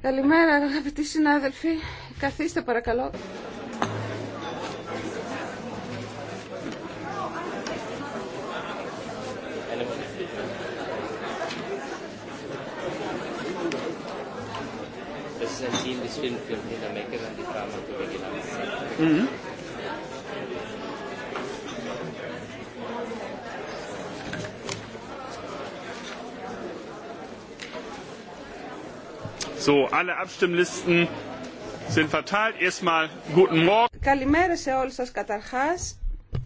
Καλημέρα αγαπητοί συνάδελφοι. Καθίστε παρακαλώ. Καλημέρα σε όλους σας καταρχάς,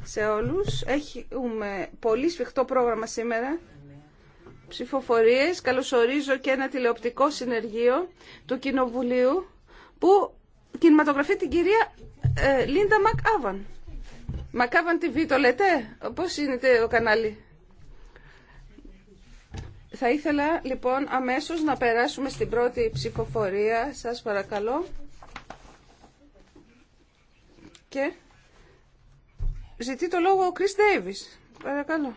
σε όλους. Έχουμε πολύ σφιχτό πρόγραμμα σήμερα. Ψηφοφορίες, καλωσορίζω και ένα τηλεοπτικό συνεργείο του Κοινοβουλίου που κινηματογραφεί την κυρία ε, Λίντα Μακάβαν. Μακάβαν TV το λέτε, πώς είναι το κανάλι. Θα ήθελα λοιπόν αμέσως να περάσουμε στην πρώτη ψηφοφορία. Σας παρακαλώ. Και ζητεί το λόγο ο Κρίς Ντέιβις. Παρακαλώ.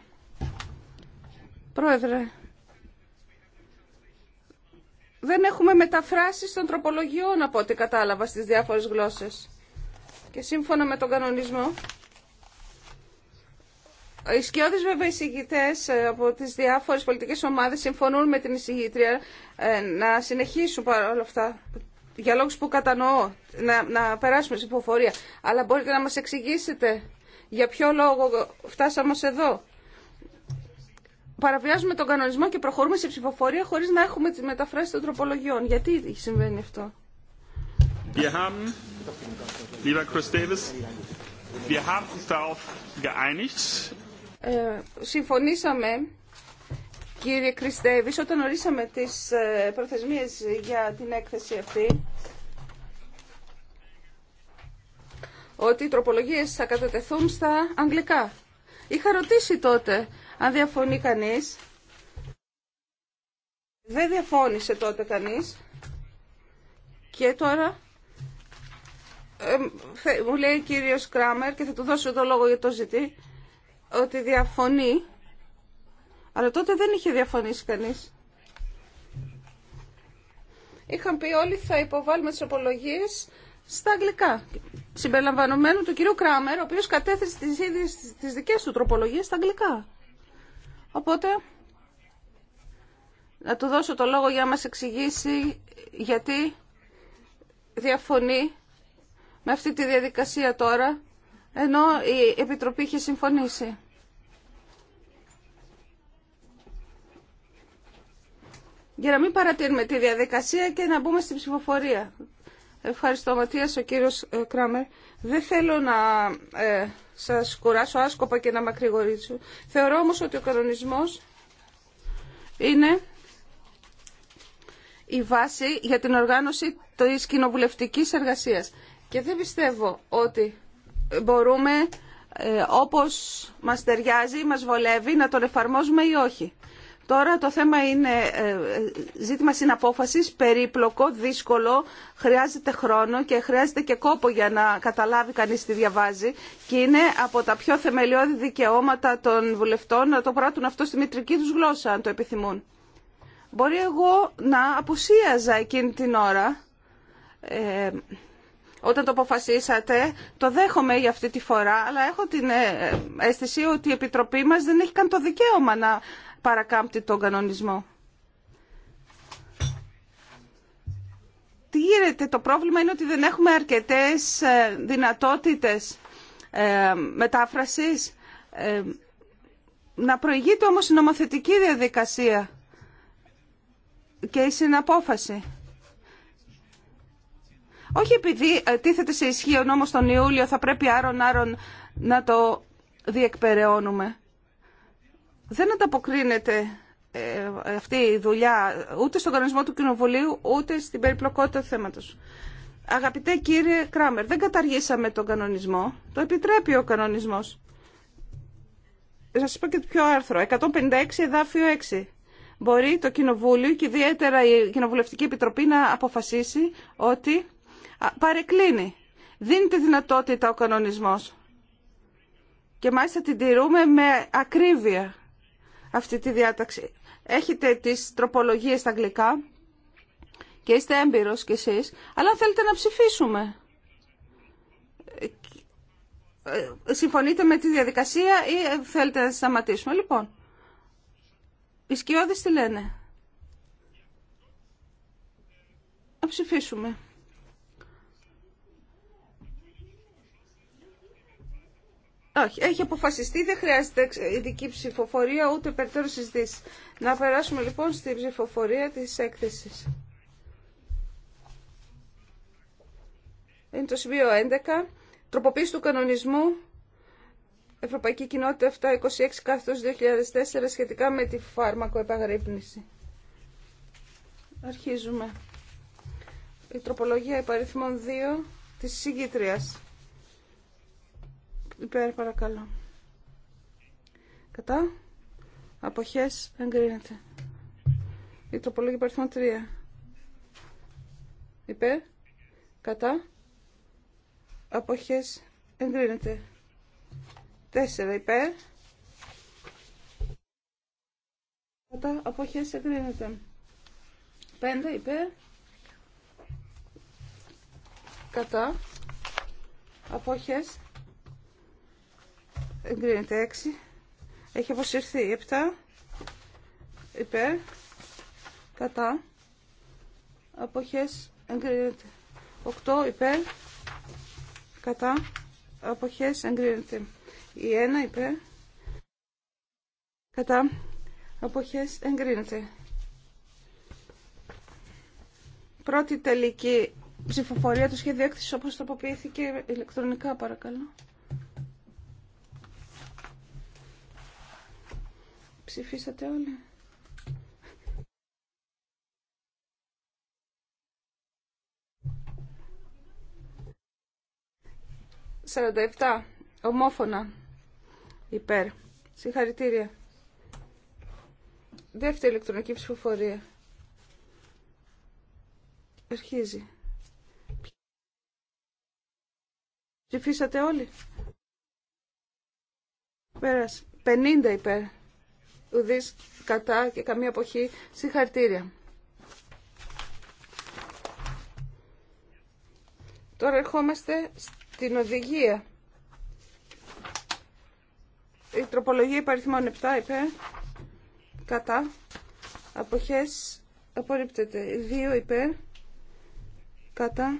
Πρόεδρε. Δεν έχουμε μεταφράσεις των τροπολογιών από ό,τι κατάλαβα στις διάφορες γλώσσες. Και σύμφωνα με τον κανονισμό οι σκιώδε βέβαια εισηγητέ ε, από τις διάφορες πολιτικές ομάδες συμφωνούν με την εισηγήτρια ε, να συνεχίσουν παρόλα αυτά για λόγους που κατανοώ να, να περάσουμε σε ψηφοφορία. Αλλά μπορείτε να μας εξηγήσετε για ποιο λόγο φτάσαμε εδώ. Παραβιάζουμε τον κανονισμό και προχωρούμε σε ψηφοφορία χωρίς να έχουμε τη μεταφράσεις των τροπολογιών. Γιατί συμβαίνει αυτό. Wir haben, lieber Chris Davis, wir haben uns darauf geeinigt, ε, συμφωνήσαμε, κύριε Κριστέβης, όταν ορίσαμε τις ε, προθεσμίες για την έκθεση αυτή, ότι οι τροπολογίες θα κατατεθούν στα αγγλικά. Είχα ρωτήσει τότε αν διαφωνεί κανείς. Δεν διαφώνησε τότε κανείς. Και τώρα ε, μου λέει ο κύριος Κράμερ και θα του δώσω το λόγο για το ζητή ότι διαφωνεί, αλλά τότε δεν είχε διαφωνήσει κανείς. Είχαν πει όλοι θα υποβάλουμε τις απολογίες στα αγγλικά, συμπεριλαμβανομένου του κυρίου Κράμερ, ο οποίος κατέθεσε τις ίδιες τις δικές του τροπολογίες στα αγγλικά. Οπότε, να του δώσω το λόγο για να μας εξηγήσει γιατί διαφωνεί με αυτή τη διαδικασία τώρα ενώ η Επιτροπή είχε συμφωνήσει. Για να μην παρατηρούμε τη διαδικασία και να μπούμε στην ψηφοφορία. Ευχαριστώ, Ματίας, ο κύριος ε, Κράμερ. Δεν θέλω να ε, σας κουράσω άσκοπα και να μακρηγορήσω. Θεωρώ όμως ότι ο κανονισμός είναι η βάση για την οργάνωση της κοινοβουλευτικής εργασίας. Και δεν πιστεύω ότι μπορούμε ε, όπως μας ταιριάζει, μας βολεύει, να τον εφαρμόζουμε ή όχι. Τώρα το θέμα είναι ε, ε, ζήτημα συναπόφασης, περίπλοκο, δύσκολο, χρειάζεται χρόνο και χρειάζεται και κόπο για να καταλάβει κανείς τι διαβάζει και είναι από τα πιο θεμελιώδη δικαιώματα των βουλευτών να το πράττουν αυτό στη μητρική τους γλώσσα, αν το επιθυμούν. Μπορεί εγώ να απουσίαζα εκείνη την ώρα όταν το αποφασίσατε, το δέχομαι για αυτή τη φορά, αλλά έχω την ε, αίσθηση ότι η Επιτροπή μας δεν έχει καν το δικαίωμα να παρακάμπτει τον κανονισμό. Τι γίνεται, το πρόβλημα είναι ότι δεν έχουμε αρκετές ε, δυνατότητες ε, μετάφρασης. Να προηγείται όμως η νομοθετική διαδικασία και η συναπόφαση. Όχι επειδή ε, τίθεται σε ισχύ ο νόμος τον Ιούλιο θα πρέπει άρον-άρον να το διεκπεραιώνουμε. Δεν ανταποκρίνεται ε, αυτή η δουλειά ούτε στον κανονισμό του Κοινοβουλίου ούτε στην περιπλοκότητα του θέματος. Αγαπητέ κύριε Κράμερ, δεν καταργήσαμε τον κανονισμό. Το επιτρέπει ο κανονισμός. Θα σας πω και το πιο άρθρο. 156 εδάφιο 6 μπορεί το Κοινοβούλιο και ιδιαίτερα η Κοινοβουλευτική Επιτροπή να αποφασίσει ότι παρεκκλίνει. Δίνει τη δυνατότητα ο κανονισμός. Και μάλιστα την τηρούμε με ακρίβεια αυτή τη διάταξη. Έχετε τις τροπολογίες στα αγγλικά και είστε έμπειρος κι εσείς, αλλά θέλετε να ψηφίσουμε. Ε, συμφωνείτε με τη διαδικασία ή ε, θέλετε να σταματήσουμε. Λοιπόν, οι τι λένε. Να ψηφίσουμε. έχει αποφασιστεί, δεν χρειάζεται ειδική ψηφοφορία ούτε περαιτέρω συζήτηση. Να περάσουμε λοιπόν στη ψηφοφορία της έκθεσης. Είναι το σημείο 11. Τροποποίηση του κανονισμού Ευρωπαϊκή Κοινότητα 726 2004 σχετικά με τη φάρμακο επαγρύπνηση. Αρχίζουμε. Η τροπολογία υπαριθμών 2 της συγκήτριας. Υπέρ παρακαλώ. Κατά. Αποχές εγκρίνεται. Η τροπολόγη παριθμό 3. Υπέρ. Κατά. Αποχές εγκρίνεται. 4 υπέρ. Κατά. Αποχές εγκρίνεται. 5 υπέρ. Κατά. Αποχές εγκρίνεται 6 έχει αποσυρθεί 7 υπέρ κατά αποχές εγκρίνεται 8 υπέρ κατά αποχές εγκρίνεται η 1 υπέρ κατά αποχές εγκρίνεται πρώτη τελική ψηφοφορία του σχεδίου έκθεσης όπως τοποποιήθηκε ηλεκτρονικά παρακαλώ Ψηφίσατε όλοι. Σαρανταεπτά. Ομόφωνα. Υπέρ. Συγχαρητήρια. Δεύτερη ηλεκτρονική ψηφοφορία. Αρχίζει. Ψηφίσατε όλοι. Πέρασε. 50 υπέρ ουδής κατά και καμία αποχή συγχαρτήρια. Τώρα ερχόμαστε στην οδηγία. Η τροπολογία υπαριθμών 7 υπέρ, κατά, αποχές απορρίπτεται. 2 υπέρ, κατά,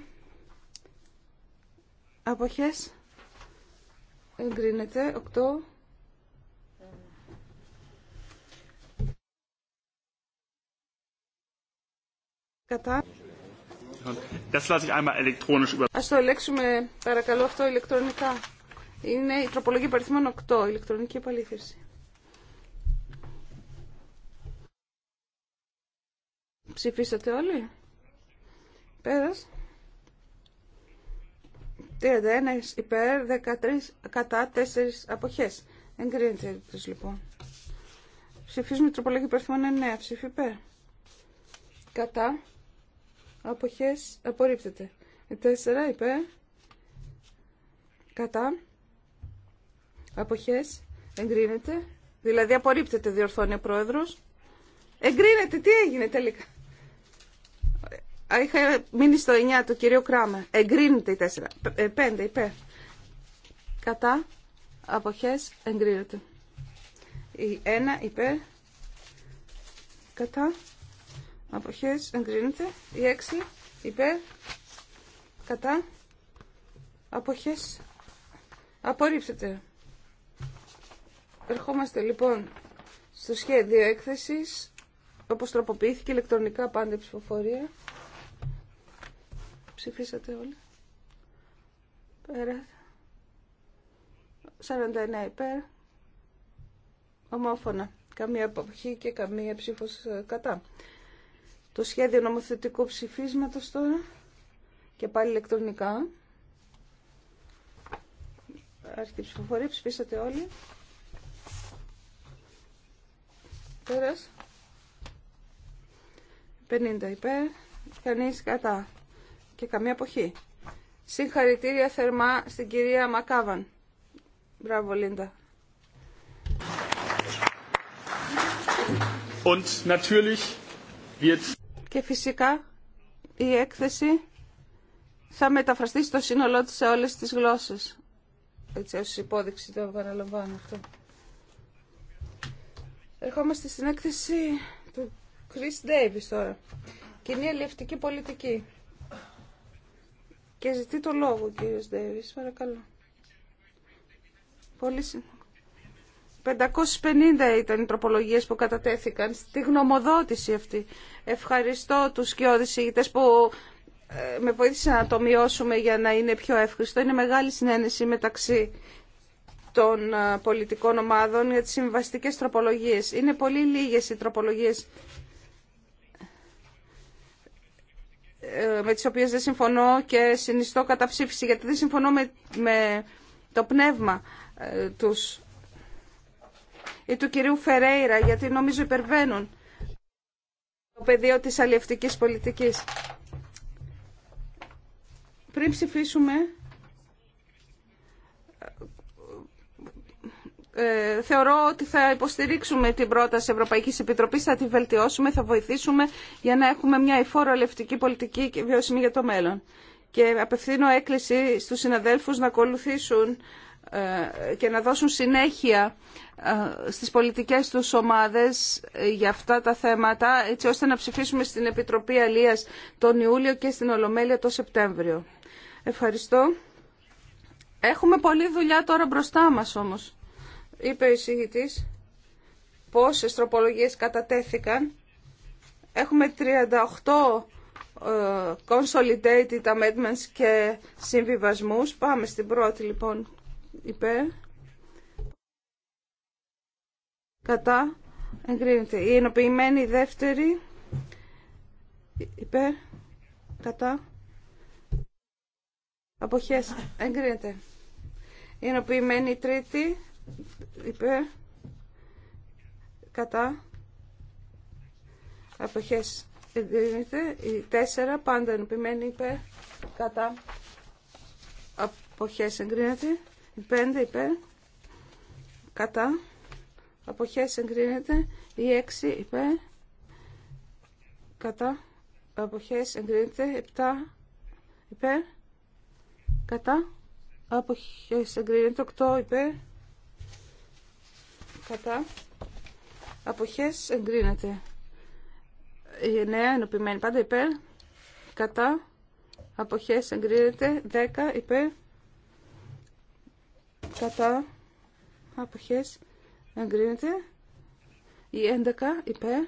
αποχές εγκρίνεται. 8 Κατά. Ας το ελέγξουμε παρακαλώ αυτό ηλεκτρονικά. Είναι η τροπολογική παριθμών 8, ηλεκτρονική επαλήθευση. Ψηφίσατε όλοι. Πέρας. 31 υπέρ, 13 κατά, 4 αποχές. Εγκρίνεται λοιπόν. Ψηφίζουμε τροπολογία υπερθυμών 9. Ψήφι υπέρ. Κατά αποχές απορρίπτεται. 4 Ειπέ. κατά αποχές εγκρίνεται. Δηλαδή απορρίπτεται διορθώνει ο πρόεδρος. Εγκρίνεται. Τι έγινε τελικά. Είχα μείνει στο 9 του κυρίου Κράμα. Εγκρίνεται η 4. 5 Ειπέ. Κατά αποχές εγκρίνεται. Η 1 Ειπέ. κατά αποχές εγκρίνεται. Η έξι, υπέρ κατά αποχές απορρίψετε Ερχόμαστε λοιπόν στο σχέδιο έκθεσης όπως τροποποιήθηκε ηλεκτρονικά πάντα η ψηφοφορία. Ψηφίσατε όλοι. Πέρα. 49 υπέρ. Ομόφωνα. Καμία αποχή και καμία ψήφος ε, κατά το σχέδιο νομοθετικού ψηφίσματος τώρα και πάλι ηλεκτρονικά. Άρχιτε ψηφοφορία, ψηφίσατε όλοι. Πέρας. 50 υπέρ, κανείς κατά και καμία αποχή. Συγχαρητήρια θερμά στην κυρία Μακάβαν. Μπράβο Λίντα. Und natürlich wird και φυσικά η έκθεση θα μεταφραστεί στο σύνολό της σε όλες τις γλώσσες. Έτσι ως υπόδειξη το παραλαμβάνω αυτό. Ερχόμαστε στην έκθεση του Chris Davis τώρα. Κοινή ελευτική πολιτική. Και ζητεί το λόγο ο κύριος Davis, παρακαλώ. Πολύ σύντομα. 550 ήταν οι τροπολογίες που κατατέθηκαν στη γνωμοδότηση αυτή. Ευχαριστώ τους και που ε, με βοήθησαν να το μειώσουμε για να είναι πιο εύχριστο. Είναι μεγάλη συνένεση μεταξύ των ε, πολιτικών ομάδων για τις συμβαστικές τροπολογίες. Είναι πολύ λίγες οι τροπολογίες ε, με τις οποίες δεν συμφωνώ και συνιστώ καταψήφιση γιατί δεν συμφωνώ με, με το πνεύμα τους ή του κυρίου Φερέιρα, γιατί νομίζω υπερβαίνουν το πεδίο της αλλιευτικής πολιτικής. Πριν ψηφίσουμε, ε, θεωρώ ότι θα υποστηρίξουμε την πρόταση Ευρωπαϊκής Επιτροπής, θα τη βελτιώσουμε, θα βοηθήσουμε για να έχουμε μια εφόρο αλλιευτική πολιτική και βιώσιμη για το μέλλον. Και απευθύνω έκκληση στους συναδέλφους να ακολουθήσουν ε, και να δώσουν συνέχεια ε, στις πολιτικές τους ομάδες για αυτά τα θέματα, έτσι ώστε να ψηφίσουμε στην Επιτροπή Αλίας τον Ιούλιο και στην Ολομέλεια τον Σεπτέμβριο. Ευχαριστώ. Έχουμε πολλή δουλειά τώρα μπροστά μας όμως, είπε ο εισηγητής. Πόσες τροπολογίες κατατέθηκαν. Έχουμε 38 ε, consolidated amendments και συμβιβασμούς. Πάμε στην πρώτη λοιπόν υπέρ κατά εγκρίνεται. Η ενοποιημένη δεύτερη υπέρ κατά αποχές εγκρίνεται. Η ενοποιημένη τρίτη υπέρ κατά αποχές εγκρίνεται. Η τέσσερα πάντα ενοποιημένη υπέρ κατά αποχές εγκρίνεται. Η πέντε υπέρ κατά αποχές εγκρίνεται. Η 6 υπέρ κατά Αποχέ, εγκρίνεται. 7 υπέρ κατά αποχές εγκρίνεται. 8 υπέρ κατά Αποχέ, εγκρίνεται. Η 9 ενωπημένη πάντα υπέρ κατά αποχέ εγκρίνεται. 10 υπέρ κατά αποχές εγκρίνεται εγκρίνεται η 11 υπέρ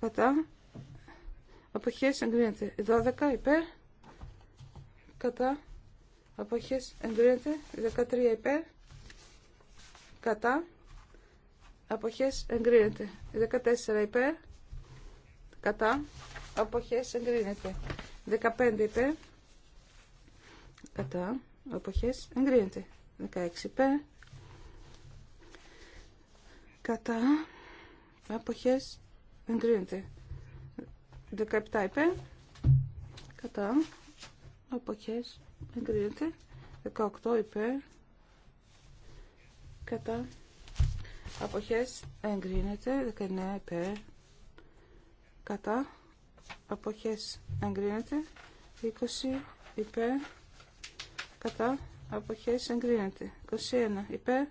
κατά αποχές εγκρίνεται η 12 υπέρ κατά αποχές εγκρίνεται η 13 υπέρ κατά αποχές εγκρίνεται η 14 υπέρ κατά αποχές εγκρίνεται 15 υπέρ κατά αποχές εγκρίνεται 16 υπέρ κατά εποχές εγκρίνεται 17 είπε, κατά εποχές εγκρίνεται 18 είπε. κατά εποχές εγκρίνεται 19 υπέρ κατά εποχές εγκρίνεται 20 είπε, κατά εποχές εγκρίνεται 21 υπέρ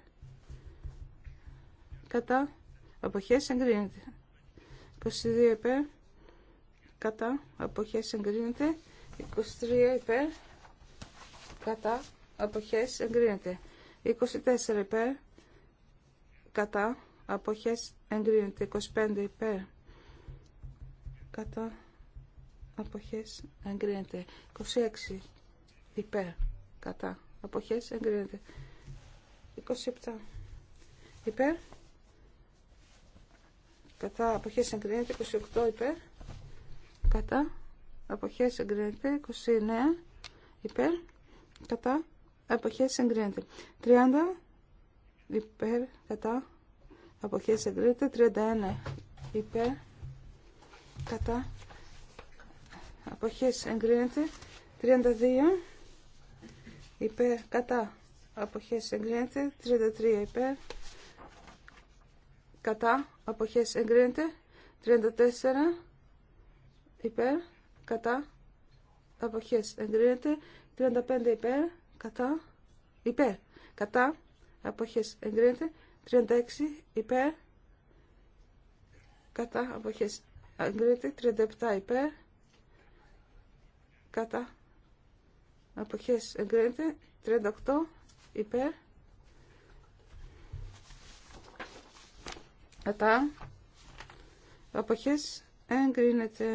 κατά αποχές εγκρίνεται. 22 υπέρ κατά αποχές εγκρίνεται. 23 υπέρ κατά αποχές εγκρίνεται. 24 υπέρ κατά αποχές εγκρίνεται. 25 υπέρ κατά αποχές εγκρίνεται. 26 υπέρ κατά αποχές εγκρίνεται. 27 υπέρ κατά αποχές εγκρίνεται 28 υπέρ κατά αποχές εγκρίνεται 29 υπέρ κατά αποχές εγκρίνεται 30 υπέρ κατά αποχές εγκρίνεται 31 υπέρ κατά αποχές εγκρίνεται 32 υπέρ κατά αποχές εγκρίνεται 33 υπέρ κατά αποχές εγκρίνεται 34 υπέρ κατά αποχές εγκρίνεται 35 υπέρ κατά υπέρ κατά αποχές εγκρίνεται 36 υπέρ κατά αποχές εγκρίνεται 37 υπέρ κατά αποχές εγκρίνεται 38 υπέρ κατά αποχές εγκρίνεται.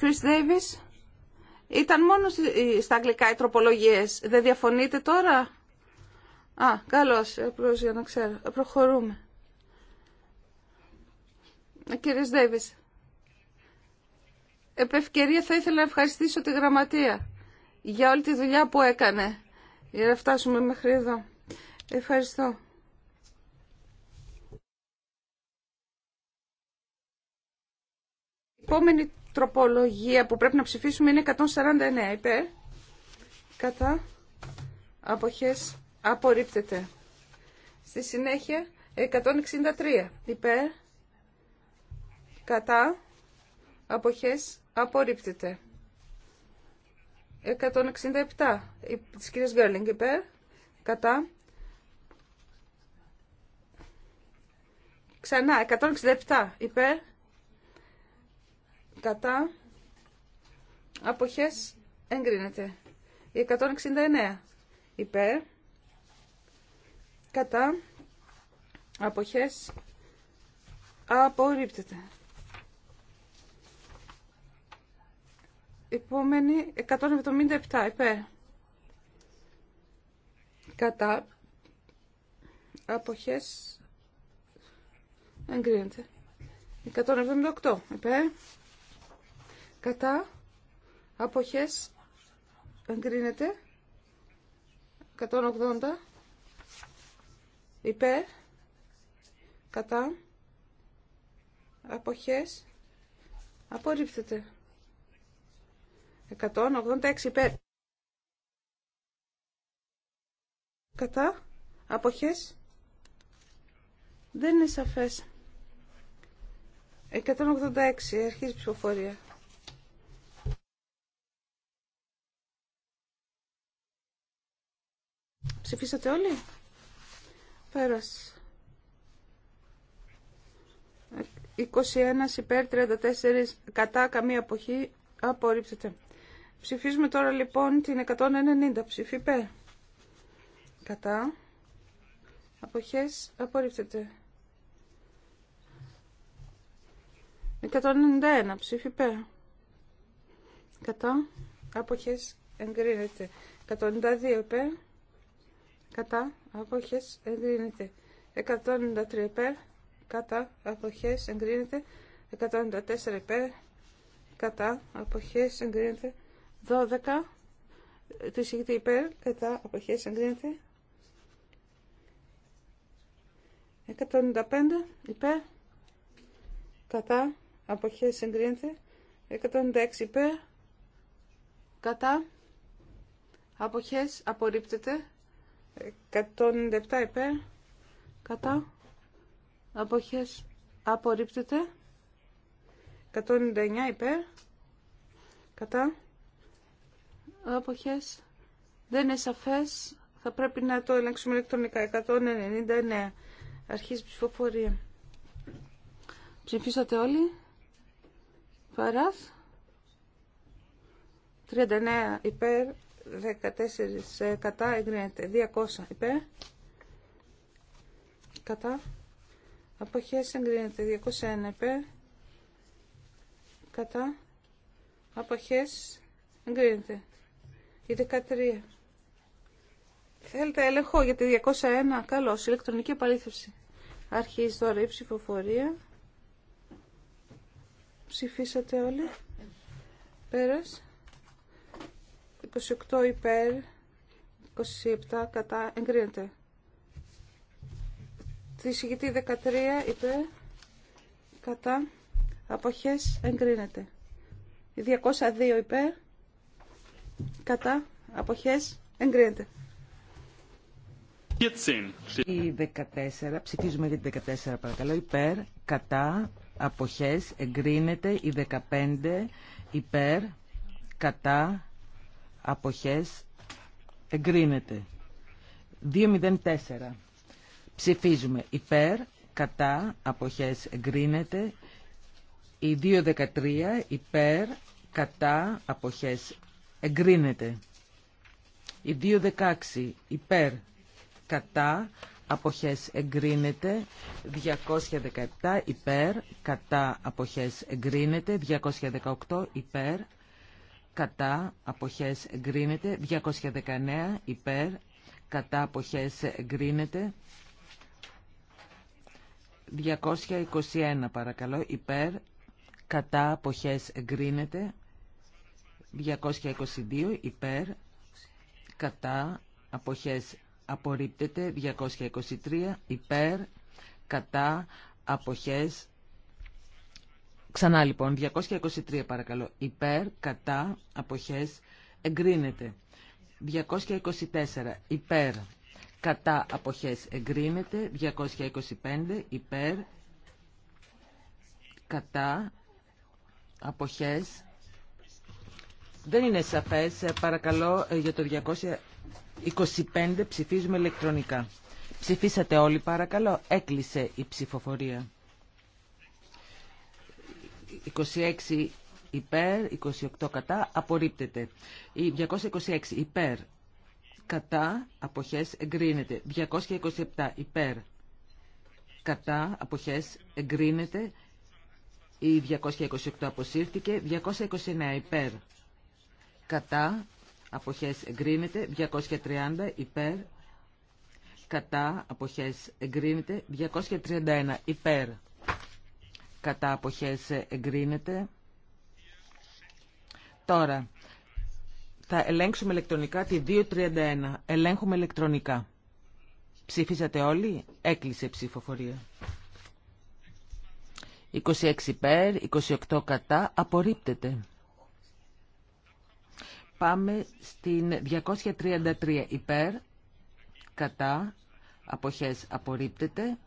Chris Davis, ήταν μόνο ε, στα αγγλικά οι τροπολογίες. Δεν διαφωνείτε τώρα? Α, καλώς, απλώς ε, για να ξέρω. Ε, προχωρούμε. Κύριε Σδέβης επ' ευκαιρία θα ήθελα να ευχαριστήσω τη Γραμματεία για όλη τη δουλειά που έκανε για να φτάσουμε μέχρι εδώ. Ευχαριστώ. Η επόμενη τροπολογία που πρέπει να ψηφίσουμε είναι 149 υπέρ. Κατά αποχές απορρίπτεται. Στη συνέχεια 163 υπέρ. Κατά αποχές Απορρίπτεται. 167 της κυρίας Γκέρλινγκ υπέρ. Κατά. Ξανά, 167 υπέρ. Κατά. Αποχές εγκρίνεται. 169 υπέρ. Κατά. Αποχές απορρίπτεται. Επόμενη 177 υπέρ. Κατά αποχές εγκρίνεται. 178 υπέρ. Κατά αποχές εγκρίνεται. 180 υπέρ. Κατά αποχές απορρίπτεται. 186 υπέρ. Κατά. Αποχές. Δεν είναι σαφές. 186. Αρχίζει η ψηφοφορία. Ψηφίσατε όλοι. Πέρασε. 21 υπέρ 34 κατά καμία αποχή απορρίψετε. Ψηφίζουμε τώρα λοιπόν την 190 ψήφι υπέρ. Κατά. Αποχές απορρίπτεται. 191 ψήφι υπέρ. Κατά. Αποχές εγκρίνεται. 192 υπέρ. Κατά. Αποχές εγκρίνεται. 193 υπέρ. Κατά. Αποχές εγκρίνεται. 194 υπέρ. Κατά. Αποχές εγκρίνεται. 12 του εισηγητή υπέρ, κατά αποχές εγκρίνεται. 195 υπέρ, κατά αποχές εγκρίνεται. 196 υπέρ, κατά αποχές απορρίπτεται. 197 υπέρ, κατά αποχές απορρίπτεται. 199 υπέρ, κατά αποχές δεν είναι σαφέ. Θα πρέπει να το ελέγξουμε ηλεκτρονικά. 199. Αρχίζει ψηφοφορία. Ψηφίσατε όλοι. Παρά. 39 υπέρ, 14 ε, κατά, εγκρίνεται. 200 υπέρ, κατά. Αποχές εγκρίνεται. 201 υπέρ, κατά. Αποχές εγκρίνεται. Η 13. Θέλετε έλεγχο για τη 201. Καλώ. Ηλεκτρονική επαλήθευση. Αρχίζει τώρα η ψηφοφορία. Ψηφίσατε όλοι. Πέρας. 28 υπέρ. 27 κατά. Εγκρίνεται. Τη συγκητή 13 υπέρ. Κατά. Αποχές εγκρίνεται. 202 υπέρ. Κατά. Αποχές. Εγκρίνεται. Η 14. Ψηφίζουμε για την 14 παρακαλώ. Υπέρ. Κατά. Αποχές. Εγκρίνεται. Η 15. Υπέρ. Κατά. Αποχές. Εγκρίνεται. 204. Ψηφίζουμε υπέρ, κατά, αποχές εγκρίνεται. Η 213 υπέρ, κατά, αποχές εγκρίνεται. Η 2.16 υπέρ κατά αποχές εγκρίνεται, 217 υπέρ κατά αποχές εγκρίνεται, 218 υπέρ κατά αποχές εγκρίνεται, 219 υπέρ κατά αποχές εγκρίνεται, 221 παρακαλώ υπέρ κατά αποχές εγκρίνεται, 222 υπέρ, κατά, αποχές απορρίπτεται. 223 υπέρ, κατά, αποχές. Ξανά λοιπόν, 223 παρακαλώ. Υπέρ, κατά, αποχές εγκρίνεται. 224 υπέρ, κατά, αποχές εγκρίνεται. 225 υπέρ, κατά, αποχές δεν είναι σαφές. Παρακαλώ ε, για το 225 ψηφίζουμε ηλεκτρονικά. Ψηφίσατε όλοι παρακαλώ. Έκλεισε η ψηφοφορία. 26 υπέρ, 28 κατά, απορρίπτεται. Η 226 υπέρ, κατά, αποχές, εγκρίνεται. 227 υπέρ, κατά, αποχές, εγκρίνεται. Η 228 αποσύρθηκε. 229 υπέρ, κατά, αποχές εγκρίνεται, 230 υπέρ, κατά, αποχές εγκρίνεται, 231 υπέρ, κατά, αποχές εγκρίνεται. Τώρα, θα ελέγξουμε ηλεκτρονικά τη 231. Ελέγχουμε ηλεκτρονικά. Ψήφισατε όλοι, έκλεισε η ψηφοφορία. 26 υπέρ, 28 κατά, απορρίπτεται. Πάμε στην 233 υπέρ, κατά, αποχές απορρίπτεται.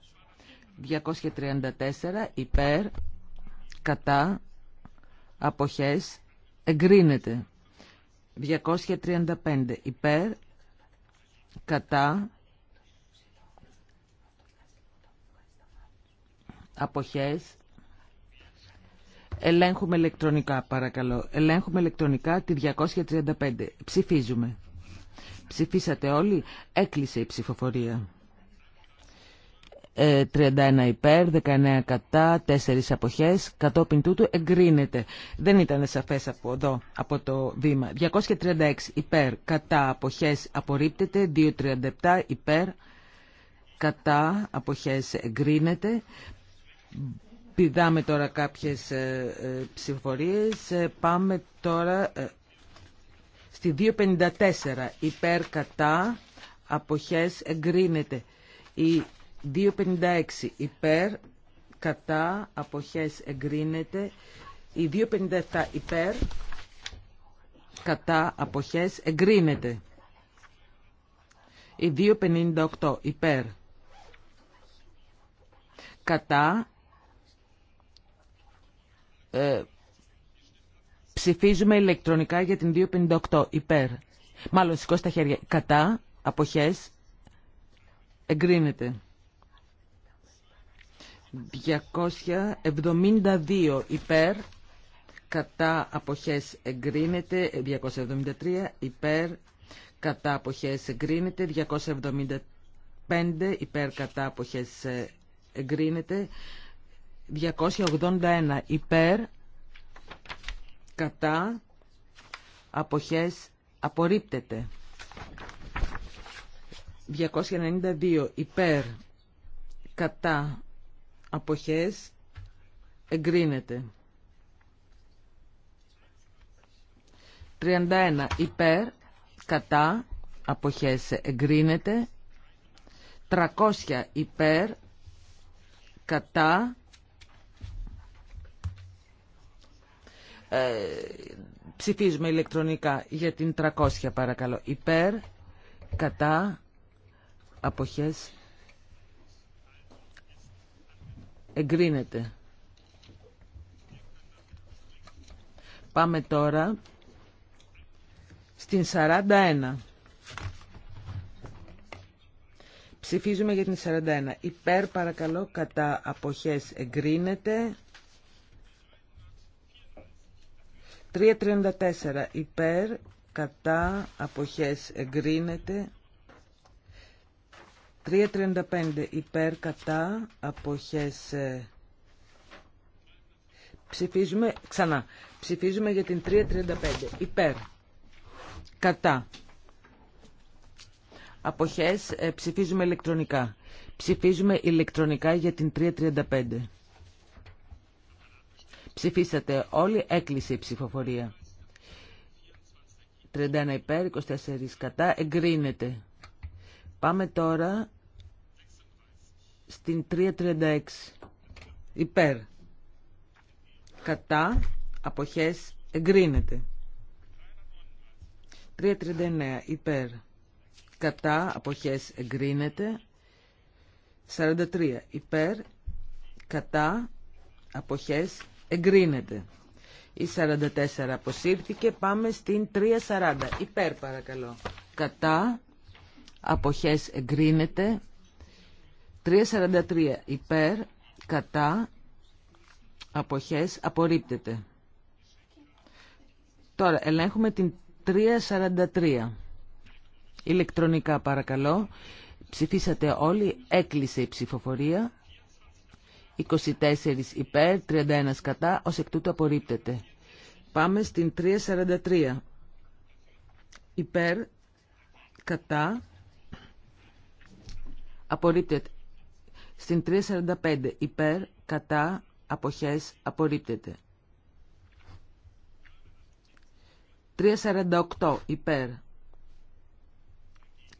234 υπέρ, κατά, αποχές εγκρίνεται. 235 υπέρ, κατά, αποχές Ελέγχουμε ηλεκτρονικά, παρακαλώ. Ελέγχουμε ηλεκτρονικά τη 235. Ψηφίζουμε. Ψηφίσατε όλοι. Έκλεισε η ψηφοφορία. 31 ε, υπέρ, 19 κατά, 4 αποχές, κατόπιν τούτου εγκρίνεται. Δεν ήταν σαφές από εδώ, από το βήμα. 236 υπέρ, κατά, αποχές, απορρίπτεται. 237 υπέρ, κατά, αποχές, εγκρίνεται. Πηδάμε τώρα κάποιες ε, ε ψηφορίες. Ε, πάμε τώρα ε, στη 254. Υπέρ κατά αποχές εγκρίνεται. Η 256 υπέρ κατά αποχές εγκρίνεται. Η 257 υπέρ κατά αποχές εγκρίνεται. Η 258 υπέρ κατά ε, ψηφίζουμε ηλεκτρονικά για την 258 υπέρ. Μάλλον σηκώστε τα χέρια. Κατά, αποχές, εγκρίνεται. 272 υπέρ, κατά αποχές εγκρίνεται, 273 υπέρ, κατά αποχές εγκρίνεται, 275 υπέρ κατά αποχές ε, εγκρίνεται, 281 υπέρ, κατά, αποχές, απορρίπτεται. 292 υπέρ, κατά, αποχές, εγκρίνεται. 31 υπέρ, κατά, αποχές, εγκρίνεται. 300 υπέρ, κατά, Ε, ψηφίζουμε ηλεκτρονικά για την 300 παρακαλώ. Υπέρ, κατά, αποχές, εγκρίνεται. Πάμε τώρα στην 41. Ψηφίζουμε για την 41. Υπέρ παρακαλώ κατά αποχές εγκρίνεται. 3.34 υπέρ, κατά, αποχές εγκρίνεται. 3.35 υπέρ, κατά, αποχές ε, Ψηφίζουμε, ξανά, ψηφίζουμε για την 3.35 υπέρ, κατά. Αποχές ε, ψηφίζουμε ηλεκτρονικά. Ψηφίζουμε ηλεκτρονικά για την 3.35. Ψηφίσατε όλοι, έκλεισε η ψηφοφορία. 31 υπέρ, 24 κατά, εγκρίνεται. Πάμε τώρα στην 336. Υπέρ. Κατά, αποχές, εγκρίνεται. 339. Υπέρ. Κατά, αποχές, εγκρίνεται. 43. Υπέρ. Κατά, αποχές, εγκρίνεται. Η 44 αποσύρθηκε. Πάμε στην 340. Υπέρ παρακαλώ. Κατά. Αποχές εγκρίνεται. 343. Υπέρ. Κατά. Αποχές απορρίπτεται. Τώρα ελέγχουμε την 343. Ηλεκτρονικά παρακαλώ. Ψηφίσατε όλοι. Έκλεισε η ψηφοφορία. 24 υπέρ, 31 κατά, ως εκ τούτου απορρίπτεται. Πάμε στην 343. Υπέρ, κατά, απορρίπτεται. Στην 345 υπέρ, κατά, αποχές, απορρίπτεται. 348 υπέρ,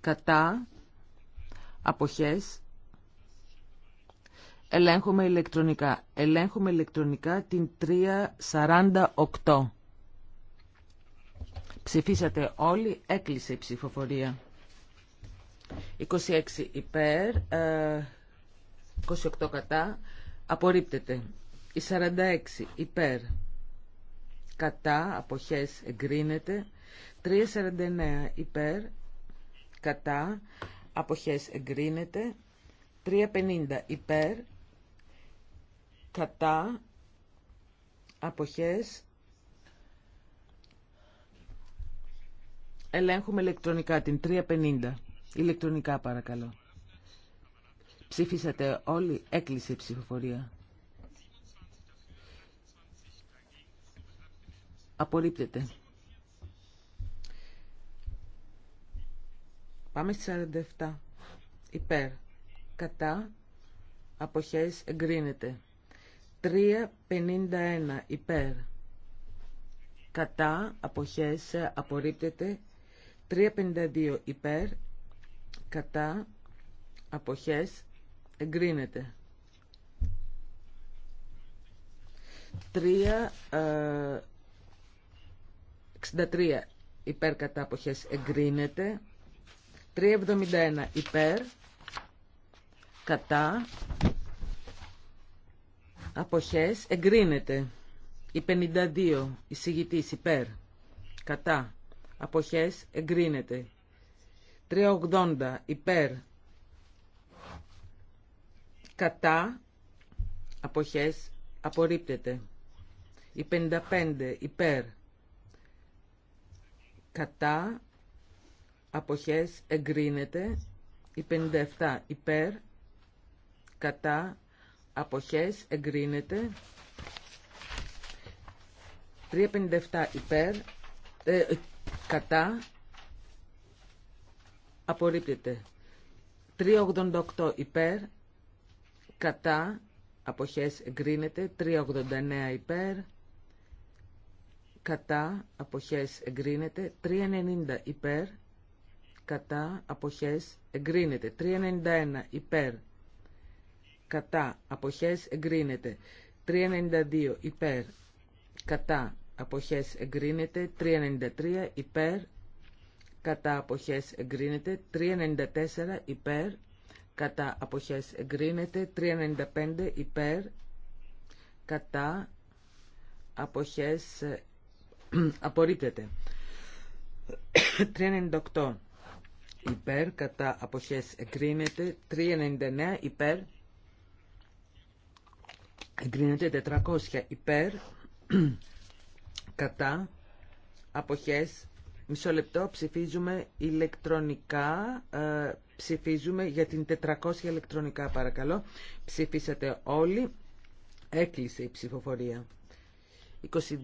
κατά, αποχές, Ελέγχουμε ηλεκτρονικά. Ελέγχουμε ηλεκτρονικά την 348. Ψηφίσατε όλοι, έκλεισε η ψηφοφορία. 26 υπέρ, 28 ε, κατά, απορρίπτεται. Η 46 υπέρ, κατά, αποχές εγκρίνεται. 349 υπέρ, κατά, αποχές εγκρίνεται. 350 υπέρ, κατά αποχές ελέγχουμε ηλεκτρονικά την 350 ηλεκτρονικά παρακαλώ ψήφισατε όλοι έκλεισε η ψηφοφορία απορρίπτεται Πάμε στη 47. Υπέρ. Κατά. Αποχές εγκρίνεται. 3.51 υπέρ κατά αποχές απορρίπτεται 3.52 υπέρ κατά αποχές εγκρίνεται 3.63 ε, υπέρ κατά αποχές εγκρίνεται 3.71 υπέρ κατά Αποχές εγκρίνεται. Η 52 εισηγητής υπέρ. Κατά. Αποχές εγκρίνεται. 380 υπέρ. Κατά. Αποχές απορρίπτεται. Η 55 υπέρ. Κατά. Αποχές εγκρίνεται. Η 57 υπέρ. Κατά αποχές εγκρίνεται 357 υπέρ ε, ε, κατά απορρίπτεται 388 υπέρ κατά αποχές εγκρίνεται 389 υπέρ κατά αποχές εγκρίνεται 390 υπέρ κατά αποχές εγκρίνεται 391 υπέρ κατά αποχές εγκρίνεται 392 υπέρ κατά αποχές εγκρίνεται 393 υπέρ κατά αποχές εγκρίνεται 394 υπέρ κατά αποχές εγκρίνεται 395 υπέρ κατά αποχές ε, απορρίπτεται 398 υπέρ κατά αποχές εγκρίνεται 399 υπέρ Εγκρίνεται 400 υπέρ, κατά, αποχές. Μισό λεπτό ψηφίζουμε ηλεκτρονικά, ε, ψηφίζουμε για την 400 ηλεκτρονικά παρακαλώ. Ψηφίσατε όλοι, έκλεισε η ψηφοφορία.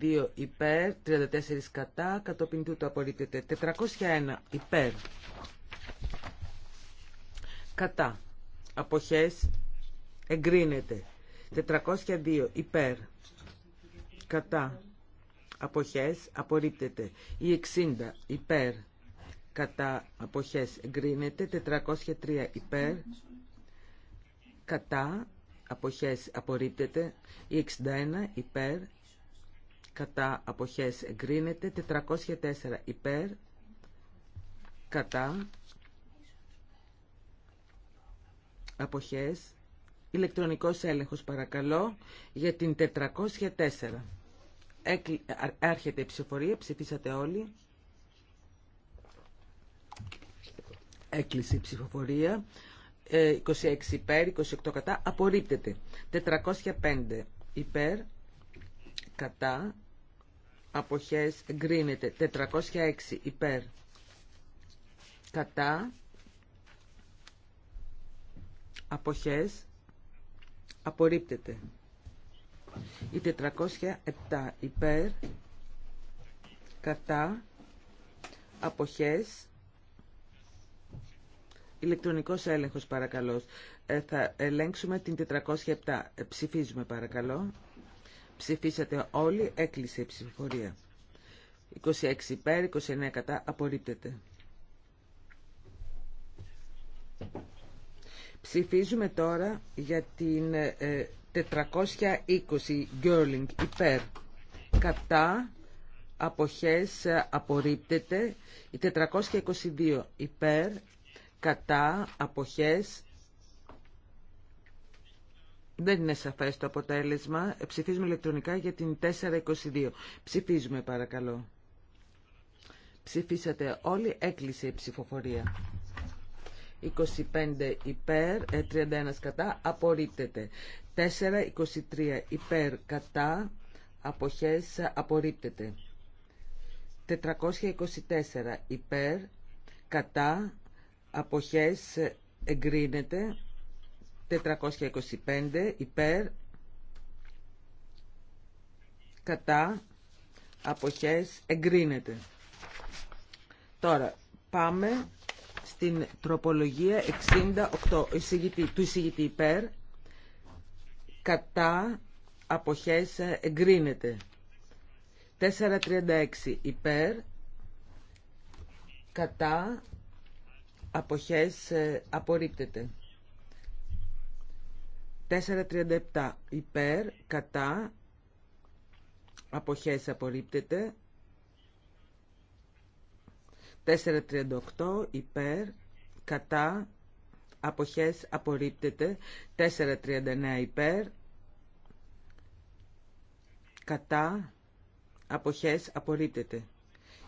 22 υπέρ, 34 κατά, κατόπιν τούτο απορρίπτεται. 401 υπέρ, κατά, αποχές, εγκρίνεται. 402 υπέρ κατά αποχές απορρίπτεται ή 60 υπέρ κατά αποχές εγκρίνεται 403 υπέρ κατά αποχές απορρίπτεται ή 61 υπέρ κατά αποχές εγκρίνεται 404 υπέρ κατά αποχές Ηλεκτρονικός έλεγχος παρακαλώ για την 404. Άρχεται η ψηφοφορία ψηφίσατε όλοι. Έκλεισε η ψηφοφορία. 26 ε, υπέρ, 28 κατά, απορρίπτεται. 405 υπέρ, κατά, αποχές, εγκρίνεται. 406 υπέρ, κατά, αποχές, απορρίπτεται. Η 407 υπέρ, κατά, αποχές, ηλεκτρονικός έλεγχος παρακαλώ. Ε, θα ελέγξουμε την 407. Ε, ψηφίζουμε παρακαλώ. Ψηφίσατε όλοι, έκλεισε η ψηφοφορία. 26 υπέρ, 29 κατά, απορρίπτεται. Ψηφίζουμε τώρα για την 420 ε, Γκέρλινγκ υπέρ κατά αποχές ε, απορρίπτεται η 422 υπέρ κατά αποχές δεν είναι σαφές το αποτέλεσμα ε, ψηφίζουμε ηλεκτρονικά για την 422 ψηφίζουμε παρακαλώ ψηφίσατε όλοι έκλεισε η ψηφοφορία 25 υπέρ, 31 ε, κατά, απορρίπτεται. 4, 23 υπέρ, κατά, αποχές, απορρίπτεται. 424 υπέρ, κατά, αποχές, εγκρίνεται. 425 υπέρ, κατά, αποχές, εγκρίνεται. Τώρα, πάμε στην τροπολογία 68 του εισηγητή υπέρ κατά αποχές εγκρίνεται 436 υπέρ κατά αποχές απορρίπτεται 437 υπέρ κατά αποχές απορρίπτεται 438 υπέρ, κατά, αποχές απορρίπτεται. 439 υπέρ, κατά, αποχές απορρίπτεται.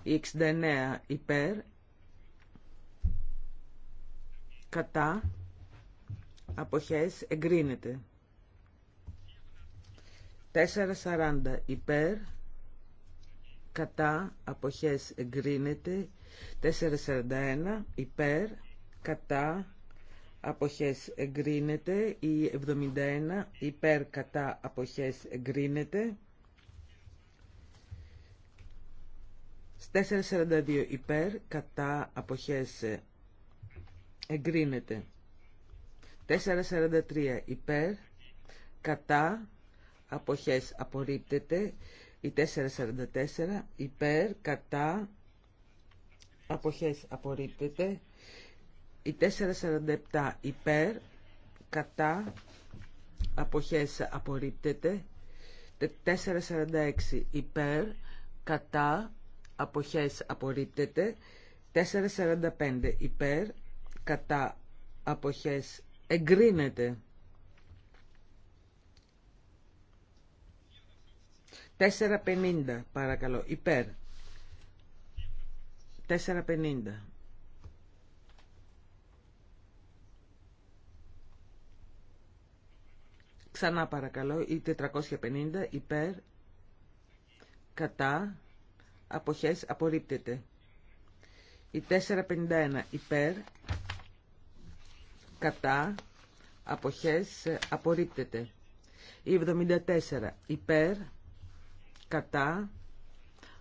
69 υπέρ, κατά, αποχές εγκρίνεται. 440 υπέρ, κατά, αποχές εγκρίνεται. 441 υπέρ, κατά, αποχές εγκρίνεται. Η 71 υπέρ, κατά, αποχές εγκρίνεται. 442 υπέρ, κατά, αποχές εγκρίνεται. 443 υπέρ, κατά, αποχές απορρίπτεται. Η 444 υπέρ, κατά, αποχές απορρίπτεται. Η 447 υπέρ, κατά, αποχές απορρίπτεται. 446 υπέρ, κατά, αποχές απορρίπτεται. 445 υπέρ, κατά, αποχές εγκρίνεται. 450 παρακαλώ υπέρ 4.50. Ξανά παρακαλώ, η 450 υπέρ, κατά, αποχές, απορρίπτεται. Η 451 υπέρ, κατά, αποχές, απορρίπτεται. Η 74 υπέρ, κατά,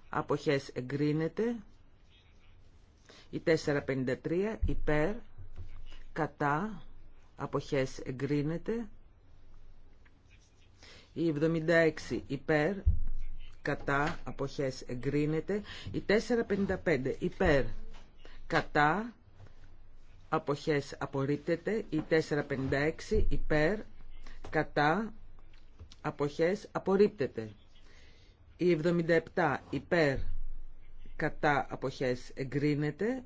αποχές εγκρίνεται. Η 453 υπέρ, κατά, αποχές εγκρίνεται. Η 76 υπέρ, κατά, αποχές εγκρίνεται. Η 455 υπέρ, κατά, αποχές απορρίπτεται. Η 456 υπέρ, κατά, αποχές απορρίπτεται. Η 77 υπέρ, κατά αποχές εγκρίνεται.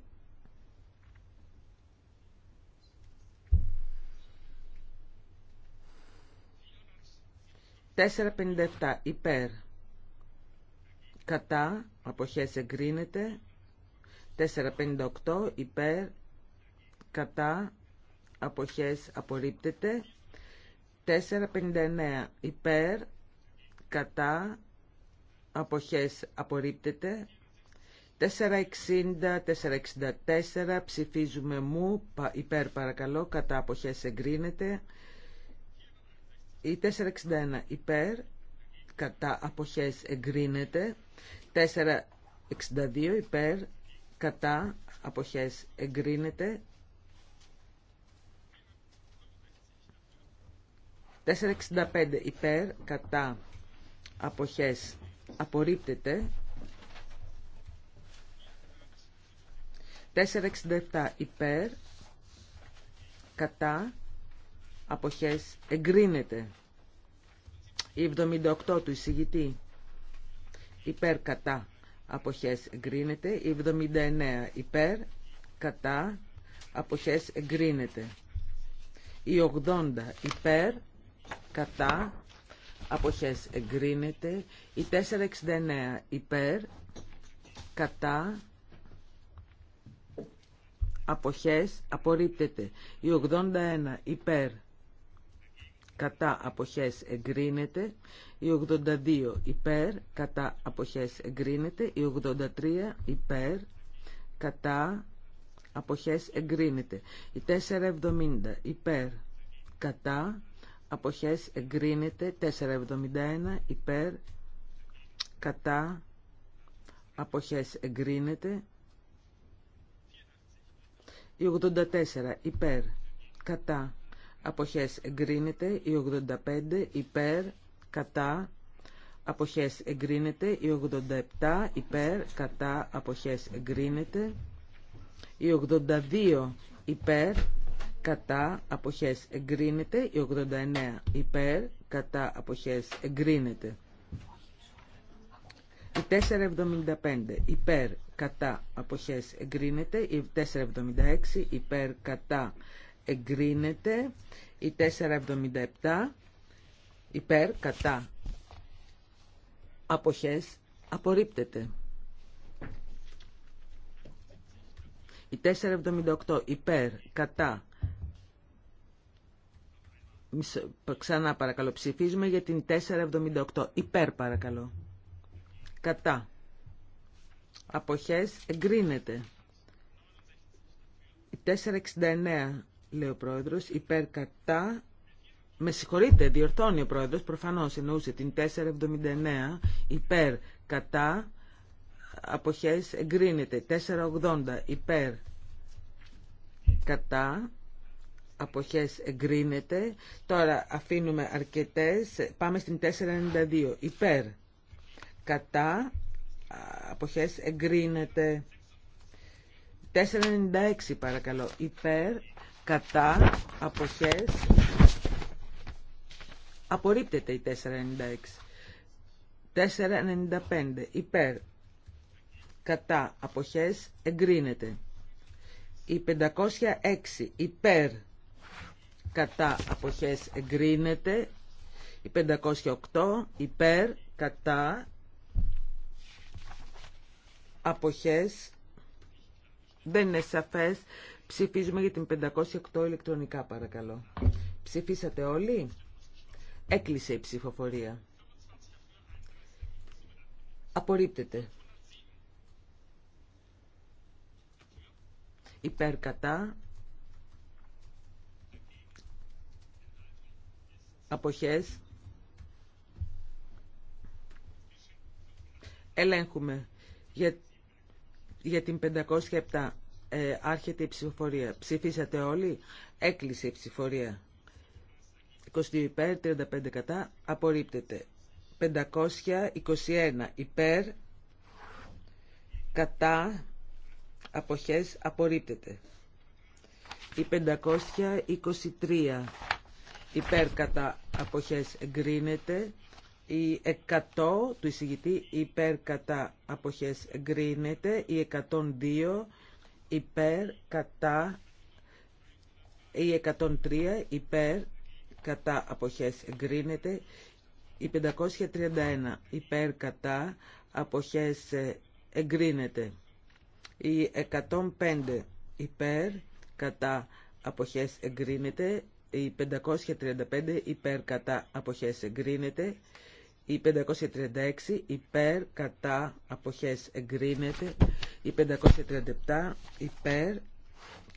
4,57 υπέρ κατά αποχές εγκρίνεται. 458 υπέρ κατά αποχές απορρίπτεται 459 υπέρ κατά αποχές απορρίπτεται 460, 464, ψηφίζουμε μου, υπέρ παρακαλώ, κατά αποχές εγκρίνεται. Η 461 υπέρ, κατά αποχές εγκρίνεται. 462 υπέρ, κατά αποχές εγκρίνεται. 465 υπέρ, κατά αποχές απορρίπτεται. 467 υπέρ, κατά, αποχές, εγκρίνεται. Η 78 του εισηγητή υπέρ, κατά, αποχές, εγκρίνεται. Η 79 υπέρ, κατά, αποχές, εγκρίνεται. Η 80 υπέρ, κατά, αποχές, εγκρίνεται. Η 469 υπέρ, κατά, αποχές απορρίπτεται. Η 81 υπέρ κατά αποχές εγκρίνεται. Η 82 υπέρ κατά αποχές εγκρίνεται. Η 83 υπέρ κατά αποχές εγκρίνεται. Η 470 υπέρ κατά αποχές εγκρίνεται. 471 υπέρ κατά αποχές εγκρίνεται. Η 84 υπέρ κατά αποχές εγκρίνεται. Η 85 υπέρ κατά αποχές εγκρίνεται. Η 87 υπέρ κατά αποχές εγκρίνεται. Η 82 υπέρ κατά αποχές εγκρίνεται. Η 89 υπέρ κατά αποχές εγκρίνεται. Η 475 υπέρ κατά αποχές εγκρίνεται, η 476 υπέρ κατά εγκρίνεται, η 477 υπέρ κατά αποχές απορρίπτεται. Η 478 υπέρ κατά Ξανά παρακαλώ ψηφίζουμε για την 478 υπέρ παρακαλώ κατά αποχές εγκρίνεται. 469 λέει ο πρόεδρος, υπέρ κατά, με συγχωρείτε, διορθώνει ο πρόεδρος, προφανώς εννοούσε την 479, υπέρ κατά, αποχές εγκρίνεται. 480 υπέρ κατά, αποχές εγκρίνεται. Τώρα αφήνουμε αρκετές, πάμε στην 492, υπέρ κατά, αποχές εγκρίνεται 496 παρακαλώ υπέρ κατά αποχές απορρίπτεται η 496 495 υπέρ κατά αποχές εγκρίνεται η 506 υπέρ κατά αποχές εγκρίνεται η 508 υπέρ κατά αποχές δεν είναι σαφές. Ψηφίζουμε για την 508 ηλεκτρονικά παρακαλώ. Ψηφίσατε όλοι. Έκλεισε η ψηφοφορία. Απορρίπτεται. Υπέρ κατά. Αποχές. Ελέγχουμε για για την 507 ε, άρχεται η ψηφοφορία. Ψηφίσατε όλοι. Έκλεισε η ψηφοφορία. 22 υπέρ, 35 κατά. Απορρίπτεται. 521 υπέρ, κατά, αποχές, απορρίπτεται. Η 523 υπέρ κατά αποχές εγκρίνεται. Η 100 του εισηγητή υπέρ κατά αποχές εγκρίνεται. Η 102 υπέρ κατά. Η 103 υπέρ κατά αποχές εγκρίνεται. Η 531 υπέρ κατά αποχές εγκρίνεται. Η 105 υπέρ κατά αποχές εγκρίνεται. Η 535 υπέρ κατά αποχές εγκρίνεται. Η 536 υπέρ κατά αποχές εγκρίνεται. Η 537 υπέρ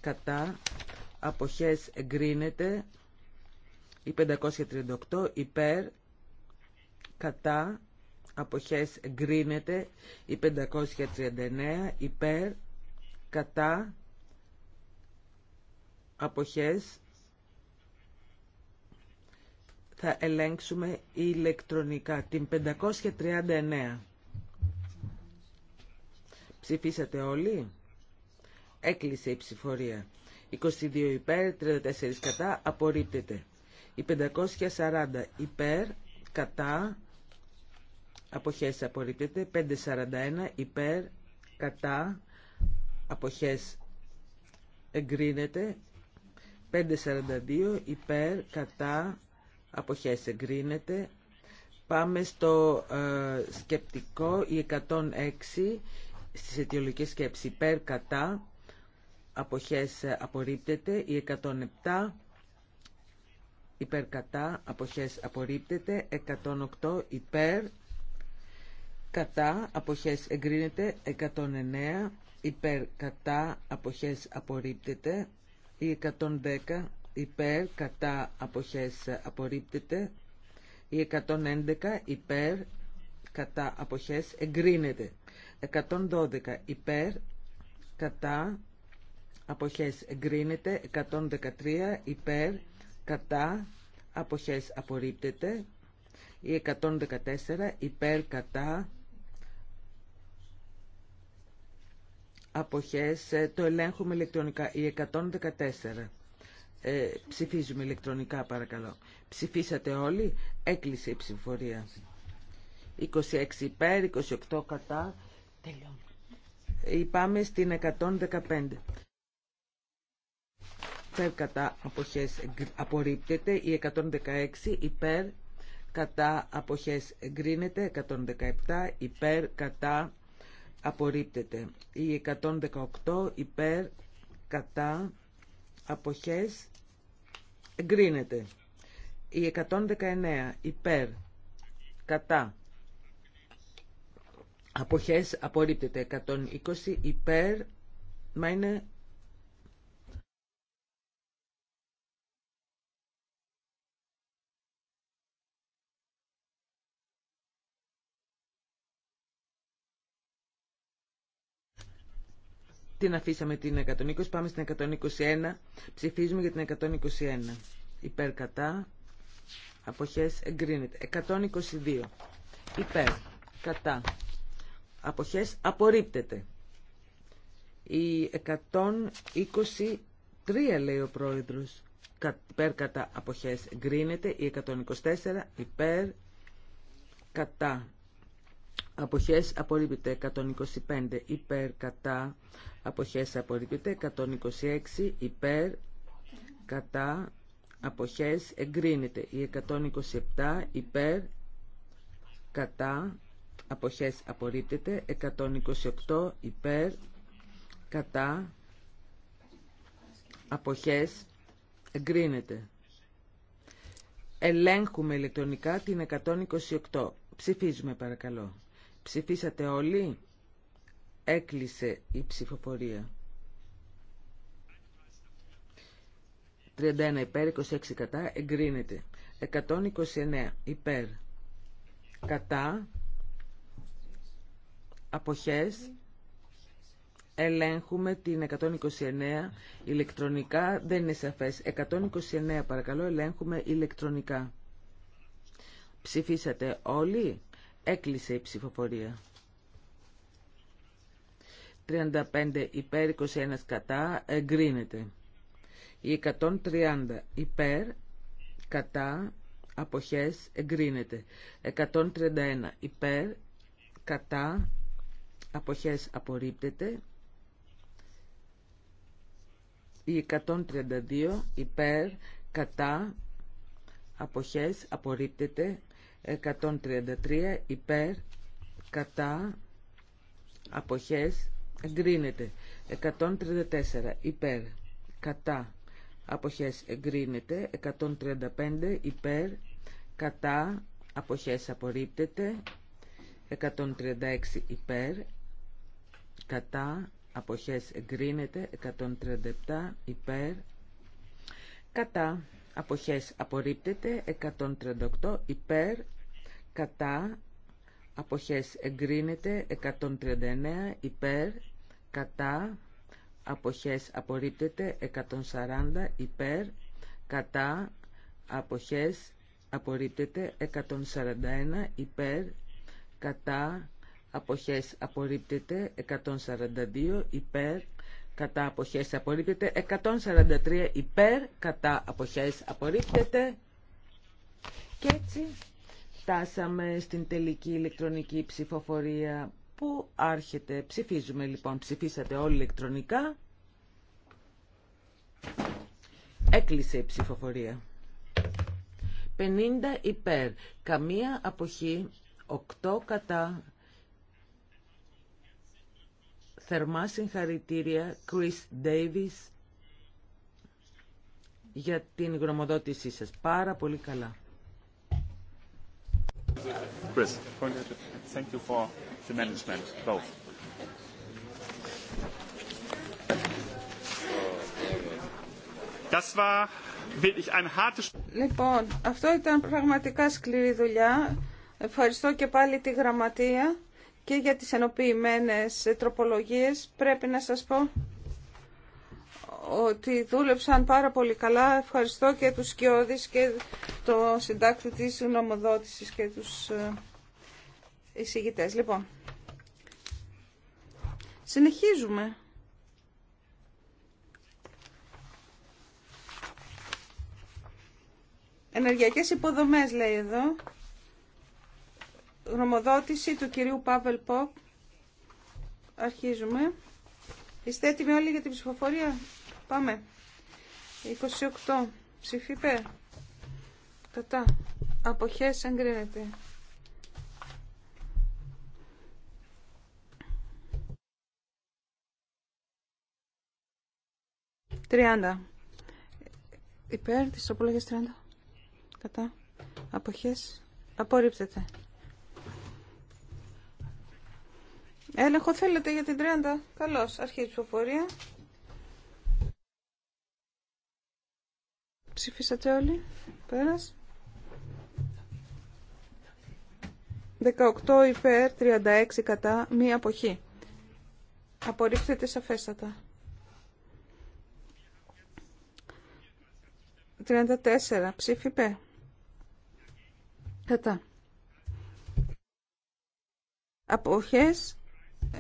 κατά αποχές εγκρίνεται. Η 538 υπέρ κατά αποχές εγκρίνεται. Η 539 υπέρ κατά αποχές θα ελέγξουμε ηλεκτρονικά την 539. Ψηφίσατε όλοι. Έκλεισε η ψηφορία. 22 υπέρ, 34 κατά, απορρίπτεται. Η 540 υπέρ, κατά, αποχές απορρίπτεται. 541 υπέρ, κατά, αποχές εγκρίνεται. 542 υπέρ, κατά, αποχές εγκρίνεται. Πάμε στο ε, σκεπτικό, η 106 στις αιτιολογικές σκέψεις υπέρ κατά αποχές ε, απορρίπτεται, η 107 υπέρ κατά αποχές απορρίπτεται, 108 υπέρ κατά αποχές εγκρίνεται, 109 υπέρ κατά αποχές απορρίπτεται, η 110 υπέρ κατά αποχές απορρίπτεται η 111 υπέρ κατά αποχές εγκρίνεται 112 υπέρ κατά αποχές εγκρίνεται 113 υπέρ κατά αποχές απορρίπτεται η 114 υπέρ κατά αποχές ε, το ελέγχουμε ηλεκτρονικά η 114 ε, ψηφίζουμε ηλεκτρονικά παρακαλώ. Ψηφίσατε όλοι. Έκλεισε η ψηφορία. 26 υπέρ, 28 κατά. Ε, πάμε στην 115. κατά αποχές απορρίπτεται. Η 116 υπέρ κατά αποχές εγκρίνεται. 117 υπέρ κατά απορρίπτεται. Η 118 υπέρ κατά αποχές εγκρίνεται. Η 119 υπέρ κατά αποχές απορρίπτεται. 120 υπέρ μα είναι Την αφήσαμε την 120, πάμε στην 121. Ψηφίζουμε για την 121. Υπέρ κατά. Αποχές εγκρίνεται. 122. Υπέρ. Κατά. Αποχές απορρίπτεται. Η 123 λέει ο πρόεδρος. Υπέρ κατά αποχές εγκρίνεται. Η 124 υπέρ κατά Αποχές απορρίπτεται 125 υπέρ κατά. Αποχές απορρίπτεται 126 υπέρ κατά. Αποχές εγκρίνεται η 127 υπέρ κατά. Αποχές απορρίπτεται 128 υπέρ κατά. Αποχές εγκρίνεται. Ελέγχουμε ηλεκτρονικά την 128. Ψηφίζουμε παρακαλώ. Ψηφίσατε όλοι. Έκλεισε η ψηφοφορία. 31 υπέρ, 26 κατά, εγκρίνεται. 129 υπέρ, κατά, αποχές, ελέγχουμε την 129 ηλεκτρονικά, δεν είναι σαφές. 129 παρακαλώ, ελέγχουμε ηλεκτρονικά. Ψηφίσατε όλοι, Έκλεισε η ψηφοφορία. 35 υπέρ, 21 κατά, εγκρίνεται. Η 130 υπέρ, κατά, αποχές, εγκρίνεται. 131 υπέρ, κατά, αποχές, απορρίπτεται. Η 132 υπέρ, κατά, αποχές, απορρίπτεται. 133 υπέρ κατά αποχές εγκρίνεται 134 υπέρ κατά αποχές εγκρίνεται 135 υπέρ κατά αποχές απορρίπτεται 136 υπέρ κατά αποχές εγκρίνεται 137 υπέρ κατά αποχές απορρίπτεται 138 υπέρ κατά αποχές εγκρίνεται 139 υπέρ κατά αποχές απορρίπτεται 140 υπέρ κατά αποχές απορρίπτεται 141 υπέρ κατά αποχές απορρίπτεται 142 υπέρ κατά αποχές απορρίπτεται 143 υπέρ κατά αποχές απορρίπτεται και έτσι φτάσαμε στην τελική ηλεκτρονική ψηφοφορία που άρχεται. Ψηφίζουμε λοιπόν. Ψηφίσατε όλοι ηλεκτρονικά. Έκλεισε η ψηφοφορία. 50 υπέρ. Καμία αποχή. 8 κατά. Θερμά συγχαρητήρια Chris Davis για την γνωμοδότησή σας. Πάρα πολύ καλά. Λοιπόν, αυτό ήταν πραγματικά σκληρή δουλειά. Ευχαριστώ και πάλι τη γραμματεία και για τις ενοποιημένες τροπολογίες. Πρέπει να σας πω ότι δούλεψαν πάρα πολύ καλά. Ευχαριστώ και τους Σκιώδης και το συντάκτη της νομοδότησης και τους ε, εισηγητές. Λοιπόν, συνεχίζουμε. Ενεργειακές υποδομές λέει εδώ. Γνωμοδότηση του κυρίου Πάβελ Ποπ. Αρχίζουμε. Είστε έτοιμοι όλοι για την ψηφοφορία. Πάμε. 28. ψηφίπε. Κατά. Αποχές εγκρίνεται. 30 Υπέρ της τροπολογίας 30. Κατά. Αποχές. Απορρίπτεται. Έλεγχο θέλετε για την 30. Καλώς. Αρχή η ψηφοφορία. Ψηφίσατε όλοι. Πέρας. 18 υπέρ, 36 κατά, μία αποχή. Απορρίπτεται σαφέστατα. 34. Ψήφι υπέρ. Κατά. Αποχές.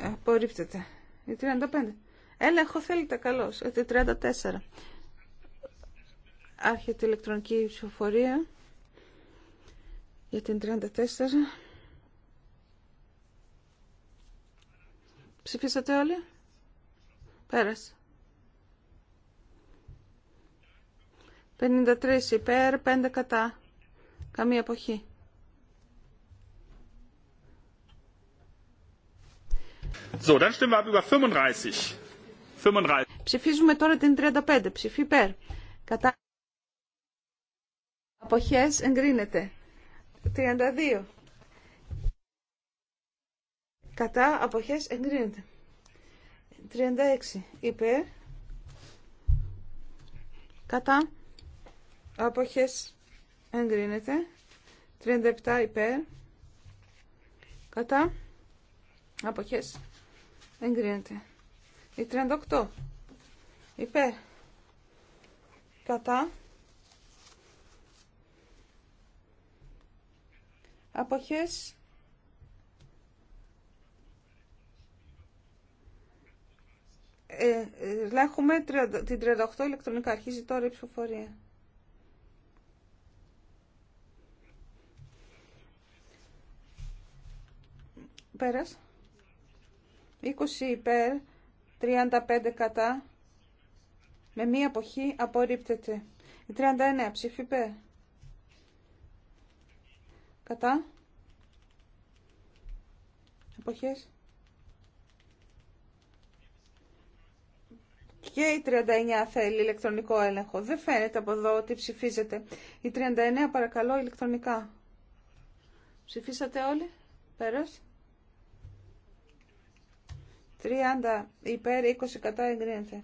Απορρίπτεται. Η 35. Έλεγχο θέλετε καλώς. Ε, Η 34. Άρχεται η ηλεκτρονική ψηφοφορία για την 34. Ψηφίσατε όλοι. Πέρασε. 53 υπέρ, 5 κατά. Καμία αποχή. So, dann stimmen wir ab über 35. 35. Ψηφίζουμε τώρα την 35. Ψηφί υπέρ. Κατά. Αποχές εγκρίνεται. 32. Κατά αποχές εγκρίνεται. 36. Υπέρ. Κατά αποχές εγκρίνεται. 37. Υπέρ. Κατά αποχές εγκρίνεται. Η 38. Υπέρ. Κατά αποχές ε, την 38 ηλεκτρονικά. Αρχίζει τώρα η ψηφοφορία. Πέρας. 20 υπέρ, 35 κατά. Με μία αποχή απορρίπτεται. Η 39 ψήφι υπέρ κατά εποχές και η 39 θέλει ηλεκτρονικό έλεγχο. Δεν φαίνεται από εδώ ότι ψηφίζεται. Η 39 παρακαλώ ηλεκτρονικά. Ψηφίσατε όλοι. Πέρας. 30 υπέρ, 20 κατά εγκρίνεται.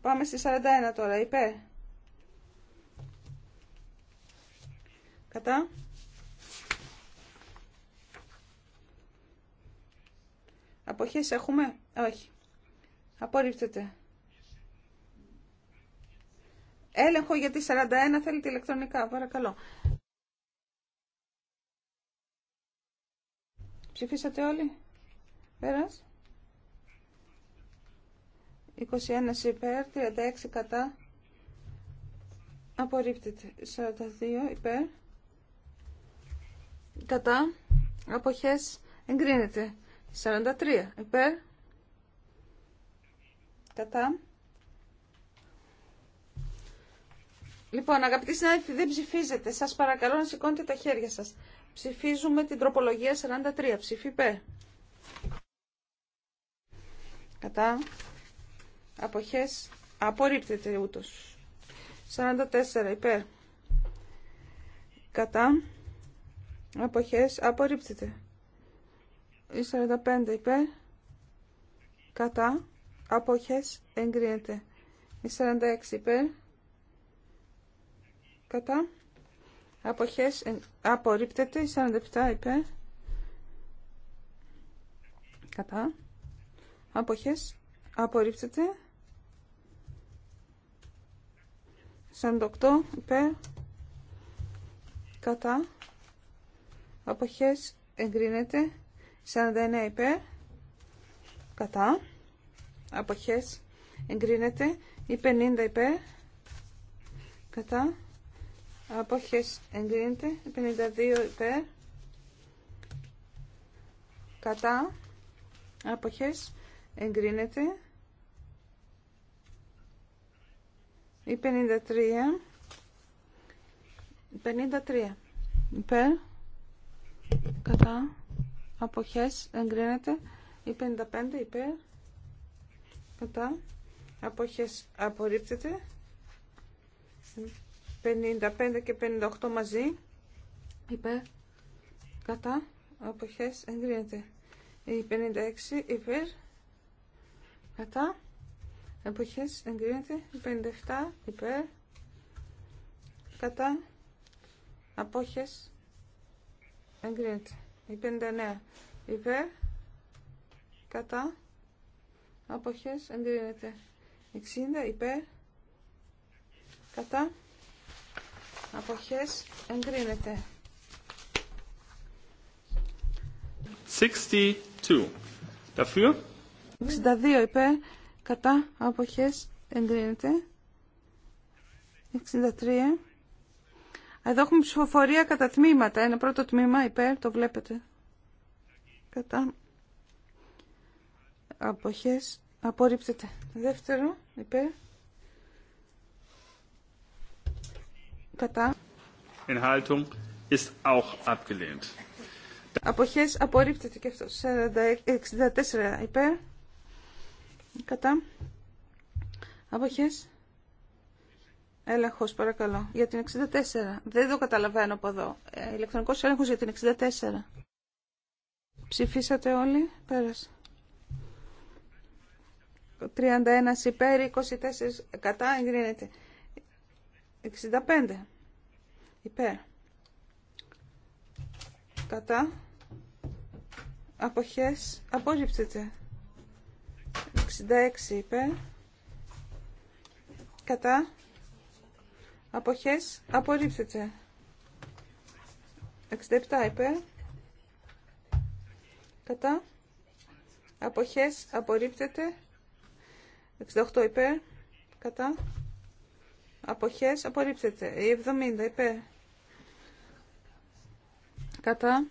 Πάμε στη 41 τώρα, υπέρ. Κατά. Αποχές έχουμε. Όχι. Απορρίπτεται. Έλεγχο γιατί 41 θέλετε ηλεκτρονικά. Παρακαλώ. Ψηφίσατε όλοι. Πέρας. 21 υπέρ, 36 κατά. Απορρίπτεται. 42 υπέρ κατά αποχές εγκρίνεται 43 υπέρ κατά Λοιπόν, αγαπητοί συνάδελφοι, δεν ψηφίζετε. Σας παρακαλώ να σηκώνετε τα χέρια σας. Ψηφίζουμε την τροπολογία 43. Ψηφί Κατά. Αποχές. Απορρίπτεται ούτως. 44 υπέρ. Κατά. Αποχές απορρίπτεται. Η 45 υπέρ. Κατά. Αποχές εγκρίνεται. Η 46 είπε. Κατά. Αποχές απορρίπτεται. Η 47 είπε. Κατά. Αποχές απορρίπτεται. 48 είπε, Κατά αποχές εγκρίνεται 49 υπέρ κατά αποχές εγκρίνεται ή 50 υπέρ κατά αποχές εγκρίνεται 52 υπέρ κατά αποχές εγκρίνεται ή 53 53 υπέρ κατά αποχές εγκρίνεται η 55 υπέρ κατά αποχές απορρίπτεται 55 και 58 μαζί υπέρ κατά αποχές εγκρίνεται η 56 υπέρ κατά αποχές εγκρίνεται η 57 υπέρ κατά απόχες Εγκρίνεται. Η 59 υπέρ. Κατά. άποχε, Εγκρίνεται. 60 υπέρ. Κατά. Αποχές. Εγκρίνεται. 62. Dafür. 62 υπέρ. Κατά. άποχέ. Εγκρίνεται. 63 εδώ έχουμε ψηφοφορία κατά τμήματα. Ένα πρώτο τμήμα υπέρ, το βλέπετε. Κατά. Αποχές. Απορρίπτεται. Δεύτερο υπέρ. Κατά. Enthaltung ist auch abgelehnt. Αποχές απορρίπτεται και αυτό. 64 ε, υπέρ. Κατά. Αποχές Έλεγχο, παρακαλώ. Για την 64. Δεν το καταλαβαίνω από εδώ. Ε, ηλεκτρονικός έλεγχος για την 64. Ψηφίσατε όλοι. Πέρασε. 31 υπέρ, 24 κατά, εγκρίνεται. 65 υπέρ. Κατά. Αποχές. Απόρριψετε. 66 υπέρ. Κατά. Αποχές απορρίπτεται. 67 υπέρ. Κατά. Αποχές απορρίπτεται. 68 υπέρ. Κατά. Αποχές απορρίπτεται. 70 υπέρ. Κατά.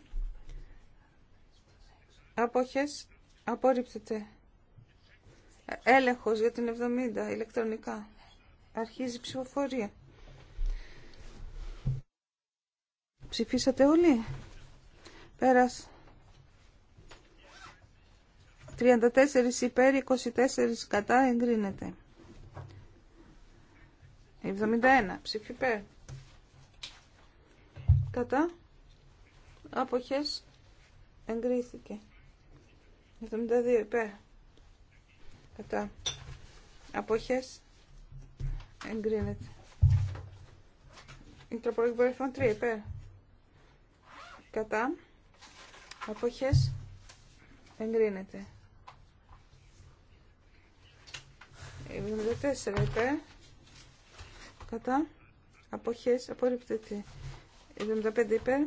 Αποχές απορρίπτεται. Έλεγχος για την 70 ηλεκτρονικά. Αρχίζει η ψηφοφορία. Ψηφίσατε όλοι. Πέρας. 34 υπέρ, 24 κατά, εγκρίνεται. 71. Ψήφι υπέρ. Κατά. Αποχές. Εγκρίθηκε. 72 υπέρ. Κατά. Αποχές. Εγκρίνεται. Η τροπολογική 3 υπέρ κατά αποχές εγκρίνεται 74 υπέρ κατά αποχές απορρίπτεται 75 υπέρ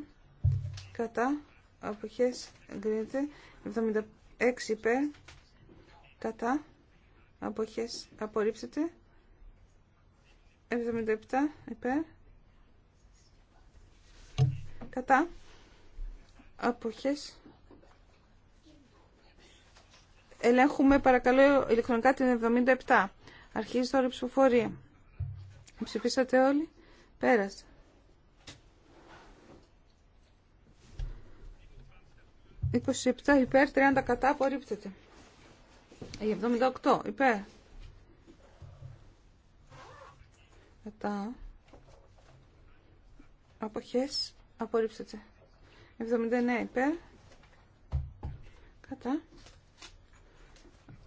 κατά αποχές εγκρίνεται 76 υπέρ κατά αποχές απορρίπτεται 77 υπέρ κατά αποχές ελέγχουμε παρακαλώ ηλεκτρονικά την 77 αρχίζει τώρα η ψηφοφορία ψηφίσατε όλοι πέρασε 27 υπέρ 30 κατά απορρίπτεται η 78 υπέρ κατά αποχές απορρίπτεται 79 υπέρ. Κατά.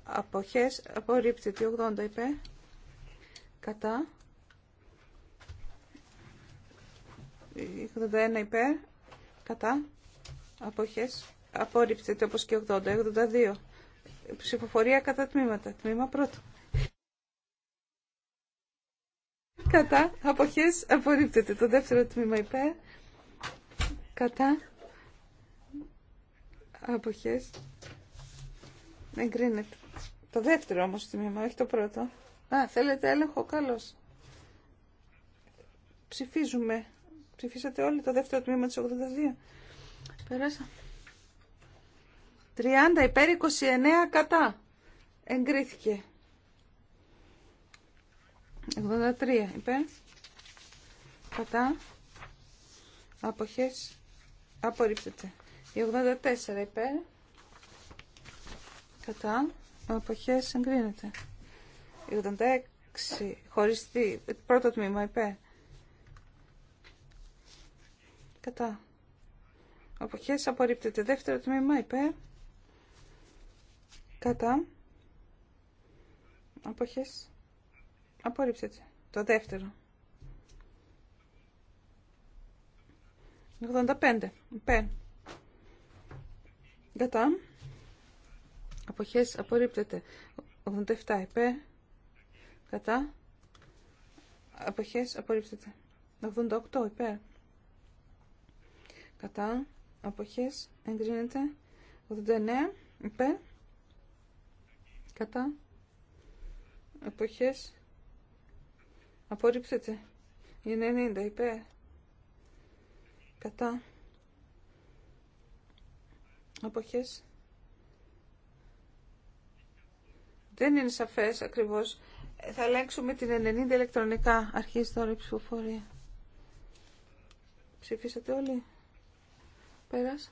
Αποχές. Απορρίπτεται 80 υπέρ. Κατά. 81 υπέρ. Κατά. Αποχές. Απορρίπτεται όπως και 80. 82. Ψηφοφορία κατά τμήματα. Τμήμα πρώτο. Κατά. Αποχές. Απορρίπτεται το δεύτερο τμήμα υπέρ. Κατά. Αποχές. Εγκρίνεται. Το δεύτερο όμως τμήμα, όχι το πρώτο. Α, θέλετε έλεγχο, καλώς. Ψηφίζουμε. Ψηφίσατε όλοι το δεύτερο τμήμα της 82. Περάσα. 30 υπέρ 29 κατά. Εγκρίθηκε. 83 υπέρ. Κατά. Αποχές. Απορρίπτεται. Η 84 υπέρ. Κατά. Αποχές εγκρίνεται. Η 86 χωριστή. Πρώτο τμήμα υπέρ. Κατά. Αποχές απορρίπτεται. Δεύτερο τμήμα υπέρ. Κατά. Αποχές. Απορρίπτεται. Το δεύτερο. 85. Υπέρ. Κατά. Αποχές απορρίπτεται. 87 υπέρ. Κατά. Αποχές απορρίπτεται. 88 υπέρ. Κατά. Αποχές εγκρίνεται. 89 υπέρ. Κατά. Αποχές απορρίπτεται. 90 υπέρ. Κατά αποχές. Δεν είναι σαφές ακριβώς. Ε, θα ελέγξουμε την 90 ηλεκτρονικά. Αρχίζει τώρα η ψηφοφορία. Ψηφίσατε όλοι. Πέρας.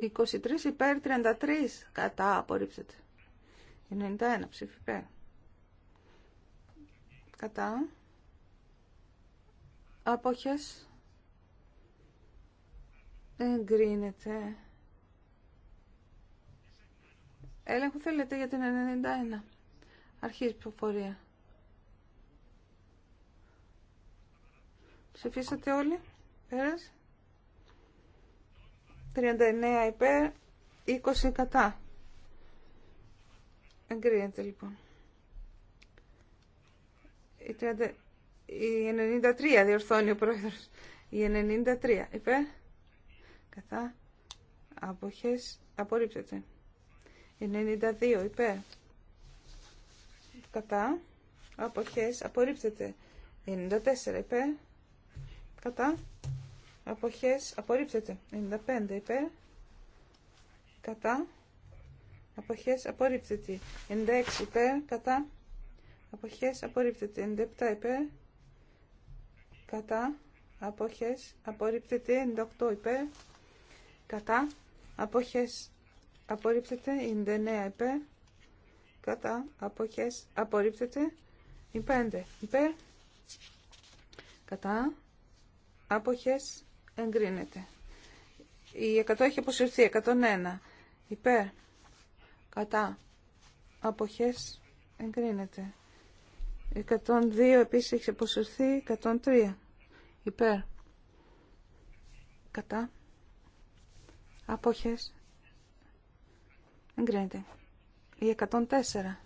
23 υπέρ 33 κατά απορρίψετε. 91 ψήφι υπέρ. Κατά. Απόχες. Εγκρίνεται. Έλεγχο θέλετε για την 91. Αρχίζει η ψηφοφορία. Ψηφίσατε όλοι. Πέρασε. 39 υπέρ, 20 κατά. Εγκρίνεται λοιπόν. Η, η 93 διορθώνει ο πρόεδρος. Η 93 υπέρ κατά αποχές απορρίπτεται 92 υπέρ κατά αποχές απορρίπτεται 94 υπέρ κατά αποχές απορρίπτεται 95 υπέρ κατά αποχές απορρίπτεται 96 υπέρ κατά αποχές απορρίπτεται 97 υπέρ κατά αποχές απορρίπτεται 98 υπέρ κατά αποχές απορρίπτεται 9. υπέρ κατά αποχές απορρίπτεται η 5 υπέρ κατά αποχές εγκρίνεται η 100 έχει αποσυρθεί 101 υπέρ κατά αποχές εγκρίνεται 102 επίσης έχει αποσυρθεί 103 υπέρ κατά Απόχες. Εγκρίνεται. Η 104.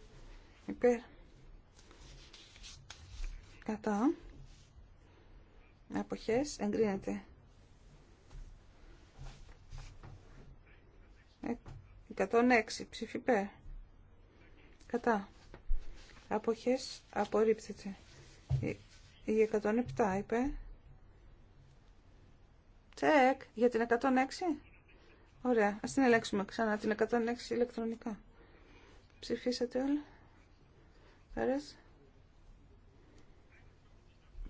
Υπέρ. Κατά. Αποχές. Εγκρίνεται. 106. Ε, Ψήφι υπέρ. Κατά. Αποχές. Απορρίπτεται. Η 107 υπέρ Τσεκ. Για την 106. Ωραία, ας την ελέγξουμε ξανά, την 106 ηλεκτρονικά. Ψηφίσατε όλοι. Πέρας.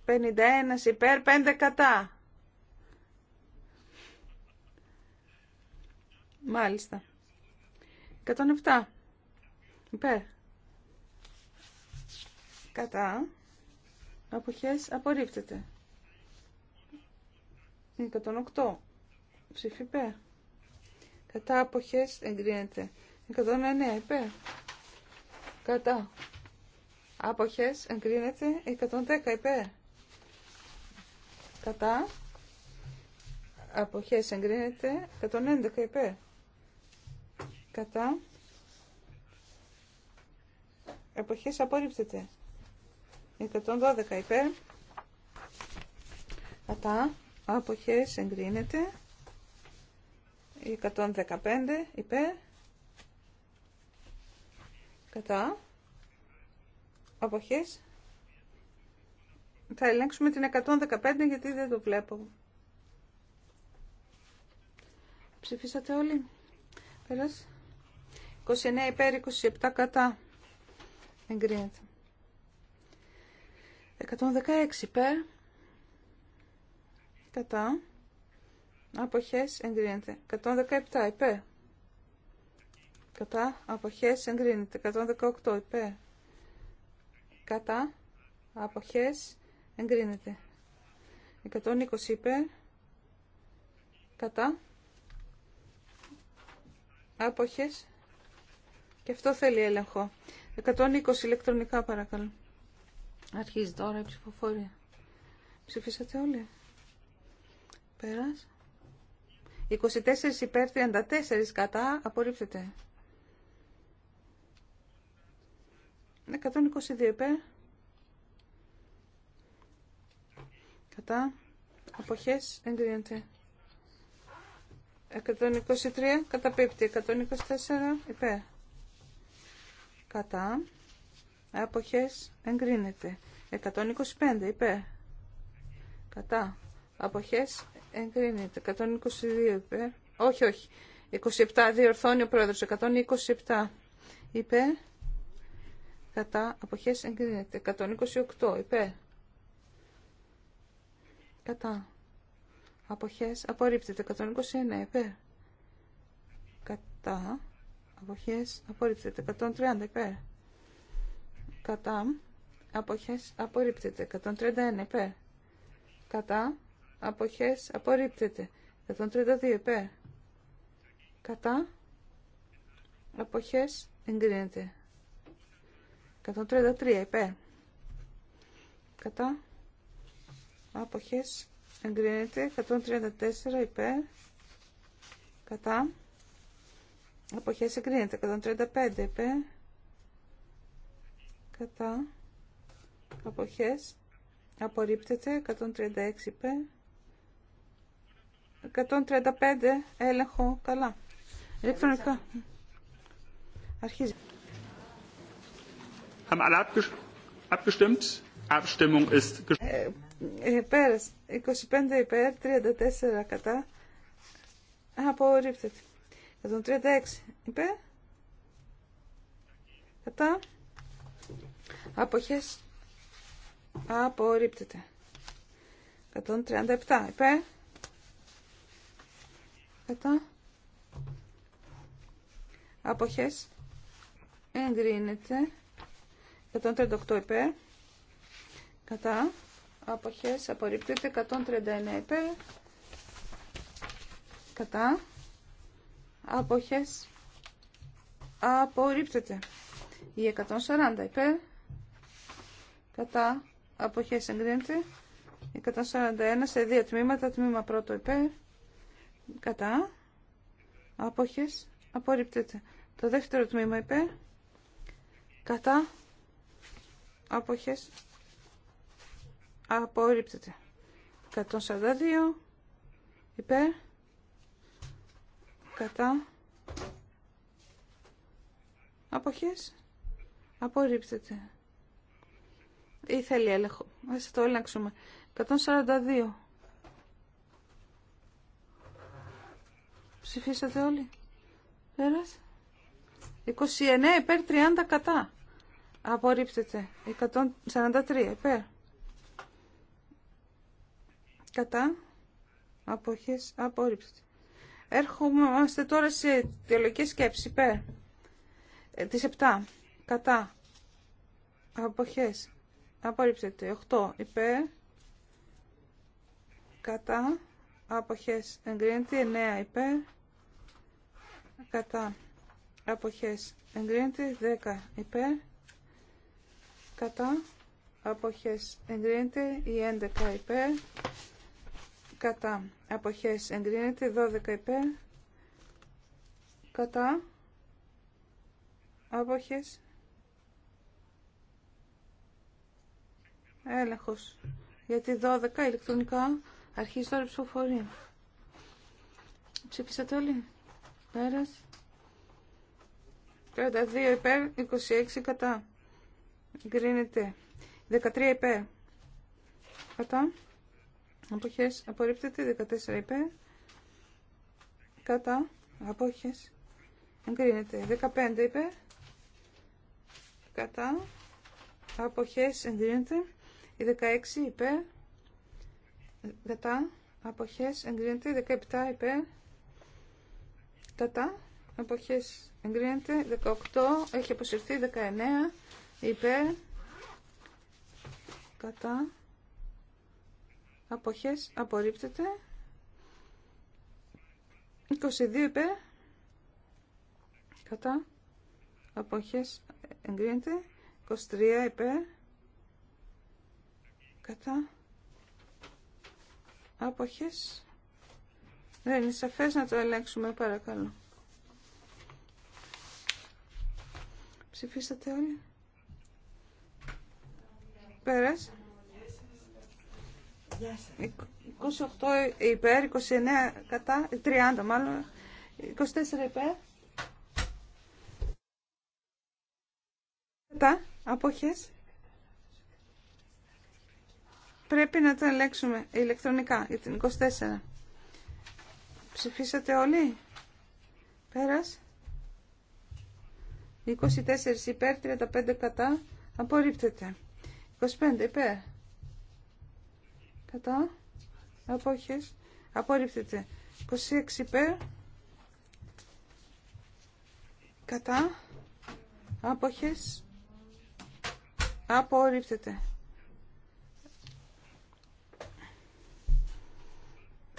51 υπέρ, 5 κατά. Μάλιστα. 107 υπέρ. Κατά. Αποχές απορρίπτεται. 108 ψήφι Κατά αποχές εγκρίνεται. 109 υπέρ. Κατά. Αποχές εγκρίνεται 110 υπέρ. Κατά. Αποχές εγκρίνεται 111 υπέρ. Κατά. Αποχές απορρίπτεται. 112 υπέρ. Κατά. Αποχές εγκρίνεται. 115 υπέρ. Κατά. Αποχές. Θα ελέγξουμε την 115 γιατί δεν το βλέπω. Ψηφίσατε όλοι. Πέρας. 29 υπέρ, 27 κατά. Εγκρίνεται. 116 υπέρ. Κατά αποχές εγκρίνεται. 117 υπέρ. Κατά αποχές εγκρίνεται. 118 υπέρ. Κατά αποχές εγκρίνεται. 120 υπέρ. Κατά άποχες και αυτό θέλει έλεγχο 120 ηλεκτρονικά παρακαλώ αρχίζει τώρα η ψηφοφορία ψηφίσατε όλοι πέρας 24 υπέρ 34 κατά απορρίπτεται. 122 υπέρ. Κατά. Αποχές εγκρίνεται. 123 καταπίπτει. 124 υπέρ. Κατά. Αποχές εγκρίνεται. 125 υπέρ. Κατά. Αποχές Εγκρίνεται. 122 υπέρ. Όχι, όχι. 27 διορθώνει ο πρόεδρος. 127 υπέρ. Κατά αποχές εγκρίνεται. 128 υπέρ. Κατά αποχές απορρίπτεται. 129 υπέρ. Κατά αποχές απορρίπτεται. 130 υπέρ. Κατά αποχές απορρίπτεται. 131 υπέρ. Κατά αποχές απορρίπτεται. 132 υπέρ κατά αποχές εγκρίνεται. 133 υπέρ κατά αποχές εγκρίνεται. 134 υπέρ κατά αποχές εγκρίνεται. 135 υπέρ κατά αποχές απορρίπτεται. 136 υπέρ 135 έλεγχο καλά. Ηλεκτρονικά. Αρχίζει. Haben alle abgestimmt? Abstimmung ist 25 ε, ε, υπέρ, 34 κατά. Απορρίπτεται. 136 υπέρ. Κατά. Αποχές. Απορρίπτεται. 137 υπέρ κατά αποχές εγκρίνεται 138 υπέρ κατά αποχές απορρίπτεται 139 υπέρ κατά αποχές απορρίπτεται η 140 υπέρ κατά αποχές εγκρίνεται 141 σε δύο τμήματα τμήμα πρώτο υπέρ κατά, άποχες, απορρίπτεται. Το δεύτερο τμήμα υπέρ, κατά, άποχες, απορρίπτεται. 142 υπέρ, κατά, άποχες, απορρίπτεται. Ή θέλει έλεγχο. Ας το ελέγξουμε. 142. Ψηφίσατε όλοι. Πέρασε. 29 υπέρ 30 κατά. Απορρίπτεται. 143 υπέρ. Κατά. Αποχές. Απορρίπτεται. Έρχομαστε τώρα σε θεολογική σκέψη υπέρ. Ε, τις 7. Κατά. Αποχές. Απορρίπτεται. 8 υπέρ. Κατά αποχές εγκρίνεται 9 υπέρ κατά αποχές εγκρίνεται 10 υπέρ κατά αποχές εγκρίνεται 11 υπέρ κατά αποχές εγκρίνεται 12 υπέρ κατά αποχές έλεγχος γιατί 12 ηλεκτρονικά Αρχίζει τώρα η ψηφοφορία. Ψήφισατε όλοι. Πέρας. 32 υπέρ, 26 κατά. Γκρίνεται. 13 υπέρ. Κατά. Αποχέ. Απορρίπτεται. 14 υπέρ. Κατά. Απόχες. Εγκρίνεται. 15 υπέρ. Κατά. Αποχές. Εγκρίνεται. 16 υπέρ κατά αποχές εγκρίνεται 17 υπέρ κατά αποχές εγκρίνεται 18 έχει αποσυρθεί 19 υπέρ κατά αποχές απορρίπτεται 22 υπέρ κατά αποχές εγκρίνεται 23 υπέρ κατά Άποχες. Δεν είναι σαφές να το ελέγξουμε παρακαλώ. Ψηφίσατε όλοι. Πέρας. 28 υπέρ, 29 κατά, 30 μάλλον, 24 υπέρ. Κατά, απόχες. Πρέπει να τα ελέγξουμε ηλεκτρονικά για την 24. Ψηφίσατε όλοι. Πέρας. 24 υπέρ, 35 κατά. Απορρίπτεται. 25 υπέρ. Κατά. Απόχες. Απορρίπτεται. 26 υπέρ. Κατά. Απόχες. Απορρίπτεται.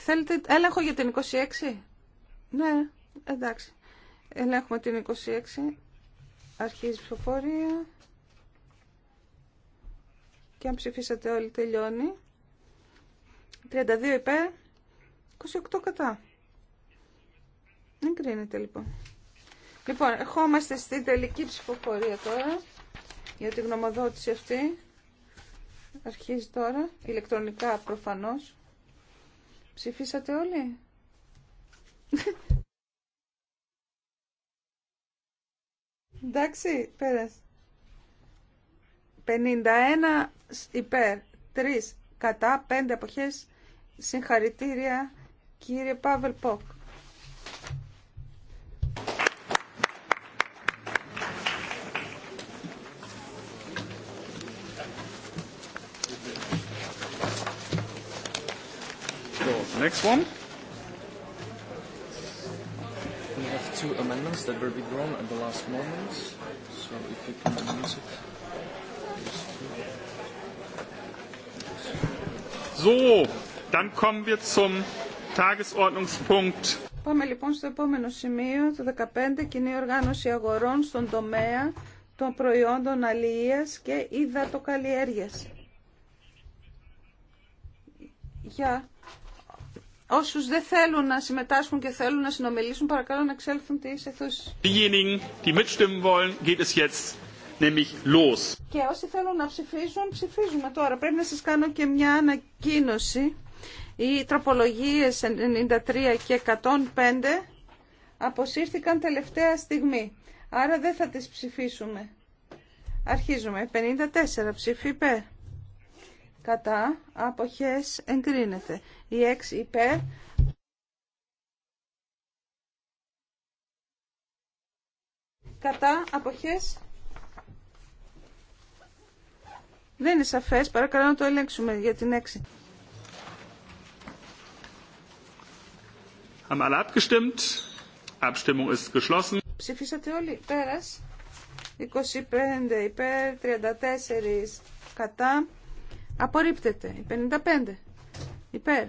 Θέλετε έλεγχο για την 26. Ναι, εντάξει. Ελέγχουμε την 26. Αρχίζει η ψηφοφορία. Και αν ψηφίσατε όλοι τελειώνει. 32 υπέρ, 28 κατά. Δεν κρίνεται λοιπόν. Λοιπόν, ερχόμαστε στην τελική ψηφοφορία τώρα για τη γνωμοδότηση αυτή. Αρχίζει τώρα, ηλεκτρονικά προφανώς. Ψηφίσατε όλοι. Εντάξει, πέρασε. 51 υπέρ, 3 κατά, 5 εποχές Συγχαρητήρια κύριε Παύλ Πόκ. next one. We have two amendments that were withdrawn at the last moment, so if you can use it. So, dann kommen wir zum Tagesordnungspunkt. Πάμε λοιπόν στο επόμενο σημείο, το 15, κοινή οργάνωση αγορών στον τομέα των προϊόντων αλληλείας και υδατοκαλλιέργειας. Γεια. Yeah. Όσους δεν θέλουν να συμμετάσχουν και θέλουν να συνομιλήσουν, παρακαλώ να εξέλθουν τις αιθούσεις. Και όσοι θέλουν να ψηφίζουν, ψηφίζουμε τώρα. Πρέπει να σας κάνω και μια ανακοίνωση. Οι τροπολογίες 93 και 105 αποσύρθηκαν τελευταία στιγμή. Άρα δεν θα τις ψηφίσουμε. Αρχίζουμε. 54 ψηφίπε. Κατά. Αποχές εγκρίνεται. Η 6 υπέρ. Κατά αποχές. Δεν είναι σαφές. Παρακαλώ να το ελέγξουμε για την 6. Haben alle abgestimmt. Abstimmung ist Ψηφίσατε όλοι. Πέρας. 25 υπέρ, 34 κατά. Απορρίπτεται. 55. Υπέρ.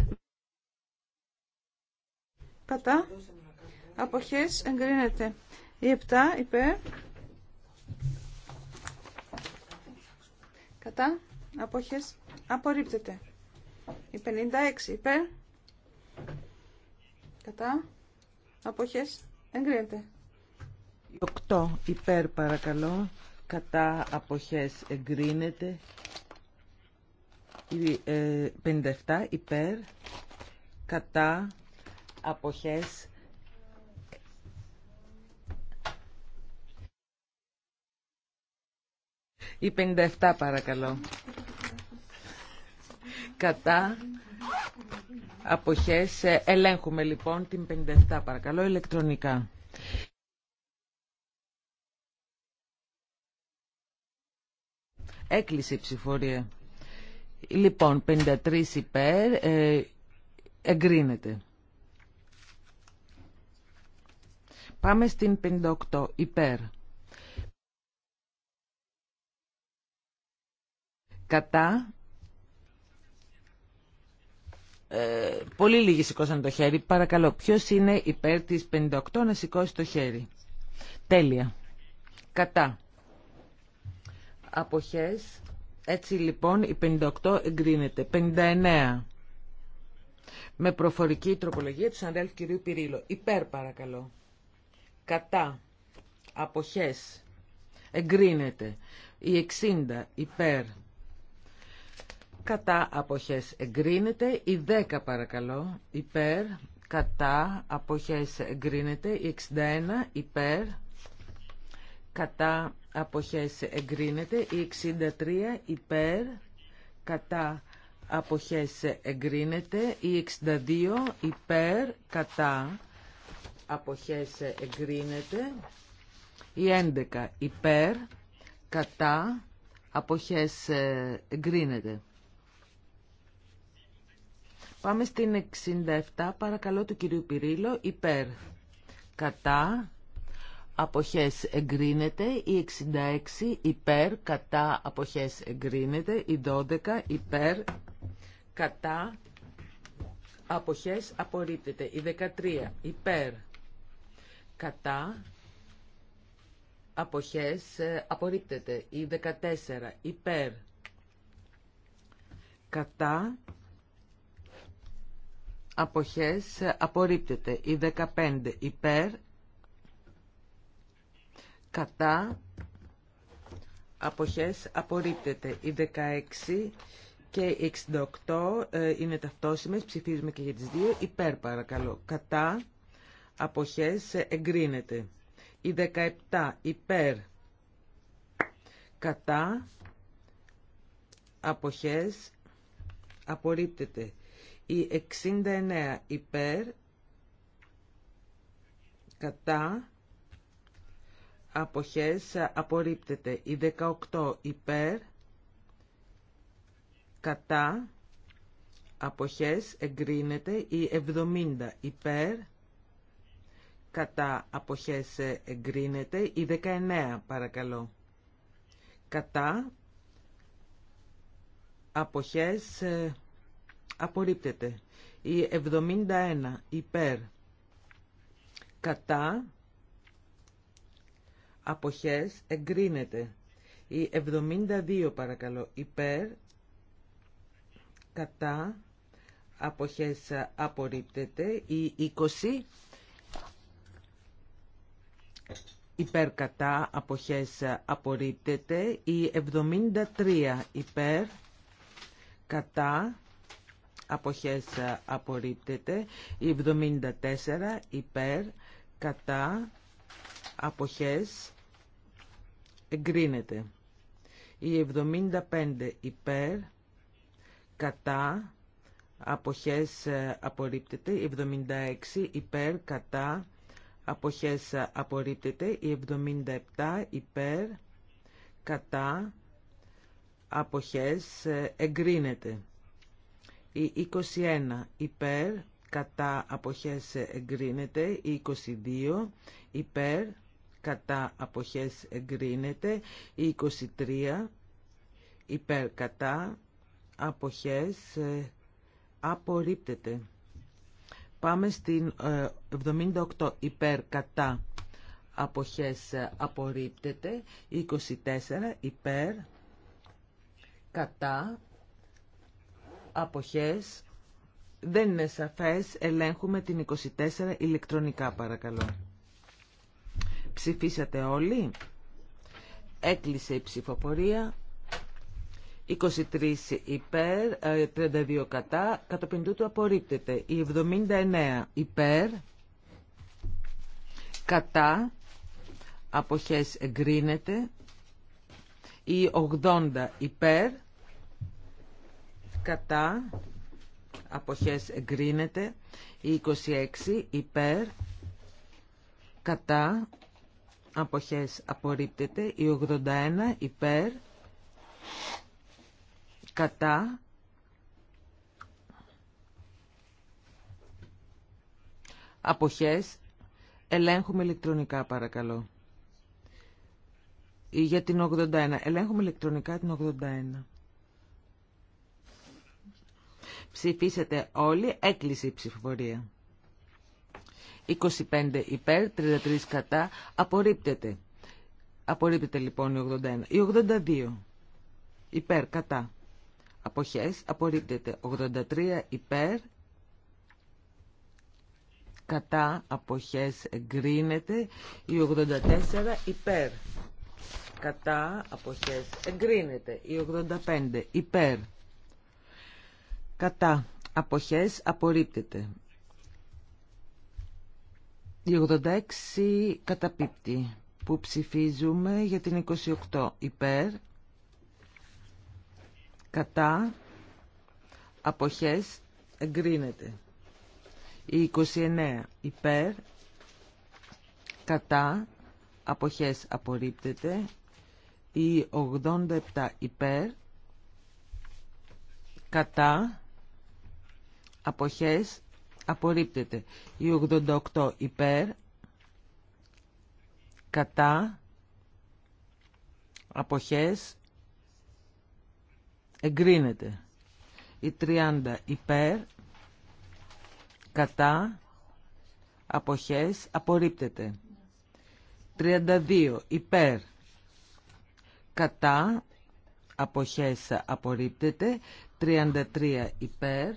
Κατά. Αποχές εγκρίνεται. Η 7 υπέρ. Κατά. Αποχές απορρίπτεται. Η 56 υπέρ. Κατά. Αποχές εγκρίνεται. Η 8 υπέρ παρακαλώ. Κατά αποχές εγκρίνεται. 57 ε, υπέρ κατά αποχές Η 57 παρακαλώ. Κατά αποχές ε, ελέγχουμε λοιπόν την 57 παρακαλώ ηλεκτρονικά. Έκλεισε η ψηφορία. Λοιπόν, 53 υπέρ, ε, εγκρίνεται. Πάμε στην 58 υπέρ. Κατά. Ε, πολύ λίγοι σηκώσαν το χέρι. Παρακαλώ, ποιος είναι υπέρ της 58 να σηκώσει το χέρι. Τέλεια. Κατά. Αποχές έτσι λοιπόν η 58 εγκρίνεται. 59. Με προφορική τροπολογία του συναδέλφου κυρίου Πυρίλο. Υπέρ παρακαλώ. Κατά. Αποχές. Εγκρίνεται. Η 60 υπέρ. Κατά αποχές εγκρίνεται. Η 10 παρακαλώ. Υπέρ. Κατά αποχές εγκρίνεται. Η 61 υπέρ. Κατά αποχές εγκρίνεται, η 63 υπέρ κατά αποχές εγκρίνεται, η 62 υπέρ κατά αποχές εγκρίνεται, η 11 υπέρ κατά αποχές εγκρίνεται. Πάμε στην 67 παρακαλώ του κυρίου Πυρίλο υπέρ κατά αποχές εγκρίνεται, η 66 υπέρ κατά αποχές εγκρίνεται, η 12 υπέρ κατά αποχές απορρίπτεται, η 13 υπέρ κατά αποχές ε, απορρίπτεται, η 14 υπέρ κατά αποχές ε, απορρίπτεται, η 15 υπέρ κατά αποχές απορρίπτεται. Οι 16 και η 68 ε, είναι ταυτόσιμες, ψηφίζουμε και για τις δύο. Υπέρ παρακαλώ, κατά αποχές εγκρίνεται. Οι 17 υπέρ κατά αποχές απορρίπτεται. Η 69 υπέρ κατά αποχές απορρίπτεται. Η 18 υπέρ, κατά, αποχές εγκρίνεται. Η 70 υπέρ, κατά, αποχές εγκρίνεται. Η 19 παρακαλώ, κατά, αποχές απορρίπτεται. Η 71 υπέρ, κατά, αποχές εγκρίνεται. Η 72 παρακαλώ υπέρ, κατά, αποχές απορρίπτεται. Η 20 υπέρ, κατά, αποχές απορρίπτεται. Η 73 υπέρ, κατά, αποχές απορρίπτεται. Η 74 υπέρ, κατά, αποχές εγκρίνεται. Η 75 υπέρ, κατά, αποχές ε, απορρίπτεται. Η 76 υπέρ, κατά, αποχές ε, απορρίπτεται. Η 77 υπέρ, κατά, αποχές ε, εγκρίνεται. Η 21 υπέρ, κατά αποχές εγκρίνεται. Η 22 υπέρ, κατά αποχές εγκρίνεται, η 23 υπέρ κατά αποχές ε, απορρίπτεται. Πάμε στην 78 ε, υπέρ κατά αποχές ε, απορρίπτεται, η 24 υπέρ κατά αποχές δεν είναι σαφές, ελέγχουμε την 24 ηλεκτρονικά παρακαλώ. Ψηφίσατε όλοι. Έκλεισε η ψηφοφορία. 23 υπέρ, 32 ε, κατά, κατόπιν τούτου απορρίπτεται. Η 79 υπέρ, κατά, αποχές εγκρίνεται. Η 80 υπέρ, κατά, αποχές εγκρίνεται. Η 26 υπέρ, κατά, αποχές απορρίπτεται, η 81 υπέρ, κατά, αποχές, ελέγχουμε ηλεκτρονικά παρακαλώ. Για την 81, ελέγχουμε ηλεκτρονικά την 81. Ψηφίσετε όλοι, έκλεισε η ψηφοφορία. 25 υπέρ, 33 κατά. Απορρίπτεται. Απορρίπτεται λοιπόν η 81. Η 82 υπέρ, κατά. Αποχές. Απορρίπτεται. 83 υπέρ. Κατά. Αποχές. Εγκρίνεται. Η 84 υπέρ. Κατά. Αποχές. Εγκρίνεται. Η 85 υπέρ. Κατά. Αποχές απορρίπτεται. Η 86 καταπίπτει που ψηφίζουμε για την 28 υπέρ, κατά, αποχές, εγκρίνεται. Η 29 υπέρ, κατά, αποχές, απορρίπτεται. Η 87 υπέρ, κατά, αποχές, απορρίπτεται. Η 88 υπέρ, κατά, αποχές, εγκρίνεται. Η 30 υπέρ, κατά, αποχές, απορρίπτεται. 32 υπέρ, κατά, αποχές, απορρίπτεται. 33 υπέρ,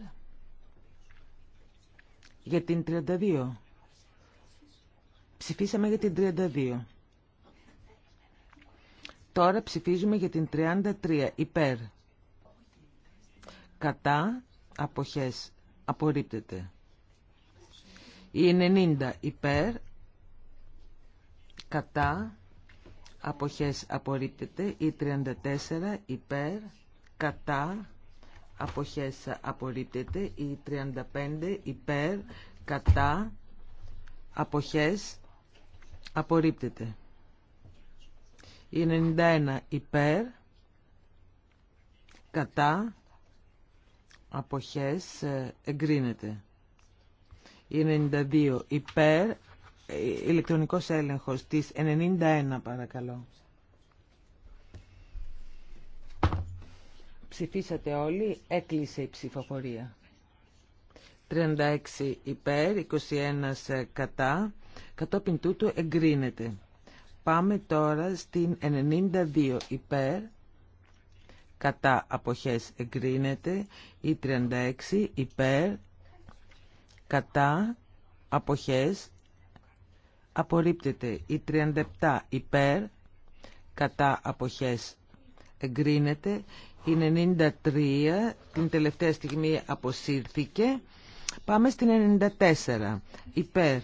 για την 32. Ψηφίσαμε για την 32. Τώρα ψηφίζουμε για την 33. Υπέρ. Κατά. Αποχές. Απορρίπτεται. Η 90. Υπέρ. Κατά. Αποχές. Απορρίπτεται. Η 34. Υπέρ. Κατά αποχές απορρίπτεται, η 35 υπέρ, κατά, αποχές απορρίπτεται. Η 91 υπέρ, κατά, αποχές ε, εγκρίνεται. Η 92 υπέρ, ε, ηλεκτρονικός έλεγχος της 91 παρακαλώ. Ψηφίσατε όλοι, έκλεισε η ψηφοφορία. 36 υπέρ, 21 ε, κατά, κατόπιν τούτου εγκρίνεται. Πάμε τώρα στην 92 υπέρ, κατά αποχές εγκρίνεται, η 36 υπέρ, κατά αποχές απορρίπτεται, η 37 υπέρ, κατά αποχές εγκρίνεται, η 93 την τελευταία στιγμή αποσύρθηκε. Πάμε στην 94. Υπέρ.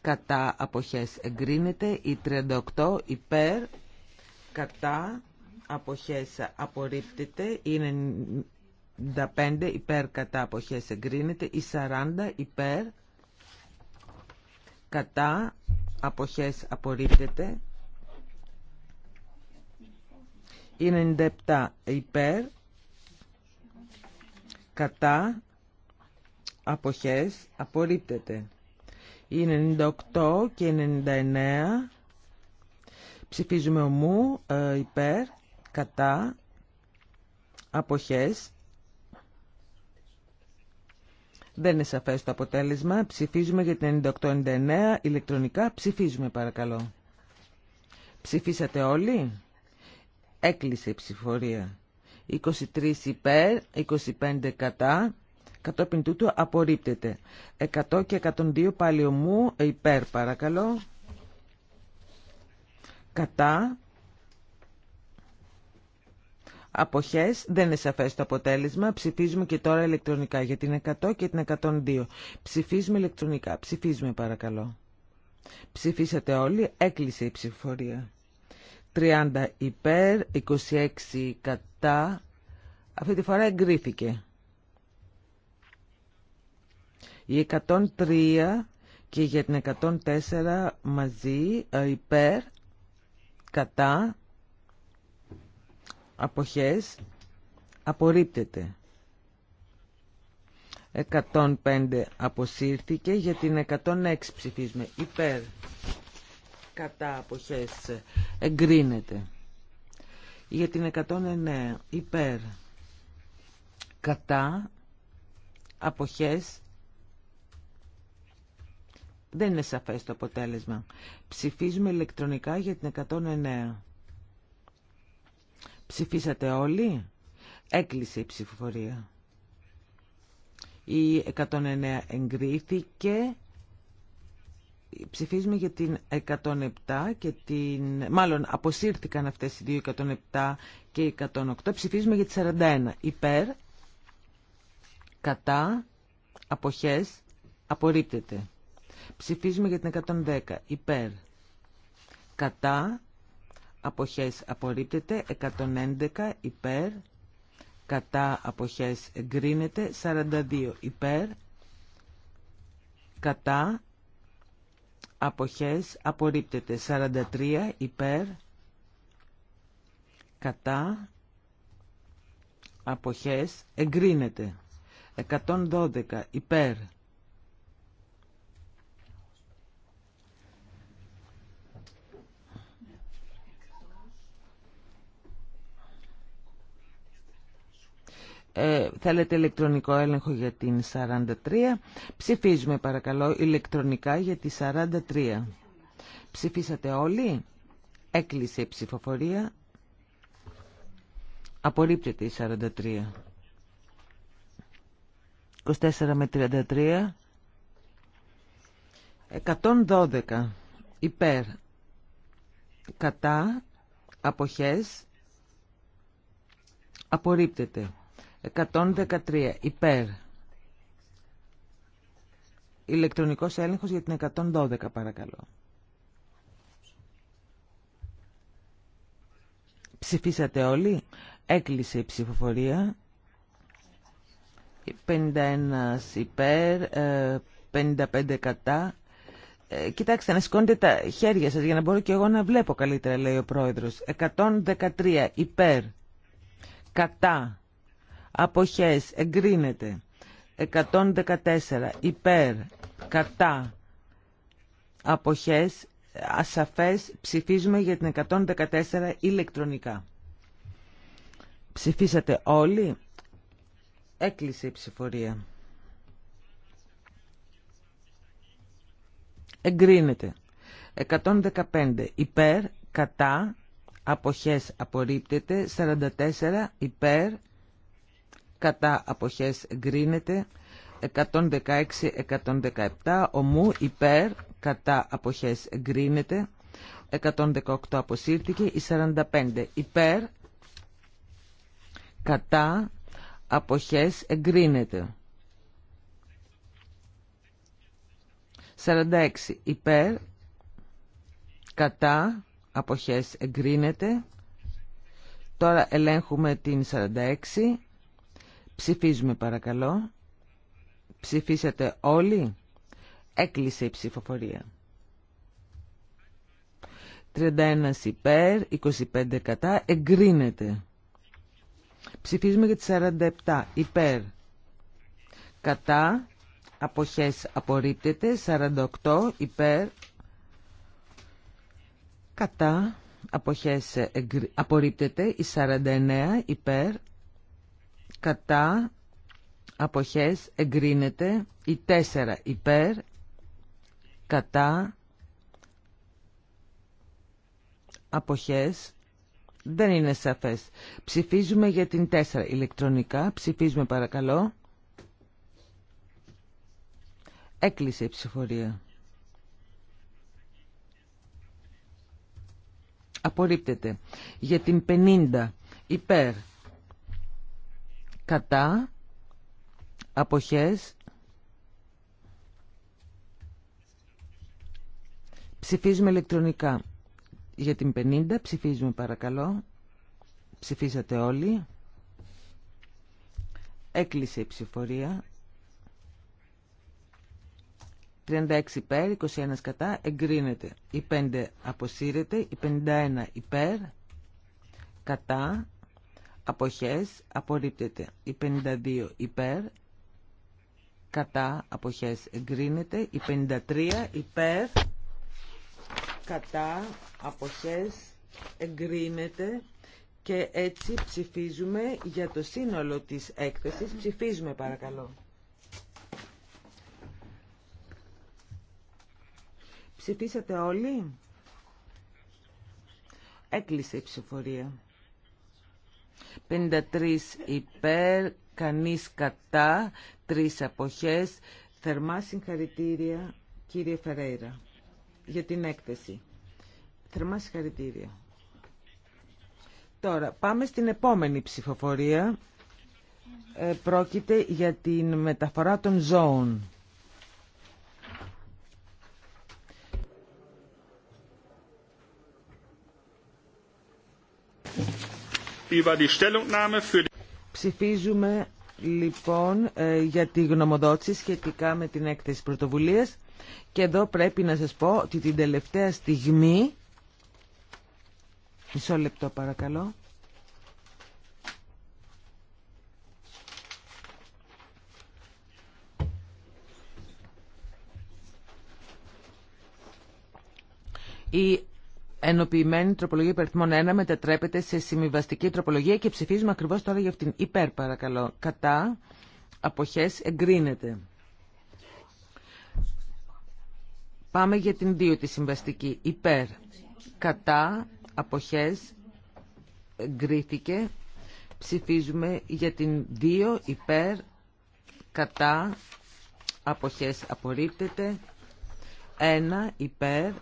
Κατά αποχές εγκρίνεται. Η 38 υπέρ. Κατά αποχές απορρίπτεται. Η 95 υπέρ κατά αποχές εγκρίνεται. Η 40 υπέρ. Κατά αποχές απορρίπτεται. 97 υπέρ, κατά, αποχές, απορρίπτεται. Είναι 98 και 99 ψηφίζουμε ομού, ε, υπέρ, κατά, αποχές. Δεν είναι σαφές το αποτέλεσμα. Ψηφίζουμε για την 98-99. Ηλεκτρονικά ψηφίζουμε παρακαλώ. Ψηφίσατε όλοι. Έκλεισε η ψηφορία. 23 υπέρ, 25 κατά, κατόπιν τούτου απορρίπτεται. 100 και 102 πάλι ομού, υπέρ παρακαλώ. Κατά. Αποχές, δεν είναι σαφές το αποτέλεσμα. Ψηφίζουμε και τώρα ηλεκτρονικά για την 100 και την 102. Ψηφίζουμε ηλεκτρονικά. Ψηφίζουμε παρακαλώ. Ψηφίσατε όλοι, έκλεισε η ψηφορία. 30 υπέρ, 26 κατά. Αυτή τη φορά εγκρίθηκε. Η 103 και για την 104 μαζί ε, υπέρ, κατά, αποχές, απορρίπτεται. 105 αποσύρθηκε, για την 106 ψηφίσμε. υπέρ, κατά αποχές εγκρίνεται. Για την 109 υπέρ κατά αποχές δεν είναι σαφές το αποτέλεσμα. Ψηφίζουμε ηλεκτρονικά για την 109. Ψηφίσατε όλοι. Έκλεισε η ψηφοφορία. Η 109 εγκρίθηκε ψηφίζουμε για την 107 και την... Μάλλον αποσύρθηκαν αυτές οι δύο 107 και 108. Ψηφίζουμε για τη 41. Υπέρ, κατά, αποχές, απορρίπτεται. Ψηφίζουμε για την 110. Υπέρ, κατά, αποχές, απορρίπτεται. 111. Υπέρ, κατά, αποχές, εγκρίνεται. 42. Υπέρ, κατά, αποχές απορρίπτεται 43 υπέρ κατά αποχές εγκρίνεται 112 υπέρ Ε, θέλετε ηλεκτρονικό έλεγχο για την 43. Ψηφίζουμε παρακαλώ ηλεκτρονικά για τη 43. Ψηφίσατε όλοι. Έκλεισε η ψηφοφορία. Απορρίπτεται η 43. 24 με 33. 112 υπέρ κατά αποχές απορρίπτεται 113 υπέρ. Ηλεκτρονικός έλεγχος για την 112 παρακαλώ. Ψηφίσατε όλοι. Έκλεισε η ψηφοφορία. 51 υπέρ, 55 ε, κατά. Ε, κοιτάξτε, να σηκώνετε τα χέρια σας για να μπορώ και εγώ να βλέπω καλύτερα, λέει ο πρόεδρος. 113 υπέρ, κατά αποχές εγκρίνεται 114 υπέρ κατά αποχές ασαφές ψηφίζουμε για την 114 ηλεκτρονικά ψηφίσατε όλοι έκλεισε η ψηφορία εγκρίνεται 115 υπέρ κατά αποχές απορρίπτεται 44 υπέρ κατά αποχές εγκρίνεται 116-117 ομού υπέρ κατά αποχές εγκρίνεται 118 αποσύρθηκε η 45 υπέρ κατά αποχές εγκρίνεται 46 υπέρ κατά αποχές εγκρίνεται τώρα ελέγχουμε την 46 Ψηφίζουμε παρακαλώ. Ψηφίσατε όλοι. Έκλεισε η ψηφοφορία. 31 υπέρ, 25 κατά, εγκρίνεται. Ψηφίζουμε για τις 47 υπέρ. Κατά, αποχές απορρίπτεται, 48 υπέρ. Κατά, αποχές απορρίπτεται, η 49 υπέρ κατά αποχές εγκρίνεται η 4 υπέρ κατά αποχές δεν είναι σαφές. Ψηφίζουμε για την 4 ηλεκτρονικά. Ψηφίζουμε παρακαλώ. Έκλεισε η ψηφορία. Απορρίπτεται. Για την 50 υπέρ κατά, αποχές, ψηφίζουμε ηλεκτρονικά. Για την 50 ψηφίζουμε παρακαλώ. Ψηφίσατε όλοι. Έκλεισε η ψηφορία. 36 υπέρ, 21 κατά, εγκρίνεται. Η 5 αποσύρεται, η 51 υπέρ, κατά, αποχές απορρίπτεται. Η 52 υπέρ, κατά αποχές εγκρίνεται. Η 53 υπέρ, κατά αποχές εγκρίνεται. Και έτσι ψηφίζουμε για το σύνολο της έκθεσης. Ψηφίζουμε παρακαλώ. Ψηφίσατε όλοι. Έκλεισε η ψηφορία. 53 υπέρ, κανείς κατά, τρεις αποχές. Θερμά συγχαρητήρια κύριε Φεραίρα, για την έκθεση. Θερμά συγχαρητήρια. Τώρα πάμε στην επόμενη ψηφοφορία. Ε, πρόκειται για την μεταφορά των ζώων. Ψηφίζουμε λοιπόν ε, για τη γνωμοδότηση σχετικά με την έκθεση πρωτοβουλία, και εδώ πρέπει να σας πω ότι την τελευταία στιγμή μισό λεπτό παρακαλώ η ενοποιημένη τροπολογία υπεριθμών 1 μετατρέπεται σε συμβιβαστική τροπολογία και ψηφίζουμε ακριβώς τώρα για αυτήν. Υπέρ παρακαλώ. Κατά αποχές εγκρίνεται. Πάμε για την 2 τη συμβαστική. Υπέρ. Κατά αποχές εγκρίθηκε. Ψηφίζουμε για την 2 υπέρ. Κατά αποχές απορρίπτεται. 1 υπέρ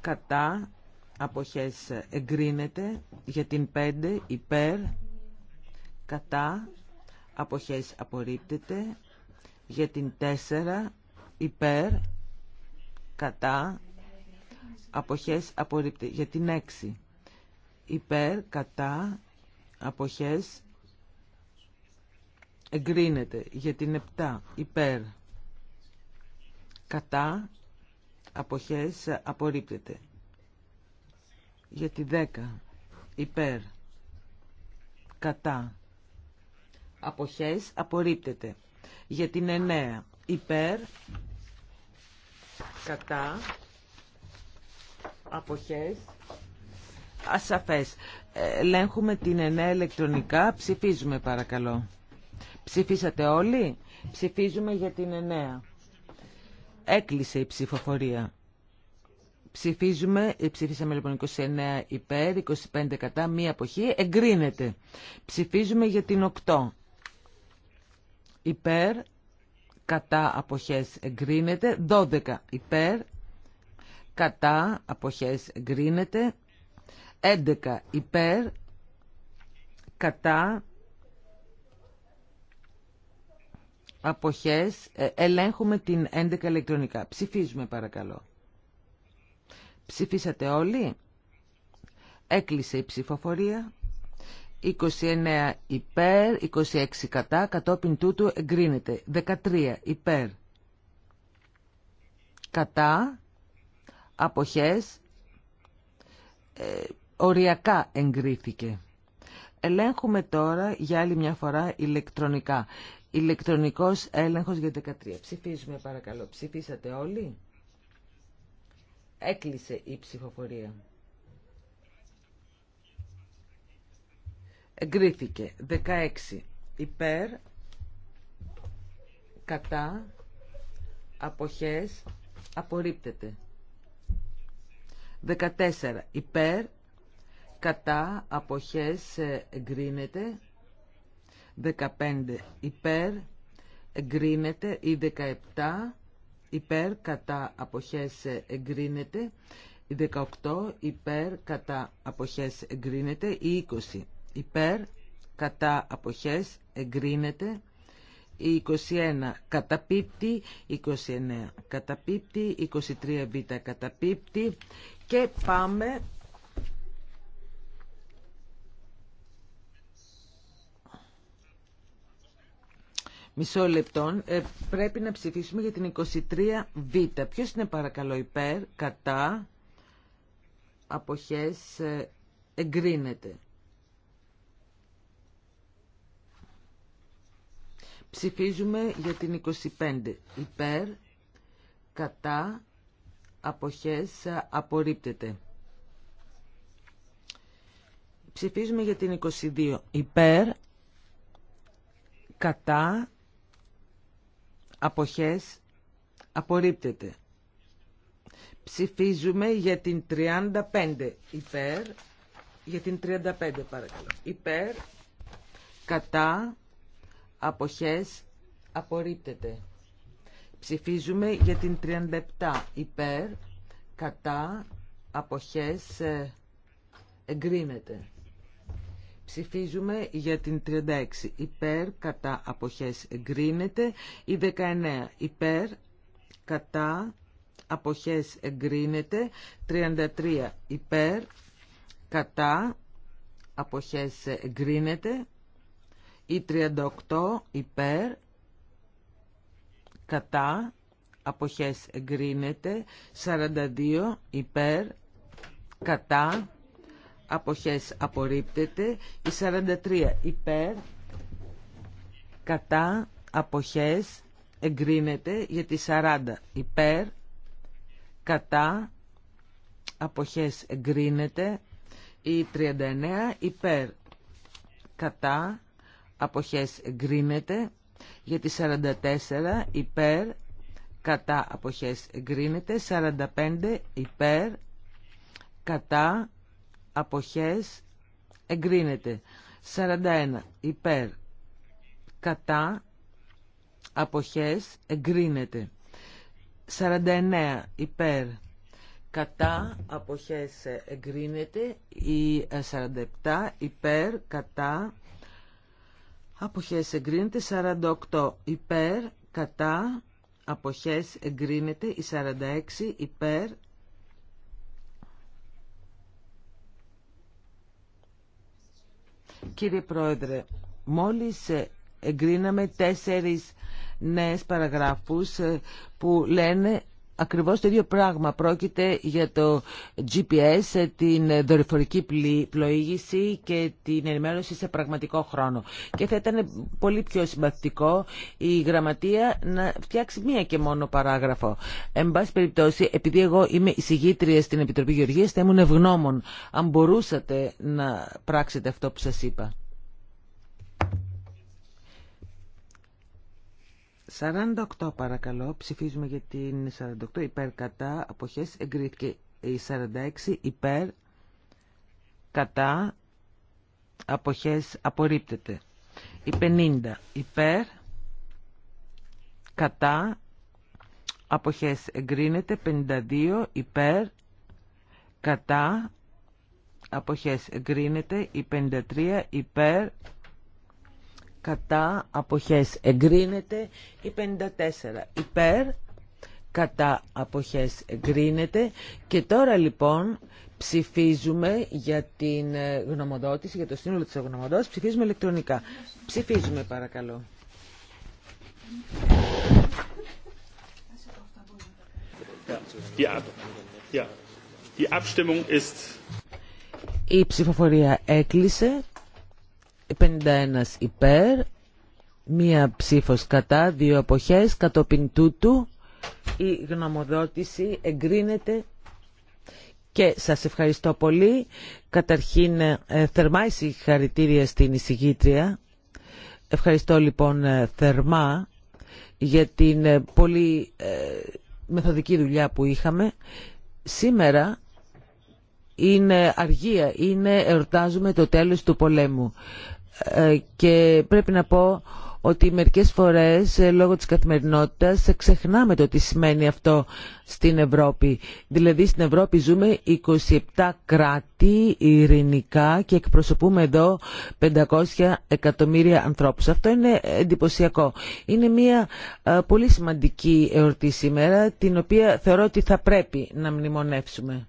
κατά, αποχές εγκρίνεται, για την 5 υπέρ, κατά, αποχές απορρίπτεται, για την 4 υπέρ, κατά, αποχές απορρίπτεται, για την 6 υπέρ, κατά, αποχές εγκρίνεται, για την 7 υπέρ, κατά, αποχές απορρίπτεται. Για τη 10 υπέρ κατά αποχές απορρίπτεται. Για την 9 υπέρ κατά αποχές ασαφές. Ελέγχουμε την 9 ηλεκτρονικά. Ψηφίζουμε παρακαλώ. Ψηφίσατε όλοι. Ψηφίζουμε για την 9. Έκλεισε η ψηφοφορία. Ψηφίζουμε, ψήφισαμε λοιπόν 29 υπέρ, 25 κατά, μία αποχή, εγκρίνεται. Ψηφίζουμε για την 8. Υπέρ, κατά αποχές εγκρίνεται, 12 υπέρ, κατά αποχές εγκρίνεται, 11 υπέρ, κατά αποχές ε, ελέγχουμε την 11 ηλεκτρονικά. Ψηφίζουμε παρακαλώ. Ψηφίσατε όλοι. Έκλεισε η ψηφοφορία. 29 υπέρ, 26 κατά, κατόπιν τούτου εγκρίνεται. 13 υπέρ, κατά, αποχές, ε, οριακά εγκρίθηκε. Ελέγχουμε τώρα για άλλη μια φορά ηλεκτρονικά. Ηλεκτρονικός έλεγχος για 13. Ψηφίζουμε παρακαλώ. Ψηφίσατε όλοι. Έκλεισε η ψηφοφορία. Εγκρίθηκε. 16. Υπέρ. Κατά. Αποχές. Απορρίπτεται. 14. Υπέρ. Κατά. Αποχές. Ε, εγκρίνεται. 15 υπέρ, εγκρίνεται. Η 17 υπέρ, κατά αποχές εγκρίνεται. Η 18 υπέρ, κατά αποχές εγκρίνεται. Η 20 υπέρ, κατά αποχές εγκρίνεται. Η 21 καταπίπτει, 29 καταπίπτει, 23 β καταπίπτει και πάμε μισό λεπτό, ε, πρέπει να ψηφίσουμε για την 23β. Ποιο είναι παρακαλώ υπέρ, κατά, αποχές, ε, εγκρίνεται. Ψηφίζουμε για την 25. Υπέρ, κατά, αποχές, ε, απορρίπτεται. Ψηφίζουμε για την 22. Υπέρ, κατά, αποχές απορρίπτεται. Ψηφίζουμε για την 35 υπέρ, για την 35 παρακαλώ, υπέρ, κατά, αποχές, απορρίπτεται. Ψηφίζουμε για την 37 υπέρ, κατά, αποχές, ε, εγκρίνεται. Ψηφίζουμε για την 36 υπέρ, κατά αποχές εγκρίνεται. Η 19 υπέρ, κατά αποχές εγκρίνεται. 33 υπέρ, κατά αποχές εγκρίνεται. Η 38 υπέρ, κατά αποχές εγκρίνεται. 42 υπέρ, κατά αποχές απορρίπτεται, η 43 υπέρ, κατά, αποχές εγκρίνεται, γιατί 40 υπέρ, κατά, αποχές εγκρίνεται, η 39 υπέρ, κατά, αποχές εγκρίνεται, γιατί 44 υπέρ, κατά αποχές εγκρίνεται, 45 υπέρ, κατά αποχές εγκρίνεται 41 υπέρ κατά αποχές εγκρίνεται 49 υπέρ κατά αποχές εγκρίνεται ή 47 υπέρ κατά αποχές εγκρίνεται 48 υπέρ κατά αποχές εγκρίνεται η 46 ε, υπέρ Κύριε Πρόεδρε, μόλις ε, εγκρίναμε τέσσερις νέες παραγράφους ε, που λένε Ακριβώς το ίδιο πράγμα πρόκειται για το GPS, την δορυφορική πλοήγηση και την ενημέρωση σε πραγματικό χρόνο. Και θα ήταν πολύ πιο συμπαθητικό η γραμματεία να φτιάξει μία και μόνο παράγραφο. Εν πάση περιπτώσει, επειδή εγώ είμαι εισηγήτρια στην Επιτροπή Γεωργίας, θα ήμουν ευγνώμων αν μπορούσατε να πράξετε αυτό που σας είπα. 48 παρακαλώ, ψηφίζουμε για την 48 υπέρ κατά, αποχές εγκρίθηκε η 46 υπέρ κατά, αποχές απορρίπτεται. Η 50 υπέρ κατά, αποχές εγκρίνεται, 52 υπέρ κατά, αποχές εγκρίνεται, η 53 υπέρ κατά αποχές εγκρίνεται η 54 υπέρ κατά αποχές εγκρίνεται και τώρα λοιπόν ψηφίζουμε για την ε, γνωμοδότηση, για το σύνολο της γνωμοδότησης, ψηφίζουμε ηλεκτρονικά. Ψηφίζουμε παρακαλώ. Η ψηφοφορία έκλεισε. 51 υπέρ, μία ψήφος κατά, δύο αποχές, κατόπιν τούτου η γνωμοδότηση εγκρίνεται και σας ευχαριστώ πολύ. Καταρχήν ε, θερμά η στην εισηγήτρια. Ευχαριστώ λοιπόν ε, θερμά για την ε, πολύ μεθοδική δουλειά που είχαμε. Σήμερα είναι αργία, είναι εορτάζουμε το τέλος του πολέμου. Ε, και πρέπει να πω ότι μερικές φορές ε, λόγω της καθημερινότητας ε, ξεχνάμε το τι σημαίνει αυτό στην Ευρώπη. Δηλαδή στην Ευρώπη ζούμε 27 κράτη ειρηνικά και εκπροσωπούμε εδώ 500 εκατομμύρια ανθρώπους. Αυτό είναι εντυπωσιακό. Είναι μια πολύ σημαντική εορτή σήμερα την οποία θεωρώ ότι θα πρέπει να μνημονεύσουμε.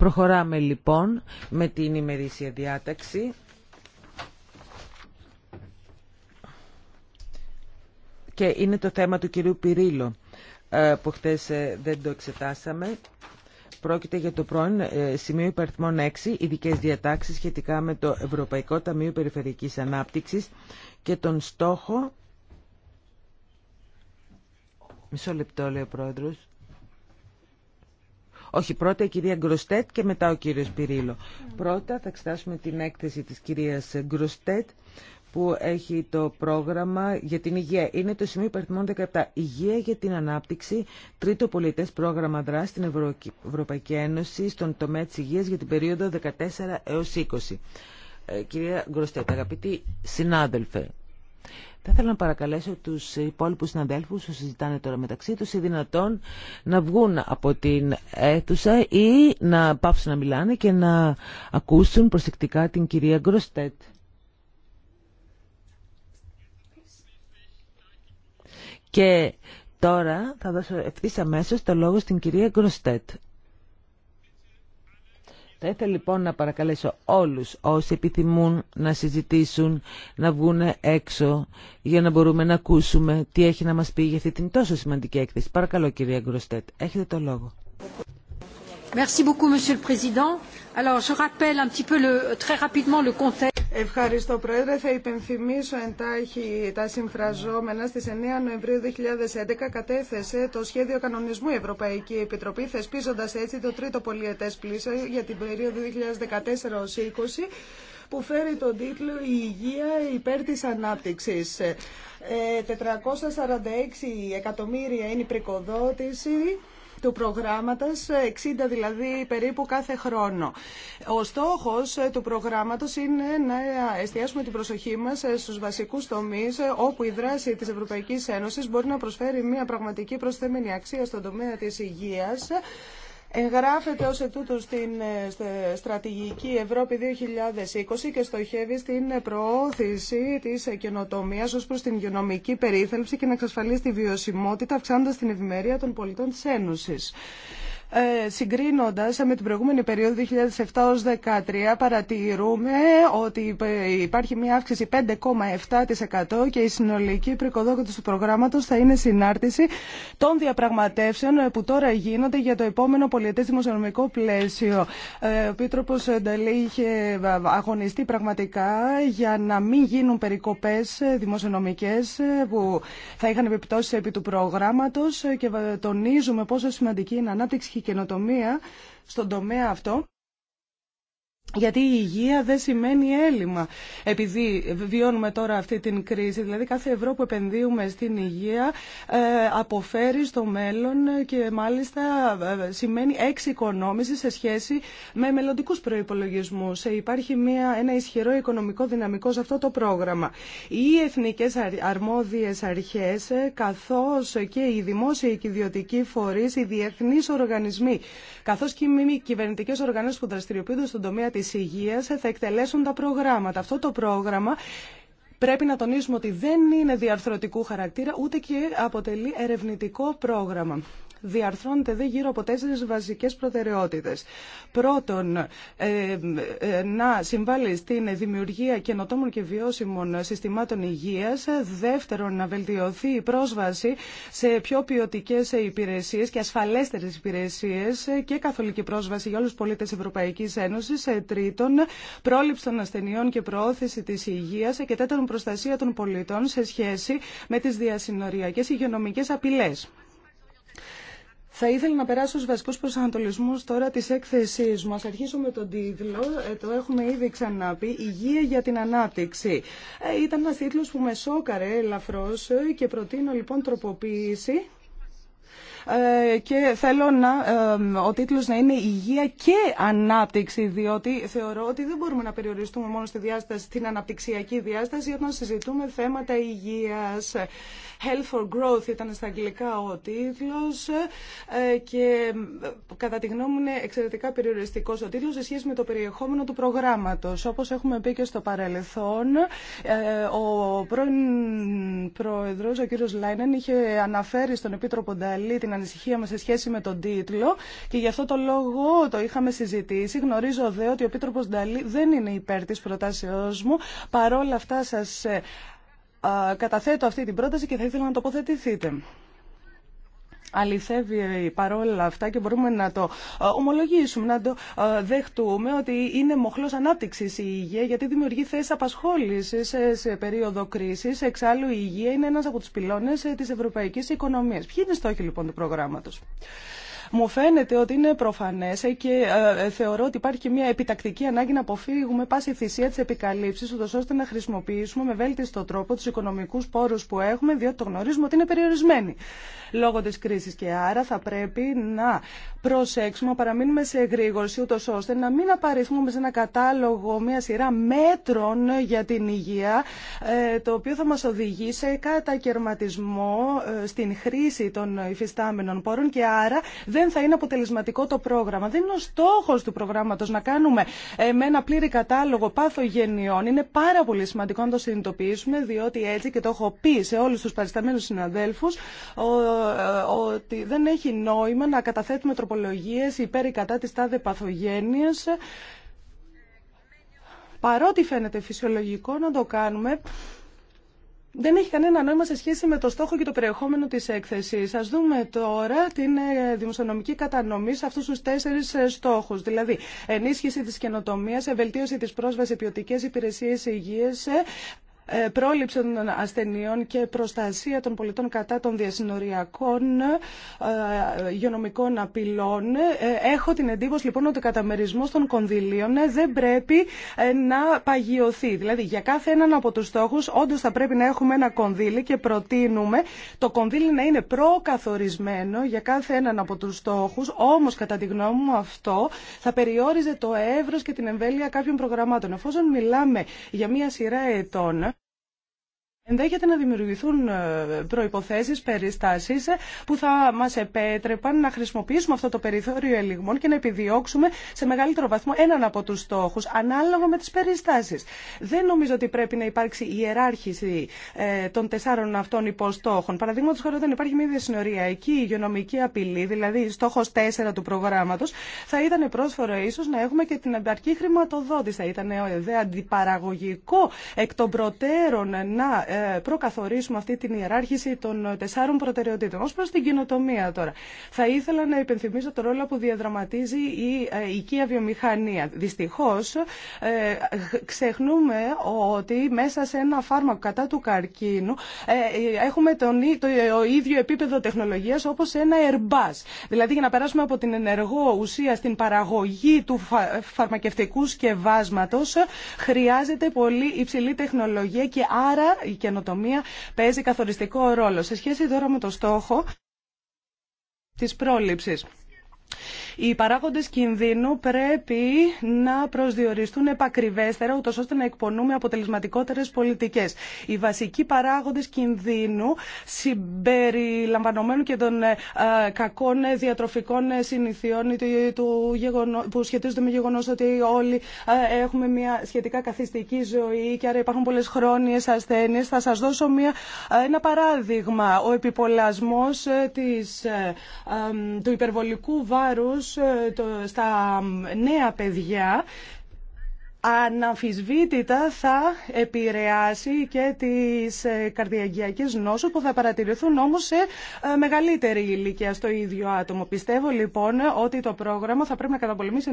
Προχωράμε λοιπόν με την ημερήσια διάταξη. Και είναι το θέμα του κυρίου Πυρίλο ε, που χθε δεν το εξετάσαμε. Πρόκειται για το πρώην ε, σημείο υπαριθμών 6, ειδικέ διατάξεις σχετικά με το Ευρωπαϊκό Ταμείο Περιφερειακής Ανάπτυξης και τον στόχο... Μισό λεπτό λέει ο Πρόεδρος. Όχι, πρώτα η κυρία Γκροστέτ και μετά ο κύριος Πυρίλο. Πρώτα θα εξετάσουμε την έκθεση της κυρίας Γκροστέτ που έχει το πρόγραμμα για την υγεία. Είναι το σημείο υπαριθμών 17. Υγεία για την ανάπτυξη, τρίτο πολιτέ πρόγραμμα δράση στην Ευρω... Ευρωπαϊκή Ένωση στον τομέα τη υγεία για την περίοδο 14 έω 20. κυρία Γκροστέτ, αγαπητοί συνάδελφε, θα ήθελα να παρακαλέσω τους υπόλοιπους συναδέλφους που συζητάνε τώρα μεταξύ τους ή δυνατόν να βγουν από την αίθουσα ή να πάψουν να μιλάνε και να ακούσουν προσεκτικά την κυρία Γκροστέτ. Και τώρα θα δώσω ευθύ αμέσω το λόγο στην κυρία Γκροστέτ. Θα ήθελα λοιπόν να παρακαλέσω όλους όσοι επιθυμούν να συζητήσουν, να βγουν έξω για να μπορούμε να ακούσουμε τι έχει να μας πει για αυτή την τόσο σημαντική έκθεση. Παρακαλώ κυρία Γκροστέτ, έχετε το λόγο. Ευχαριστώ Πρόεδρε. Θα υπενθυμίσω εντάχει τα συμφραζόμενα. στι 9 Νοεμβρίου 2011 κατέθεσε το σχέδιο κανονισμού Ευρωπαϊκή Επιτροπή, θεσπίζοντα έτσι το τρίτο πολιετές πλήσιο για την περίοδο 2014-2020 που φέρει τον τίτλο «Η υγεία υπέρ της ανάπτυξης». 446 ε, εκατομμύρια είναι η πρικοδότηση, του προγράμματος, 60 ε, δηλαδή περίπου κάθε χρόνο. Ο στόχος ε, του προγράμματος είναι να εστιάσουμε την προσοχή μας ε, στους βασικούς τομείς όπου η δράση της Ευρωπαϊκής Ένωσης μπορεί να προσφέρει μια πραγματική προσθέμενη αξία στον τομέα της υγείας εγγράφεται ως ετούτο στην ε, στρατηγική Ευρώπη 2020 και στοχεύει στην προώθηση της καινοτομία ως προς την υγειονομική περίθαλψη και να εξασφαλίσει τη βιωσιμότητα αυξάνοντας την ευημερία των πολιτών της Ένωσης. Ε, συγκρίνοντας με την προηγούμενη περίοδο 2007-2013 παρατηρούμε ότι υπάρχει μια αύξηση 5,7% και η συνολική πρικοδόκηση του προγράμματος θα είναι συνάρτηση των διαπραγματεύσεων που τώρα γίνονται για το επόμενο πολιετές δημοσιονομικό πλαίσιο. Ε, ο Πίτροπος Νταλή είχε αγωνιστεί πραγματικά για να μην γίνουν περικοπές δημοσιονομικές που θα είχαν επιπτώσει επί του προγράμματος και τονίζουμε πόσο σημαντική είναι η ανάπτυξη και καινοτομία στον τομέα αυτό γιατί η υγεία δεν σημαίνει έλλειμμα. Επειδή βιώνουμε τώρα αυτή την κρίση, δηλαδή κάθε ευρώ που επενδύουμε στην υγεία ε, αποφέρει στο μέλλον και μάλιστα ε, σημαίνει εξοικονόμηση σε σχέση με μελλοντικού προπολογισμού. Ε, υπάρχει μια, ένα ισχυρό οικονομικό δυναμικό σε αυτό το πρόγραμμα. Οι εθνικέ αρμόδιε αρχέ, καθώ και οι δημόσιοι και ιδιωτικοί φορεί, οι διεθνεί οργανισμοί, καθώ και οι κυβερνητικέ οργανώσει που δραστηριοποιούνται στον τομέα τη της θα εκτελέσουν τα προγράμματα. Αυτό το πρόγραμμα Πρέπει να τονίσουμε ότι δεν είναι διαρθρωτικού χαρακτήρα, ούτε και αποτελεί ερευνητικό πρόγραμμα διαρθρώνεται δε γύρω από τέσσερι βασικέ προτεραιότητε. Πρώτον, ε, ε, να συμβάλλει στην δημιουργία καινοτόμων και βιώσιμων συστημάτων υγεία, Δεύτερον, να βελτιωθεί η πρόσβαση σε πιο ποιοτικέ υπηρεσίε και ασφαλέστερες υπηρεσίε και καθολική πρόσβαση για όλου του πολίτε Ευρωπαϊκή Ένωση, ε, Τρίτον, πρόληψη των ασθενειών και προώθηση τη υγεία Και τέταρτον, προστασία των πολιτών σε σχέση με τι διασυνοριακέ υγειονομικέ απειλέ. Θα ήθελα να περάσω στους βασικούς προσανατολισμούς τώρα της έκθεσής μας. Αρχίσω με τον τίτλο, ε, το έχουμε ήδη ξαναπεί, «Υγεία για την ανάπτυξη». Ε, ήταν ένας τίτλος που με σόκαρε ελαφρώς ε, και προτείνω λοιπόν τροποποίηση ε, και θέλω να, ε, ο τίτλος να είναι «Υγεία και ανάπτυξη» διότι θεωρώ ότι δεν μπορούμε να περιοριστούμε μόνο στη διάσταση, στην αναπτυξιακή διάσταση όταν συζητούμε θέματα υγείας. Health for Growth ήταν στα αγγλικά ο τίτλος ε, και κατά τη γνώμη μου είναι εξαιρετικά περιοριστικός ο τίτλος σε σχέση με το περιεχόμενο του προγράμματος. Όπως έχουμε πει και στο παρελθόν, ο πρώην πρόεδρος, ο κύριος Λάινεν, είχε αναφέρει στον Επίτροπο Νταλή την ανησυχία μα σε σχέση με τον τίτλο και γι' αυτό το λόγο το είχαμε συζητήσει. Γνωρίζω δε ότι ο Πίτροπο Νταλή δεν είναι υπέρ τη προτάσεω μου. Παρόλα αυτά σας ε, καταθέτω αυτή την πρόταση και θα ήθελα να τοποθετηθείτε αληθεύει ε, παρόλα αυτά και μπορούμε να το ε, ομολογήσουμε, να το ε, δεχτούμε ότι είναι μοχλός ανάπτυξης η υγεία γιατί δημιουργεί θέσεις απασχόλησης σε περίοδο κρίσης. Εξάλλου η υγεία είναι ένας από τους πυλώνες της ευρωπαϊκής οικονομίας. Ποιοι είναι οι στόχοι λοιπόν του προγράμματος. Μου φαίνεται ότι είναι προφανέ και ε, θεωρώ ότι υπάρχει και μια επιτακτική ανάγκη να αποφύγουμε πάση θυσία τη επικαλύψεις, ούτως ώστε να χρησιμοποιήσουμε με βέλτιστο τρόπο του οικονομικού πόρου που έχουμε, διότι το γνωρίζουμε ότι είναι περιορισμένοι λόγω τη κρίση. και άρα θα πρέπει να προσέξουμε, να παραμείνουμε σε εγρήγορση, ούτω ώστε να μην απαριθμούμε σε ένα κατάλογο μια σειρά μέτρων για την υγεία, ε, το οποίο θα μα οδηγεί σε κατακαιρματισμό ε, στην χρήση των υφιστάμενων πόρων και άρα δεν δεν θα είναι αποτελεσματικό το πρόγραμμα. Δεν είναι ο στόχο του προγράμματο να κάνουμε ε, με ένα πλήρη κατάλογο παθογενειών. Είναι πάρα πολύ σημαντικό να το συνειδητοποιήσουμε, διότι έτσι και το έχω πει σε όλου του παρισταμένου συναδέλφου, ε, ότι δεν έχει νόημα να καταθέτουμε τροπολογίε υπέρ ή κατά τη τάδε παθογένεια. Παρότι φαίνεται φυσιολογικό να το κάνουμε, δεν έχει κανένα νόημα σε σχέση με το στόχο και το περιεχόμενο της έκθεσης. Α δούμε τώρα την ε, δημοσιονομική κατανομή σε αυτούς τους τέσσερι ε, στόχους. Δηλαδή, ενίσχυση της καινοτομία, ευελτίωση της πρόσβασης ποιοτικέ υπηρεσίε υπηρεσίες υγείας, ε, ε, πρόληψη των ασθενειών και προστασία των πολιτών κατά των διασυνοριακών ε, υγειονομικών απειλών. Ε, έχω την εντύπωση λοιπόν ότι ο καταμερισμό των κονδυλίων δεν πρέπει να παγιωθεί. Δηλαδή για κάθε έναν από του στόχου όντω θα πρέπει να έχουμε ένα κονδύλι και προτείνουμε το κονδύλι να είναι προκαθορισμένο για κάθε έναν από του στόχου. Όμω κατά τη γνώμη μου αυτό θα περιόριζε το εύρο και την εμβέλεια κάποιων προγραμμάτων. Εφόσον μιλάμε για μία σειρά ετών, Ενδέχεται να δημιουργηθούν ε, προποθέσει, περιστάσει ε, που θα μα επέτρεπαν να χρησιμοποιήσουμε αυτό το περιθώριο ελιγμών και να επιδιώξουμε σε μεγαλύτερο βαθμό έναν από του στόχου, ανάλογα με τι περιστάσει. Δεν νομίζω ότι πρέπει να υπάρξει ιεράρχηση ε, των τεσσάρων αυτών υποστόχων. Παραδείγματο χάρη, όταν υπάρχει μια διασυνοριακή υγειονομική απειλή, δηλαδή στόχο 4 του προγράμματο, θα ήταν πρόσφορο ίσω να έχουμε και την ανταρκή χρηματοδότηση. Θα ήταν αντιπαραγωγικό εκ των προτέρων να ε, προκαθορίσουμε αυτή την ιεράρχηση των τεσσάρων προτεραιοτήτων. Ω προ την κοινοτομία τώρα. Θα ήθελα να υπενθυμίσω το ρόλο που διαδραματίζει η ε, οικία βιομηχανία. Δυστυχώ, ε, ξεχνούμε ότι μέσα σε ένα φάρμακο κατά του καρκίνου έχουμε τον, το ίδιο επίπεδο τεχνολογίας όπως ένα Airbus. Δηλαδή για να περάσουμε από την ενεργό ουσία στην παραγωγή του φαρμακευτικού σκευάσματο, χρειάζεται πολύ υψηλή τεχνολογία και άρα καινοτομία παίζει καθοριστικό ρόλο. Σε σχέση τώρα με το στόχο της πρόληψης. Οι παράγοντες κινδύνου πρέπει να προσδιοριστούν επακριβέστερα, ούτως ώστε να εκπονούμε αποτελεσματικότερες πολιτικές. Οι βασικοί παράγοντες κινδύνου συμπεριλαμβανομένου και των ε, κακών διατροφικών συνηθιών που σχετίζονται με γεγονός ότι όλοι έχουμε μια σχετικά καθιστική ζωή και άρα υπάρχουν πολλές χρόνιες ασθένειες. Θα σας δώσω ένα παράδειγμα. Ο επιπολασμός ε, της, ε, του υπερβολικού βάρους ε, στα νέα παιδιά αναμφισβήτητα θα επηρεάσει και τις ε, καρδιαγγειακές νόσους που θα παρατηρηθούν όμως σε ε, μεγαλύτερη ηλικία στο ίδιο άτομο. Πιστεύω λοιπόν ότι το πρόγραμμα θα πρέπει να καταπολεμήσει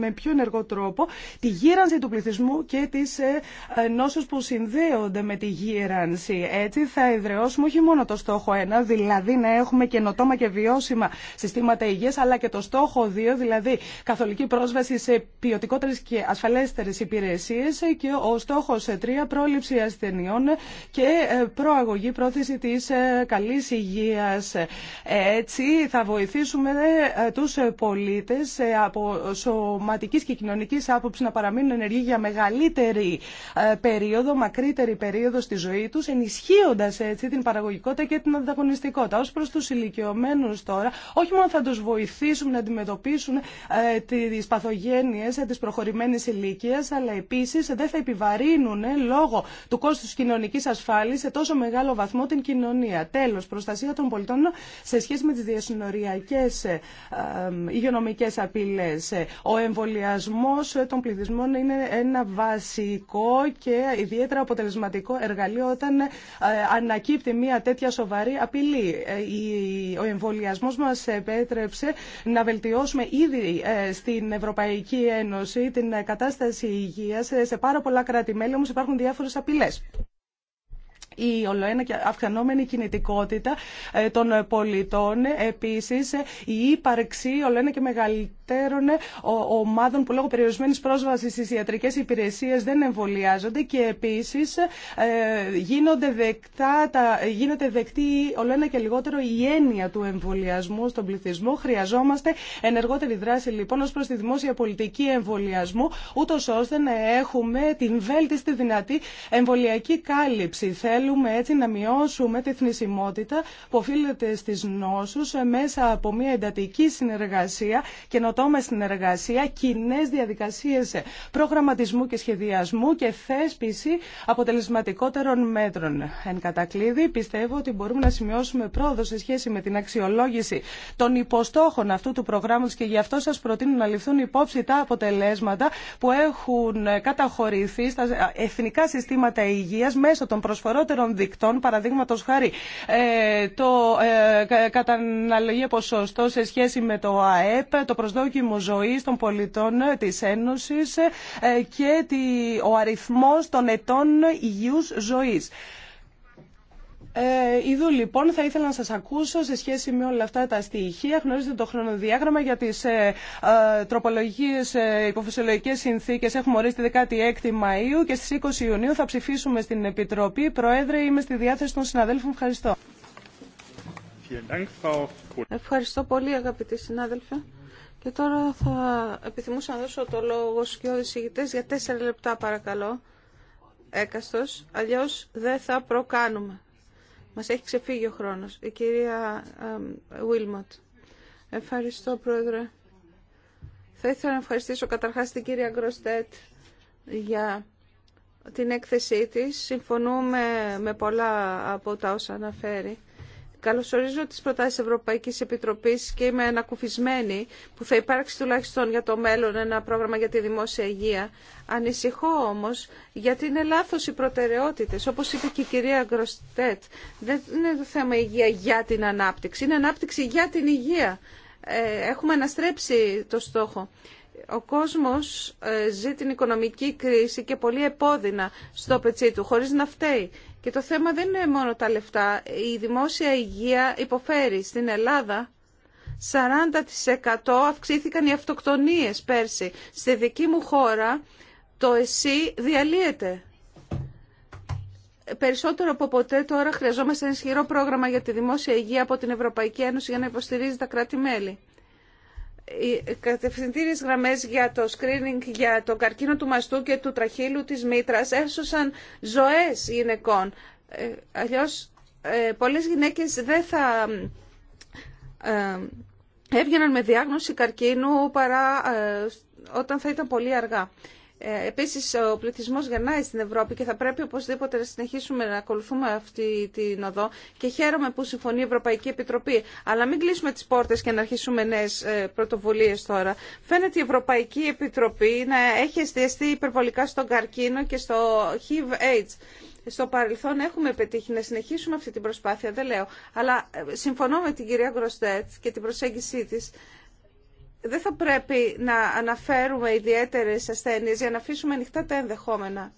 με πιο ενεργό τρόπο τη γύρανση του πληθυσμού και τις ε, νόσους που συνδέονται με τη γύρανση. Έτσι θα εδραιώσουμε όχι μόνο το στόχο 1, δηλαδή να έχουμε καινοτόμα και βιώσιμα συστήματα υγείας, αλλά και το στόχο 2, δηλαδή καθολική πρόσβαση σε ποιοτικότερες και ασφαλέστερε υπηρεσίε και ο στόχο 3 πρόληψη ασθενειών και ε, προαγωγή πρόθεση τη ε, καλή υγεία. Έτσι θα βοηθήσουμε ε, του πολίτε από σωματική και κοινωνική άποψη να παραμείνουν ενεργοί για μεγαλύτερη περίοδο, μακρύτερη περίοδο στη ζωή του, ενισχύοντα έτσι την παραγωγικότητα και την ανταγωνιστικότητα. Ω προ του ηλικιωμένου τώρα, όχι μόνο θα του βοηθήσουμε να αντιμετωπίσουν τι παθογένειε τη προχωρημένη ηλικία ηλικία, αλλά επίση δεν θα επιβαρύνουν ε, λόγω του κόστου κοινωνική ασφάλεια σε τόσο μεγάλο βαθμό την κοινωνία. Τέλο, προστασία των πολιτών σε σχέση με τι διασυνοριακέ ε, υγειονομικέ απειλέ. Ε, ο εμβολιασμό των πληθυσμών είναι ένα βασικό και ιδιαίτερα αποτελεσματικό εργαλείο όταν ανακύπτει μια τέτοια σοβαρή απειλή. Ο εμβολιασμό μα επέτρεψε να βελτιώσουμε ήδη στην Ευρωπαϊκή Ένωση την κατάσταση κατάσταση υγείας σε πάρα πολλά κράτη-μέλη, όμως υπάρχουν διάφορες απειλές η ολοένα και αυξανόμενη κινητικότητα ε, των πολιτών. Επίσης, η ύπαρξη ολοένα και μεγαλύτερων ε, ομάδων που λόγω περιορισμένης πρόσβασης στις ιατρικές υπηρεσίες δεν εμβολιάζονται και επίσης ε, γίνεται δεκτή ολοένα και λιγότερο η έννοια του εμβολιασμού στον πληθυσμό. Χρειαζόμαστε ενεργότερη δράση λοιπόν ως προς τη δημόσια πολιτική εμβολιασμού, ούτως ώστε να έχουμε την βέλτιστη δυνατή εμβολιακή κάλυψη. Θέλω Θέλουμε έτσι να μειώσουμε τη θνησιμότητα που οφείλεται στι νόσους ε, μέσα από μια εντατική συνεργασία, καινοτόμε συνεργασία, κοινέ διαδικασίε ε, προγραμματισμού και σχεδιασμού και θέσπιση αποτελεσματικότερων μέτρων. Εν κατακλείδη, πιστεύω ότι μπορούμε να σημειώσουμε πρόοδο σε σχέση με την αξιολόγηση των υποστόχων αυτού του προγράμματο και γι' αυτό σα προτείνω να ληφθούν υπόψη τα αποτελέσματα που έχουν καταχωρηθεί στα εθνικά συστήματα υγεία μέσω των προσφορών δεύτερων δικτών, παραδείγματο χάρη ε, το ε, ποσοστό σε σχέση με το ΑΕΠ, το προσδόκιμο ζωή των πολιτών ε, τη Ένωση και ο αριθμό των ετών υγιού ζωή. Ε, Ιδού λοιπόν θα ήθελα να σας ακούσω σε σχέση με όλα αυτά τα στοιχεία. Γνωρίζετε το χρονοδιάγραμμα για τις ε, ε, τροπολογίες ε, υποφυσιολογικές συνθήκες. Έχουμε ορίσει τη 16η Μαΐου και στις 20 Ιουνίου θα ψηφίσουμε στην Επιτροπή. Προέδρε, είμαι στη διάθεση των συναδέλφων. Ευχαριστώ. Ευχαριστώ πολύ αγαπητοί συνάδελφε, Και τώρα θα επιθυμούσα να δώσω το λόγο στους κοιόδης για τέσσερα λεπτά παρακαλώ. Έκαστος, αλλιώς δεν θα προκάνουμε. Μας έχει ξεφύγει ο χρόνος. Η κυρία Βίλμοτ. Ευχαριστώ, Πρόεδρε. Θα ήθελα να ευχαριστήσω καταρχάς την κυρία Γκροστέτ για την έκθεσή της. Συμφωνούμε με πολλά από τα όσα αναφέρει. Καλωσορίζω τις προτάσεις Ευρωπαϊκής Επιτροπής και είμαι ανακουφισμένη που θα υπάρξει τουλάχιστον για το μέλλον ένα πρόγραμμα για τη δημόσια υγεία. Ανησυχώ όμως γιατί είναι λάθος οι προτεραιότητες. Όπως είπε και η κυρία Γκροστέτ, δεν είναι το θέμα υγεία για την ανάπτυξη, είναι ανάπτυξη για την υγεία. Ε, έχουμε αναστρέψει το στόχο ο κόσμος ε, ζει την οικονομική κρίση και πολύ επώδυνα στο πετσί του, χωρίς να φταίει. Και το θέμα δεν είναι μόνο τα λεφτά. Η δημόσια υγεία υποφέρει στην Ελλάδα. 40% αυξήθηκαν οι αυτοκτονίες πέρσι. Στη δική μου χώρα το ΕΣΥ διαλύεται. Περισσότερο από ποτέ τώρα χρειαζόμαστε ένα ισχυρό πρόγραμμα για τη δημόσια υγεία από την Ευρωπαϊκή Ένωση για να υποστηρίζει τα κράτη-μέλη οι κατευθυντήριες γραμμές για το screening για το καρκίνο του μαστού και του τραχύλου της μήτρας έσωσαν ζωές γυναικών. Ε, αλλιώς ε, πολλές γυναίκες δεν θα ε, έβγαιναν με διάγνωση καρκίνου παρά ε, όταν θα ήταν πολύ αργά. Ε, επίσης ο πληθυσμός γεννάει στην Ευρώπη και θα πρέπει οπωσδήποτε να συνεχίσουμε να ακολουθούμε αυτή την οδό και χαίρομαι που συμφωνεί η Ευρωπαϊκή Επιτροπή. Αλλά μην κλείσουμε τις πόρτες και να αρχίσουμε νέες ε, πρωτοβουλίες τώρα. Φαίνεται η Ευρωπαϊκή Επιτροπή να έχει εστιαστεί υπερβολικά στον καρκίνο και στο HIV-AIDS. Στο παρελθόν έχουμε πετύχει να συνεχίσουμε αυτή την προσπάθεια, δεν λέω. Αλλά ε, συμφωνώ με την κυρία Γκροστέτ και την προσέγγιση τη δεν θα πρέπει να αναφέρουμε ιδιαίτερες ασθένειες για να αφήσουμε ανοιχτά τα ενδεχόμενα.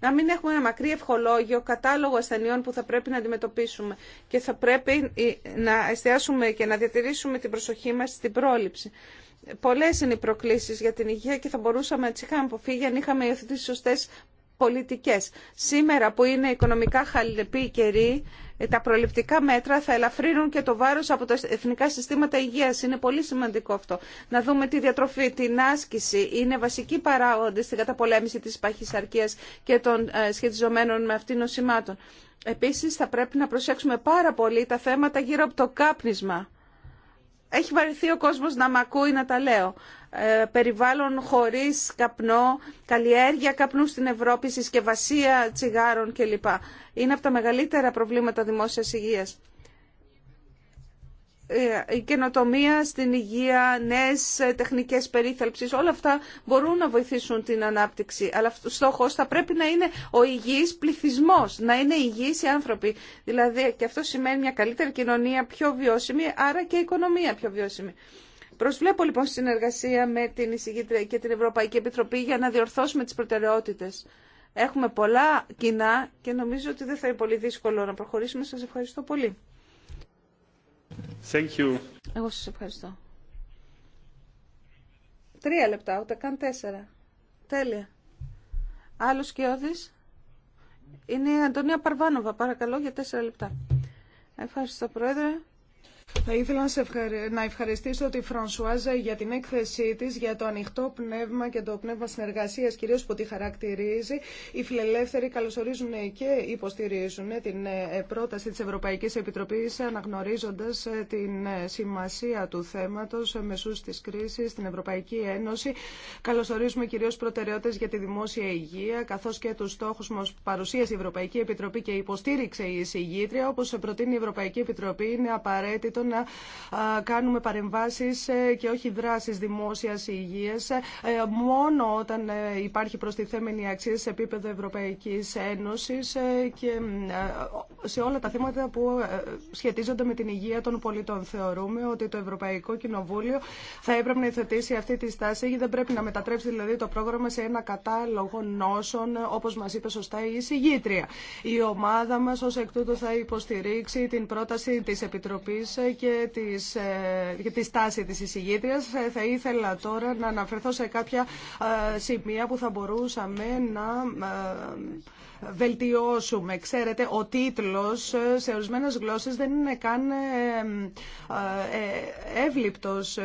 Να μην έχουμε ένα μακρύ ευχολόγιο κατάλογο ασθενειών που θα πρέπει να αντιμετωπίσουμε και θα πρέπει να εστιάσουμε και να διατηρήσουμε την προσοχή μας στην πρόληψη. Πολλές είναι οι προκλήσεις για την υγεία και θα μπορούσαμε να τις είχαμε αποφύγει αν είχαμε υιοθετήσει σωστές πολιτικές. Σήμερα που είναι οικονομικά η καιρή, τα προληπτικά μέτρα θα ελαφρύνουν και το βάρος από τα εθνικά συστήματα υγείας. Είναι πολύ σημαντικό αυτό. Να δούμε τη διατροφή, την άσκηση. Είναι βασική παράγοντες στην καταπολέμηση της παχυσαρκίας και των ε, σχετιζομένων με αυτήν νοσημάτων. Επίσης θα πρέπει να προσέξουμε πάρα πολύ τα θέματα γύρω από το κάπνισμα. Έχει βαρεθεί ο κόσμος να μ' ακούει να τα λέω. Ε, περιβάλλον χωρίς καπνό, καλλιέργεια καπνού στην Ευρώπη, συσκευασία τσιγάρων κλπ. Είναι από τα μεγαλύτερα προβλήματα δημόσιας υγείας. Ε, η καινοτομία στην υγεία, νέες ε, τεχνικές περίθαλψης, όλα αυτά μπορούν να βοηθήσουν την ανάπτυξη. Αλλά ο στόχος θα πρέπει να είναι ο υγιής πληθυσμός, να είναι υγιείς οι άνθρωποι. Δηλαδή και αυτό σημαίνει μια καλύτερη κοινωνία πιο βιώσιμη, άρα και η οικονομία πιο βιώσιμη. Προσβλέπω λοιπόν στη συνεργασία με την εισηγήτρια και την Ευρωπαϊκή Επιτροπή για να διορθώσουμε τις προτεραιότητες. Έχουμε πολλά κοινά και νομίζω ότι δεν θα είναι πολύ δύσκολο να προχωρήσουμε. Σας ευχαριστώ πολύ. Thank you. Εγώ σας ευχαριστώ. Τρία λεπτά, ούτε καν τέσσερα. Τέλεια. Άλλος και Είναι η Αντωνία Παρβάνοβα, παρακαλώ, για τέσσερα λεπτά. Ευχαριστώ, Πρόεδρε. Θα ήθελα να ευχαριστήσω τη Φρανσουάζα για την έκθεσή τη, για το ανοιχτό πνεύμα και το πνεύμα συνεργασία κυρίω που τη χαρακτηρίζει. Οι φιλελεύθεροι καλωσορίζουν και υποστηρίζουν την ε, πρόταση τη Ευρωπαϊκή Επιτροπή αναγνωρίζοντα ε, την ε, σημασία του θέματο μεσού τη κρίση στην Ευρωπαϊκή Ένωση. Καλωσορίζουμε κυρίω προτεραιότητε για τη δημόσια υγεία καθώ και του στόχου μα παρουσίασε η Ευρωπαϊκή Επιτροπή και υποστήριξε η εισηγήτρια. Όπω προτείνει η Ευρωπαϊκή Επιτροπή, είναι απαραίτητη να κάνουμε παρεμβάσεις ε, και όχι δράσεις δημόσιας υγείας ε, μόνο όταν ε, υπάρχει προστιθέμενη αξία σε επίπεδο Ευρωπαϊκής Ένωσης και σε όλα τα θέματα που σχετίζονται με την υγεία των πολιτών. Θεωρούμε ότι το Ευρωπαϊκό Κοινοβούλιο θα έπρεπε να υιοθετήσει αυτή τη στάση και δεν πρέπει να μετατρέψει δηλαδή το πρόγραμμα σε ένα κατάλογο νόσων όπως μας είπε σωστά η εισηγήτρια. Η ομάδα μας ως εκ τούτου θα υποστηρίξει την πρόταση της Επιτροπής και, τις, ε, και τη στάση της εισηγήτριας. Ε, θα ήθελα τώρα να αναφερθώ σε κάποια ε, σημεία που θα μπορούσαμε να βελτιώσουμε. Ξέρετε, ο τίτλος σε ορισμένες γλώσσες δεν είναι καν εύληπτος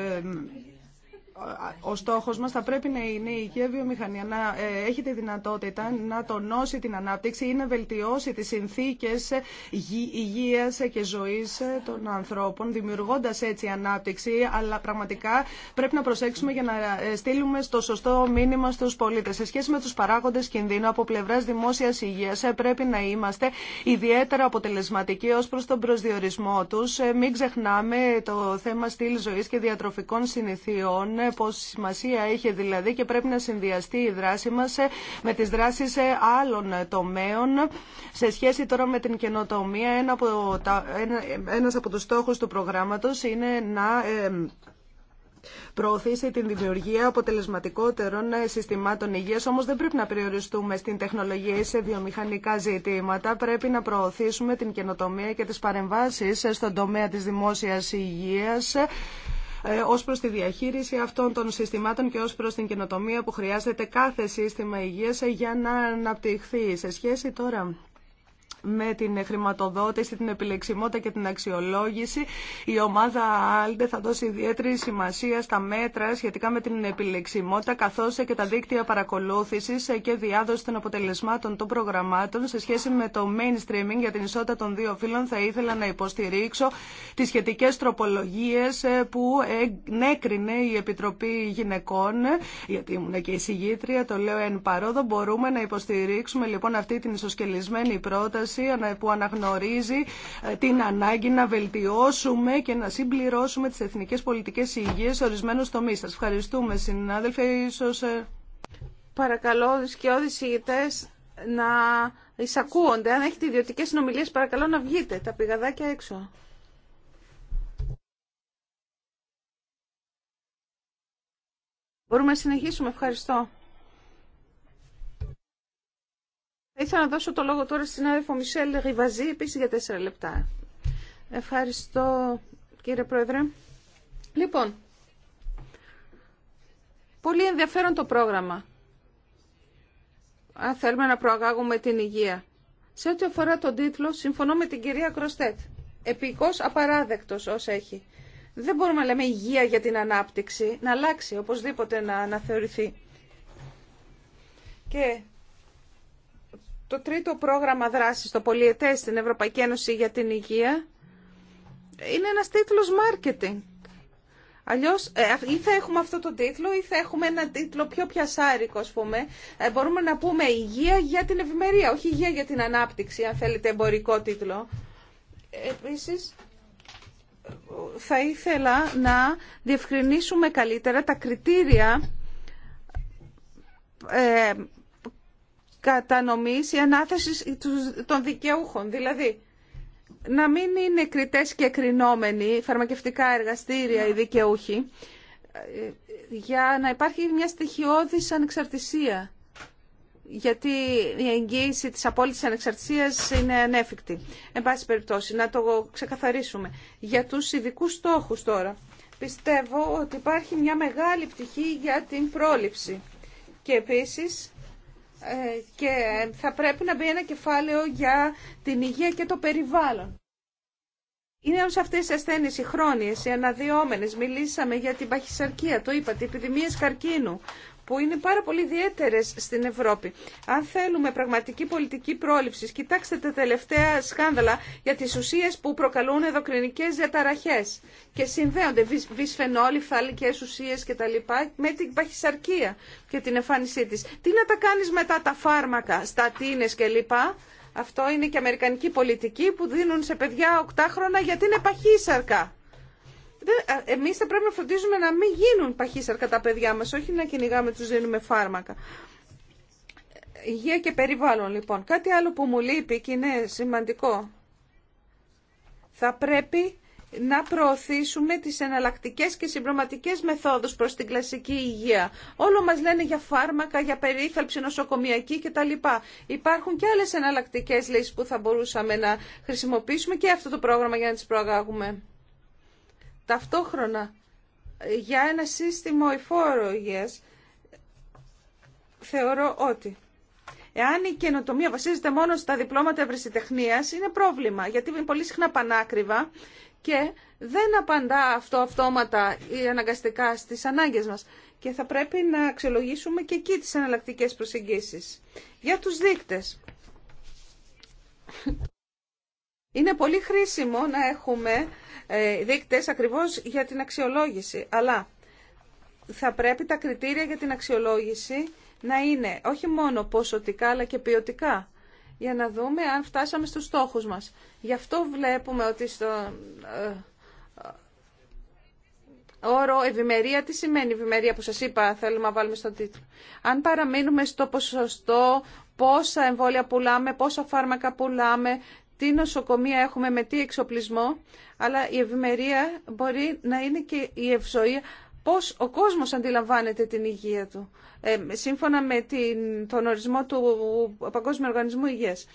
ο στόχος μας θα πρέπει να είναι η υγεία βιομηχανία να ε, έχει τη δυνατότητα να τονώσει την ανάπτυξη ή να βελτιώσει τις συνθήκες υγείας και ζωής των ανθρώπων, δημιουργώντας έτσι ανάπτυξη, αλλά πραγματικά πρέπει να προσέξουμε για να ε, στείλουμε στο σωστό μήνυμα στους πολίτες. Σε σχέση με τους παράγοντες κινδύνου από πλευράς δημόσιας υγείας ε, πρέπει να είμαστε ιδιαίτερα αποτελεσματικοί ως προς τον προσδιορισμό τους. Μην ξεχνάμε το θέμα στυλ ζωής και διατροφικών συνηθιών πόση σημασία έχει δηλαδή και πρέπει να συνδυαστεί η δράση μας ε, με τις δράσεις ε, άλλων ε, τομέων. Σε σχέση τώρα με την καινοτομία, ένα από τα, ένας από τους στόχους του προγράμματος είναι να προωθήσει την δημιουργία αποτελεσματικότερων συστημάτων υγείας, όμως δεν πρέπει να περιοριστούμε στην τεχνολογία ή σε βιομηχανικά ζητήματα. Πρέπει να προωθήσουμε την καινοτομία και τις παρεμβάσεις στον τομέα της δημόσιας υγείας ε, ω προ τη διαχείριση αυτών των συστημάτων και ω προ την καινοτομία που χρειάζεται κάθε σύστημα υγείας για να αναπτυχθεί. Σε σχέση τώρα με την χρηματοδότηση, την επιλεξιμότητα και την αξιολόγηση. Η ομάδα ALDE θα δώσει ιδιαίτερη σημασία στα μέτρα σχετικά με την επιλεξιμότητα, καθώ και τα δίκτυα παρακολούθηση και διάδοση των αποτελεσμάτων των προγραμμάτων σε σχέση με το mainstreaming για την ισότητα των δύο φύλων. Θα ήθελα να υποστηρίξω τι σχετικέ τροπολογίε που νέκρινε η Επιτροπή Γυναικών, γιατί ήμουν και η συγγήτρια, το λέω εν παρόδο, μπορούμε να υποστηρίξουμε λοιπόν αυτή την ισοσκελισμένη πρόταση που αναγνωρίζει ε, την ανάγκη να βελτιώσουμε και να συμπληρώσουμε τις εθνικές πολιτικές υγείας σε ορισμένους τομείς. Σας ευχαριστούμε συνάδελφε. Ίσως... Ε, παρακαλώ, σκιώδεις ηγητές, να εισακούονται. Αν έχετε ιδιωτικέ συνομιλίε, παρακαλώ να βγείτε τα πηγαδάκια έξω. Μπορούμε να συνεχίσουμε. Ευχαριστώ. Θα ήθελα να δώσω το λόγο τώρα στην άδελφο Μισελ Ριβαζή, επίσης για τέσσερα λεπτά. Ευχαριστώ κύριε Πρόεδρε. Λοιπόν, πολύ ενδιαφέρον το πρόγραμμα. Αν θέλουμε να προαγάγουμε την υγεία. Σε ό,τι αφορά τον τίτλο, συμφωνώ με την κυρία Κροστέτ. Επικός απαράδεκτος όσο έχει. Δεν μπορούμε να λέμε υγεία για την ανάπτυξη, να αλλάξει, οπωσδήποτε να αναθεωρηθεί. Και το τρίτο πρόγραμμα δράσης, το πολιετές στην Ευρωπαϊκή Ένωση για την Υγεία, είναι ένας τίτλος marketing. Αλλιώς ε, ή θα έχουμε αυτό το τίτλο ή θα έχουμε ένα τίτλο πιο πιασάρικο, ας πούμε. Ε, μπορούμε να πούμε υγεία για την ευημερία, όχι υγεία για την ανάπτυξη, αν θέλετε εμπορικό τίτλο. Επίσης, θα ήθελα να διευκρινίσουμε καλύτερα τα κριτήρια ε, κατανομής ή ανάθεσης των δικαιούχων. Δηλαδή, να μην είναι κριτές και κρινόμενοι φαρμακευτικά εργαστήρια ή δικαιούχοι, για να υπάρχει μια στοιχειώδης ανεξαρτησία. Γιατί η εγγύηση της απόλυτης ανεξαρτησίας είναι ανέφικτη. Εν πάση περιπτώσει, να το ξεκαθαρίσουμε. Για τους ειδικού στόχους τώρα. Πιστεύω ότι υπάρχει μια μεγάλη πτυχή για την πρόληψη. Και επίσης ε, και θα πρέπει να μπει ένα κεφάλαιο για την υγεία και το περιβάλλον. Είναι όλε αυτέ οι ασθένειε, οι χρόνιε, οι αναδυόμενε. Μιλήσαμε για την παχυσαρκία, το είπατε, επιδημίε καρκίνου, που είναι πάρα πολύ ιδιαίτερε στην Ευρώπη. Αν θέλουμε πραγματική πολιτική πρόληψη, κοιτάξτε τα τελευταία σκάνδαλα για τι ουσίε που προκαλούν εδοκρινικέ διαταραχέ και συνδέονται βυσφενόλοι, φθαλικέ ουσίε κτλ. με την παχυσαρκία και την εμφάνισή τη. Τι να τα κάνει μετά τα φάρμακα, στατίνε κλπ. Αυτό είναι και αμερικανική πολιτική που δίνουν σε παιδιά οκτάχρονα γιατί είναι παχύσαρκα. Εμεί θα πρέπει να φροντίζουμε να μην γίνουν παχύσαρκα τα παιδιά μα όχι να κυνηγάμε, του δίνουμε φάρμακα. Υγεία και περιβάλλον λοιπόν. Κάτι άλλο που μου λείπει και είναι σημαντικό. Θα πρέπει να προωθήσουμε τις εναλλακτικές και συμπροματικές μεθόδους προς την κλασική υγεία. Όλο μας λένε για φάρμακα, για περίθαλψη νοσοκομιακή κτλ. Υπάρχουν και άλλες εναλλακτικές λύσεις που θα μπορούσαμε να χρησιμοποιήσουμε και αυτό το πρόγραμμα για να τις προαγάγουμε ταυτόχρονα για ένα σύστημα υφόρο θεωρώ ότι εάν η καινοτομία βασίζεται μόνο στα διπλώματα ευρεσιτεχνίας, είναι πρόβλημα, γιατί είναι πολύ συχνά πανάκριβα και δεν απαντά αυτό αυτόματα ή αναγκαστικά στις ανάγκες μας. Και θα πρέπει να αξιολογήσουμε και εκεί τις εναλλακτικές προσεγγίσεις. Για τους δείκτες. Είναι πολύ χρήσιμο να έχουμε ε, δείκτες ακριβώς για την αξιολόγηση, αλλά θα πρέπει τα κριτήρια για την αξιολόγηση να είναι όχι μόνο ποσοτικά αλλά και ποιοτικά για να δούμε αν φτάσαμε στους στόχους μας. Γι' αυτό βλέπουμε ότι στο ε, ε, όρο ευημερία, τι σημαίνει ευημερία που σας είπα, θέλουμε να βάλουμε στον τίτλο. Αν παραμείνουμε στο ποσοστό, πόσα εμβόλια πουλάμε, πόσα φάρμακα πουλάμε, τι νοσοκομεία έχουμε, με τι εξοπλισμό, αλλά η ευημερία μπορεί να είναι και η ευζοία πώς ο κόσμος αντιλαμβάνεται την υγεία του, ε, σύμφωνα με την, τον ορισμό του Παγκόσμιου Οργανισμού Υγείας.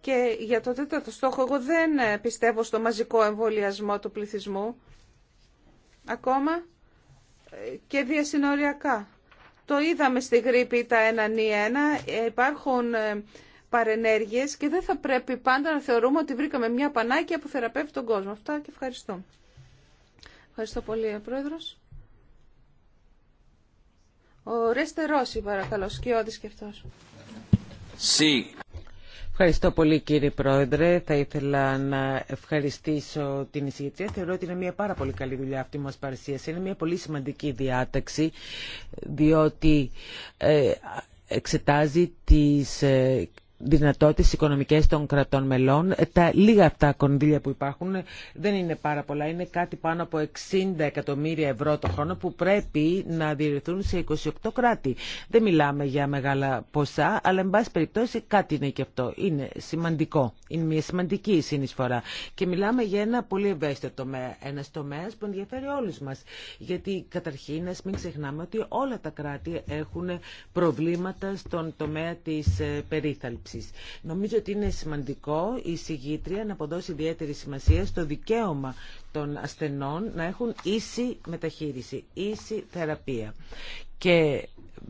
Και για το τέταρτο στόχο, εγώ δεν πιστεύω στο μαζικό εμβολιασμό του πληθυσμού, ακόμα και διασυνοριακά. Το είδαμε στη γρήπη τα 1 1 ε, υπάρχουν ε, παρενέργειες και δεν θα πρέπει πάντα να θεωρούμε ότι βρήκαμε μια πανάκια που θεραπεύει τον κόσμο. Αυτά και ευχαριστώ. Ευχαριστώ πολύ, ε, Πρόεδρος. Ο Ρέστε Ρώση, παρακαλώ, σκιώδης και αυτός. Ευχαριστώ πολύ κύριε Πρόεδρε. Θα ήθελα να ευχαριστήσω την εισηγητρία. Θεωρώ ότι είναι μια πάρα πολύ καλή δουλειά αυτή μας παρουσίαση. Είναι μια πολύ σημαντική διάταξη, διότι ε, εξετάζει τις ε, δυνατότητες οικονομικές των κρατών μελών. Ε, τα λίγα αυτά κονδύλια που υπάρχουν ε, δεν είναι πάρα πολλά. Είναι κάτι πάνω από 60 εκατομμύρια ευρώ το χρόνο που πρέπει να διαιρεθούν σε 28 κράτη. Δεν μιλάμε για μεγάλα ποσά, αλλά εν πάση περιπτώσει κάτι είναι και αυτό. Είναι σημαντικό. Είναι μια σημαντική συνεισφορά. Και μιλάμε για ένα πολύ ευαίσθητο τομέα. Ένα τομέα που ενδιαφέρει όλου μα. Γιατί καταρχήν, α μην ξεχνάμε ότι όλα τα κράτη έχουν προβλήματα στον τομέα τη ε, περίθαλψη. Νομίζω ότι είναι σημαντικό η συγγήτρια να αποδώσει ιδιαίτερη σημασία στο δικαίωμα των ασθενών να έχουν ίση μεταχείριση, ίση θεραπεία. Και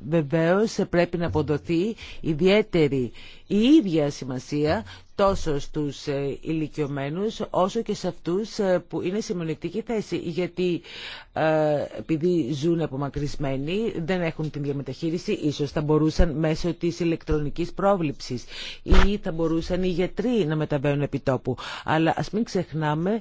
βεβαίως πρέπει να αποδοθεί ιδιαίτερη η ίδια σημασία τόσο στους ε, ηλικιωμένους όσο και σε αυτούς ε, που είναι σε μονεκτική θέση γιατί ε, επειδή ζουν απομακρυσμένοι δεν έχουν την διαμεταχείριση ίσως θα μπορούσαν μέσω της ηλεκτρονικής πρόβληψης ή θα μπορούσαν οι γιατροί να μεταβαίνουν επί τόπου αλλά ας μην ξεχνάμε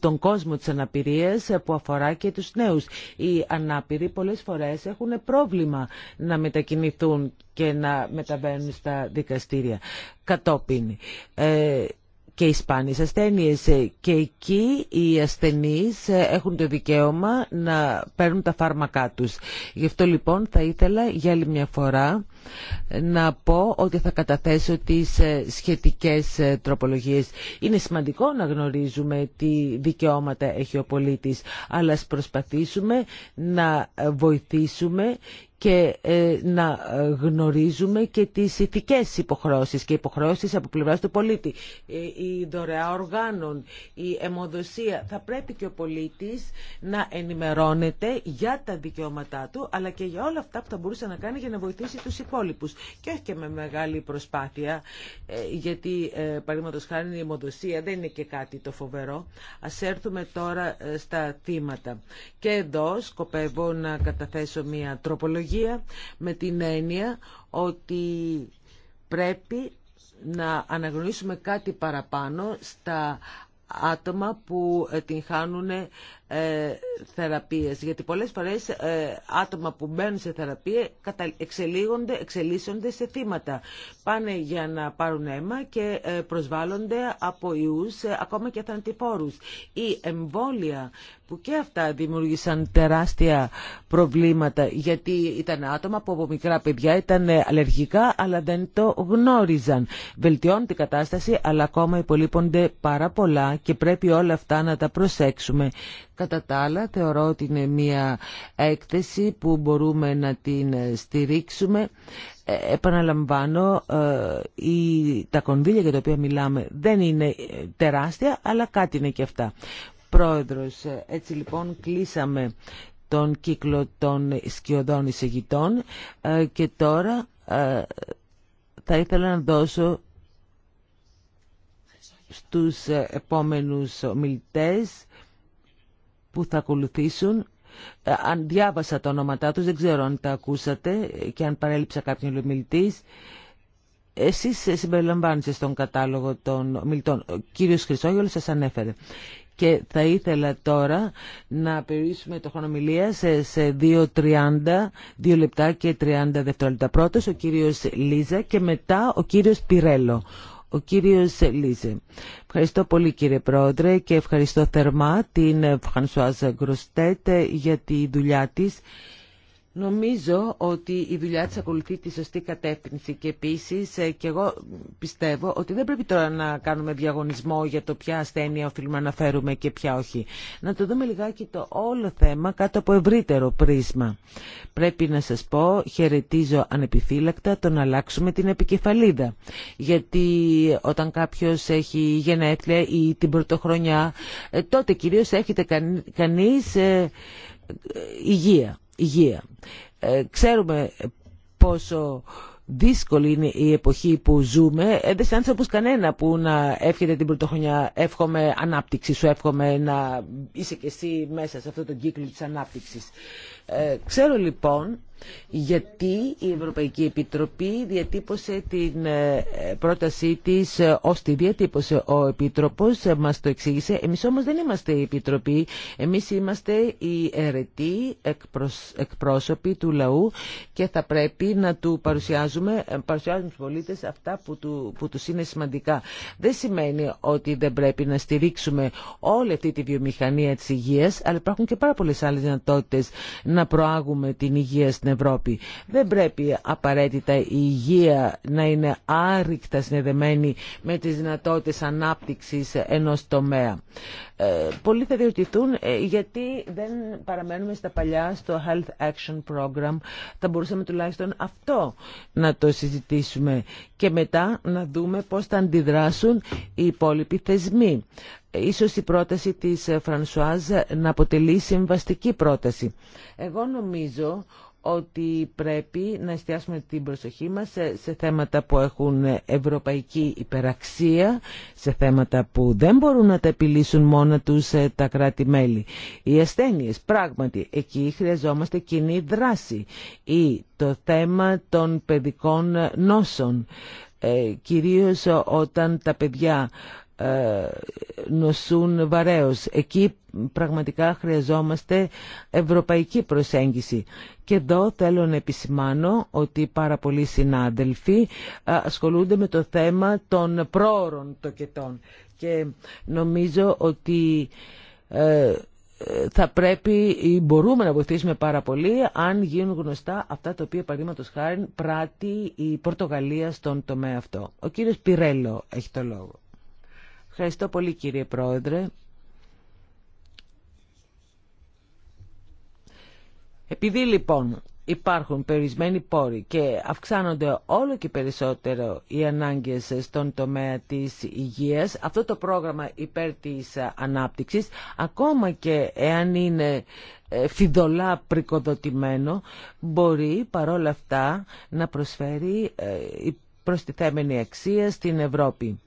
τον κόσμο της αναπηρίας που αφορά και τους νέους. Οι ανάπηροι πολλές φορές έχουν πρόβλημα να μετακινηθούν και να μεταβαίνουν στα δικαστήρια κατόπιν. Ε, και οι σπάνιες ασθένειες ε, και εκεί οι ασθενείς ε, έχουν το δικαίωμα να παίρνουν τα φάρμακά τους. Γι' αυτό λοιπόν θα ήθελα για άλλη μια φορά να πω ότι θα καταθέσω τις σχετικές τροπολογίες. Είναι σημαντικό να γνωρίζουμε τι δικαιώματα έχει ο πολίτης, αλλά ας προσπαθήσουμε να βοηθήσουμε και ε, να ε, γνωρίζουμε και τις ηθικές υποχρεώσει και υποχρεώσει από πλευράς του πολίτη. Ε, η δωρεά οργάνων, η αιμοδοσία. Θα πρέπει και ο πολίτης να ενημερώνεται για τα δικαιώματά του αλλά και για όλα αυτά που θα μπορούσε να κάνει για να βοηθήσει τους υπόλοιπους. Και όχι και με μεγάλη προσπάθεια γιατί παραδείγματος χάρη η αιμοδοσία δεν είναι και κάτι το φοβερό. Ας έρθουμε τώρα στα θύματα. Και εδώ σκοπεύω να καταθέσω μια τροπολογία με την έννοια ότι πρέπει να αναγνωρίσουμε κάτι παραπάνω στα άτομα που την χάνουν ε, θεραπείες. Γιατί πολλές φορές ε, άτομα που μπαίνουν σε θεραπεία εξελίγονται, εξελίσσονται σε θύματα. Πάνε για να πάρουν αίμα και ε, προσβάλλονται από ιούς, ακόμα και θανατηφόρους. Ή εμβόλια που και αυτά δημιούργησαν τεράστια προβλήματα γιατί ήταν άτομα που από μικρά παιδιά ήταν αλλεργικά αλλά δεν το γνώριζαν. Βελτιώνει την κατάσταση αλλά ακόμα υπολείπονται πάρα πολλά και πρέπει όλα αυτά να τα προσέξουμε. Κατά τα άλλα θεωρώ ότι είναι μια έκθεση που μπορούμε να την ε, στηρίξουμε. Ε, επαναλαμβάνω, ε, η, τα κονδύλια για τα οποία μιλάμε δεν είναι τεράστια, αλλά κάτι είναι και αυτά. Πρόεδρος, έτσι λοιπόν κλείσαμε τον κύκλο των σκιωδών εισηγητών και τώρα θα ήθελα να δώσω στους επόμενους ομιλητές που θα ακολουθήσουν. Ε, αν διάβασα τα ονόματά τους, δεν ξέρω αν τα ακούσατε και αν παρέλειψα κάποιον ομιλητής. Εσείς συμπεριλαμβάνεστε στον κατάλογο των ομιλητών. Ο κύριος Χρυσόγελος σας ανέφερε. Και θα ήθελα τώρα να περιορίσουμε το χρόνο σε 2.30, 2 λεπτά και 30 δευτερόλεπτα. Πρώτος ο κύριος Λίζα και μετά ο κύριος Πυρέλο ο κύριος Λίζε. Ευχαριστώ πολύ κύριε Πρόεδρε και ευχαριστώ θερμά την Φρανσουάζα Γκροστέτ για τη δουλειά της Νομίζω ότι η δουλειά της ακολουθεί τη σωστή κατεύθυνση και επίσης ε, και εγώ πιστεύω ότι δεν πρέπει τώρα να κάνουμε διαγωνισμό για το ποια ασθένεια οφείλουμε να φέρουμε και ποια όχι. Να το δούμε λιγάκι το όλο θέμα κάτω από ευρύτερο πρίσμα. Πρέπει να σας πω, χαιρετίζω ανεπιφύλακτα το να αλλάξουμε την επικεφαλίδα. Γιατί όταν κάποιος έχει γενέθλια ή την πρωτοχρονιά, ε, τότε κυρίως έχετε κανείς ε, υγεία υγεία. Ε, ξέρουμε πόσο δύσκολη είναι η εποχή που ζούμε. Ε, δεν αισθάνεσαι όπως κανένα που να εύχεται την πρωτοχρονιά. Εύχομαι ανάπτυξη σου, εύχομαι να είσαι και εσύ μέσα σε αυτό τον κύκλο της ανάπτυξης. Ε, ξέρω λοιπόν γιατί η Ευρωπαϊκή Επιτροπή διατύπωσε την ε, πρότασή της ε, ως τη διατύπωσε ο Επίτροπος, μας το εξήγησε. Εμείς όμως δεν είμαστε η Επιτροπή, εμείς είμαστε οι αιρετοί εκπρόσωποι του λαού και θα πρέπει να του παρουσιάζουμε, παρουσιάζουμε τους πολίτες αυτά που, του, που τους είναι σημαντικά. Δεν σημαίνει ότι δεν πρέπει να στηρίξουμε όλη αυτή τη βιομηχανία της υγείας, αλλά υπάρχουν και πάρα πολλές άλλες δυνατότητε να προάγουμε την υγεία στην Ευρώπη. Δεν πρέπει απαραίτητα η υγεία να είναι άρρηκτα συνδεδεμένη με τις δυνατότητες ανάπτυξης ενός τομέα. Ε, πολλοί θα διορτηθούν ε, γιατί δεν παραμένουμε στα παλιά στο Health Action Program. Θα μπορούσαμε τουλάχιστον αυτό να το συζητήσουμε και μετά να δούμε πώς θα αντιδράσουν οι υπόλοιποι θεσμοί ίσως η πρόταση της ε, Φρανσουάζ να αποτελεί συμβαστική πρόταση. Εγώ νομίζω ότι πρέπει να εστιάσουμε την προσοχή μας σε, θέματα που έχουν ε, ευρωπαϊκή υπεραξία, σε θέματα που δεν μπορούν να τα επιλύσουν μόνα τους ε, τα κράτη-μέλη. Οι ασθένειε, πράγματι, εκεί χρειαζόμαστε κοινή δράση ή το θέμα των παιδικών νόσων, κυρίως όταν τα παιδιά ε, νοσούν βαρέως. Εκεί πραγματικά χρειαζόμαστε ευρωπαϊκή προσέγγιση. Και εδώ θέλω να επισημάνω ότι πάρα πολλοί συνάδελφοι ε, ασχολούνται με το θέμα των πρόωρων τοκετών. Και νομίζω ότι ε, θα πρέπει ή μπορούμε να βοηθήσουμε πάρα πολύ αν γίνουν γνωστά αυτά τα οποία παραδείγματο χάρη πράττει η Πορτογαλία στον τομέα αυτό. Ο κύριος Πυρέλο έχει το λόγο. Ευχαριστώ πολύ κύριε Πρόεδρε. Επειδή λοιπόν υπάρχουν περιορισμένοι πόροι και αυξάνονται όλο και περισσότερο οι ανάγκες στον τομέα της υγείας, αυτό το πρόγραμμα υπέρ της ανάπτυξης, ακόμα και εάν είναι ε, φιδωλά πρικοδοτημένο, μπορεί παρόλα αυτά να προσφέρει ε, προστιθέμενη αξία στην Ευρώπη.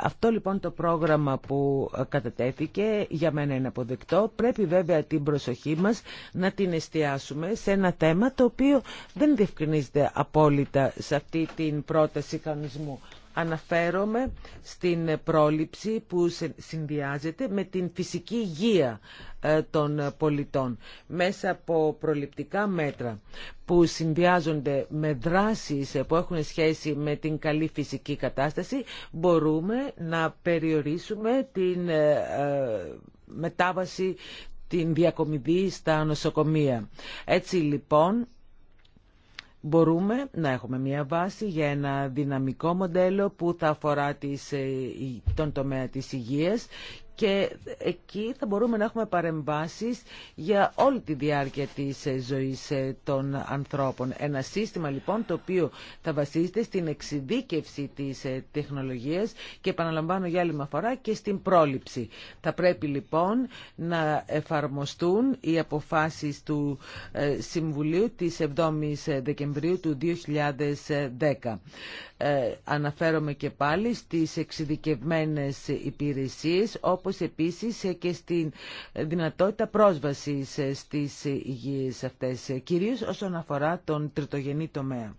Αυτό λοιπόν το πρόγραμμα που κατατέθηκε για μένα είναι αποδεκτό. Πρέπει βέβαια την προσοχή μας να την εστιάσουμε σε ένα θέμα το οποίο δεν διευκρινίζεται απόλυτα σε αυτή την πρόταση κανονισμού. Αναφέρομαι στην πρόληψη που συνδυάζεται με την φυσική υγεία ε, των πολιτών μέσα από προληπτικά μέτρα που συνδυάζονται με δράσεις που έχουν σχέση με την καλή φυσική κατάσταση μπορούμε να περιορίσουμε την ε, ε, μετάβαση την διακομιδή στα νοσοκομεία. Έτσι λοιπόν μπορούμε να έχουμε μια βάση για ένα δυναμικό μοντέλο που θα αφορά ε, τον τομέα της υγείας και εκεί θα μπορούμε να έχουμε παρεμβάσεις για όλη τη διάρκεια της ε, ζωής ε, των ανθρώπων. Ένα σύστημα λοιπόν το οποίο θα βασίζεται στην εξειδίκευση της ε, τεχνολογίας και επαναλαμβάνω για άλλη μια φορά και στην πρόληψη. Θα πρέπει λοιπόν να εφαρμοστούν οι αποφάσεις του Συμβουλίου της 7ης Δεκεμβρίου του 2010. Ε, αναφέρομαι και πάλι στις εξειδικευμένες υπηρεσίες όπως επίσης και στην δυνατότητα πρόσβασης στις υγείες αυτές κυρίως όσον αφορά τον τριτογενή τομέα.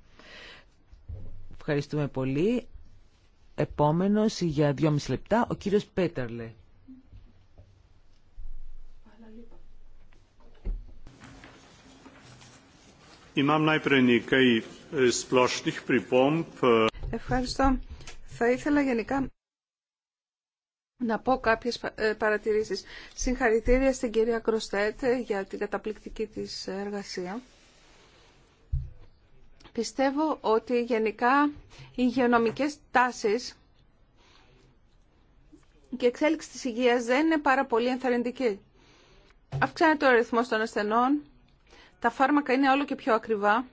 Ευχαριστούμε πολύ. Επόμενος για δυόμιση λεπτά ο κύριος Πέτερλε. Ευχαριστώ. Θα ήθελα γενικά να πω κάποιες ε, παρατηρήσεις. Συγχαρητήρια στην κυρία Κροστέτ ε, για την καταπληκτική της εργασία. Πιστεύω ότι γενικά οι υγειονομικές τάσεις και η εξέλιξη της υγείας δεν είναι πάρα πολύ ενθαρρυντική. Αυξάνεται ο αριθμός των ασθενών, τα φάρμακα είναι όλο και πιο ακριβά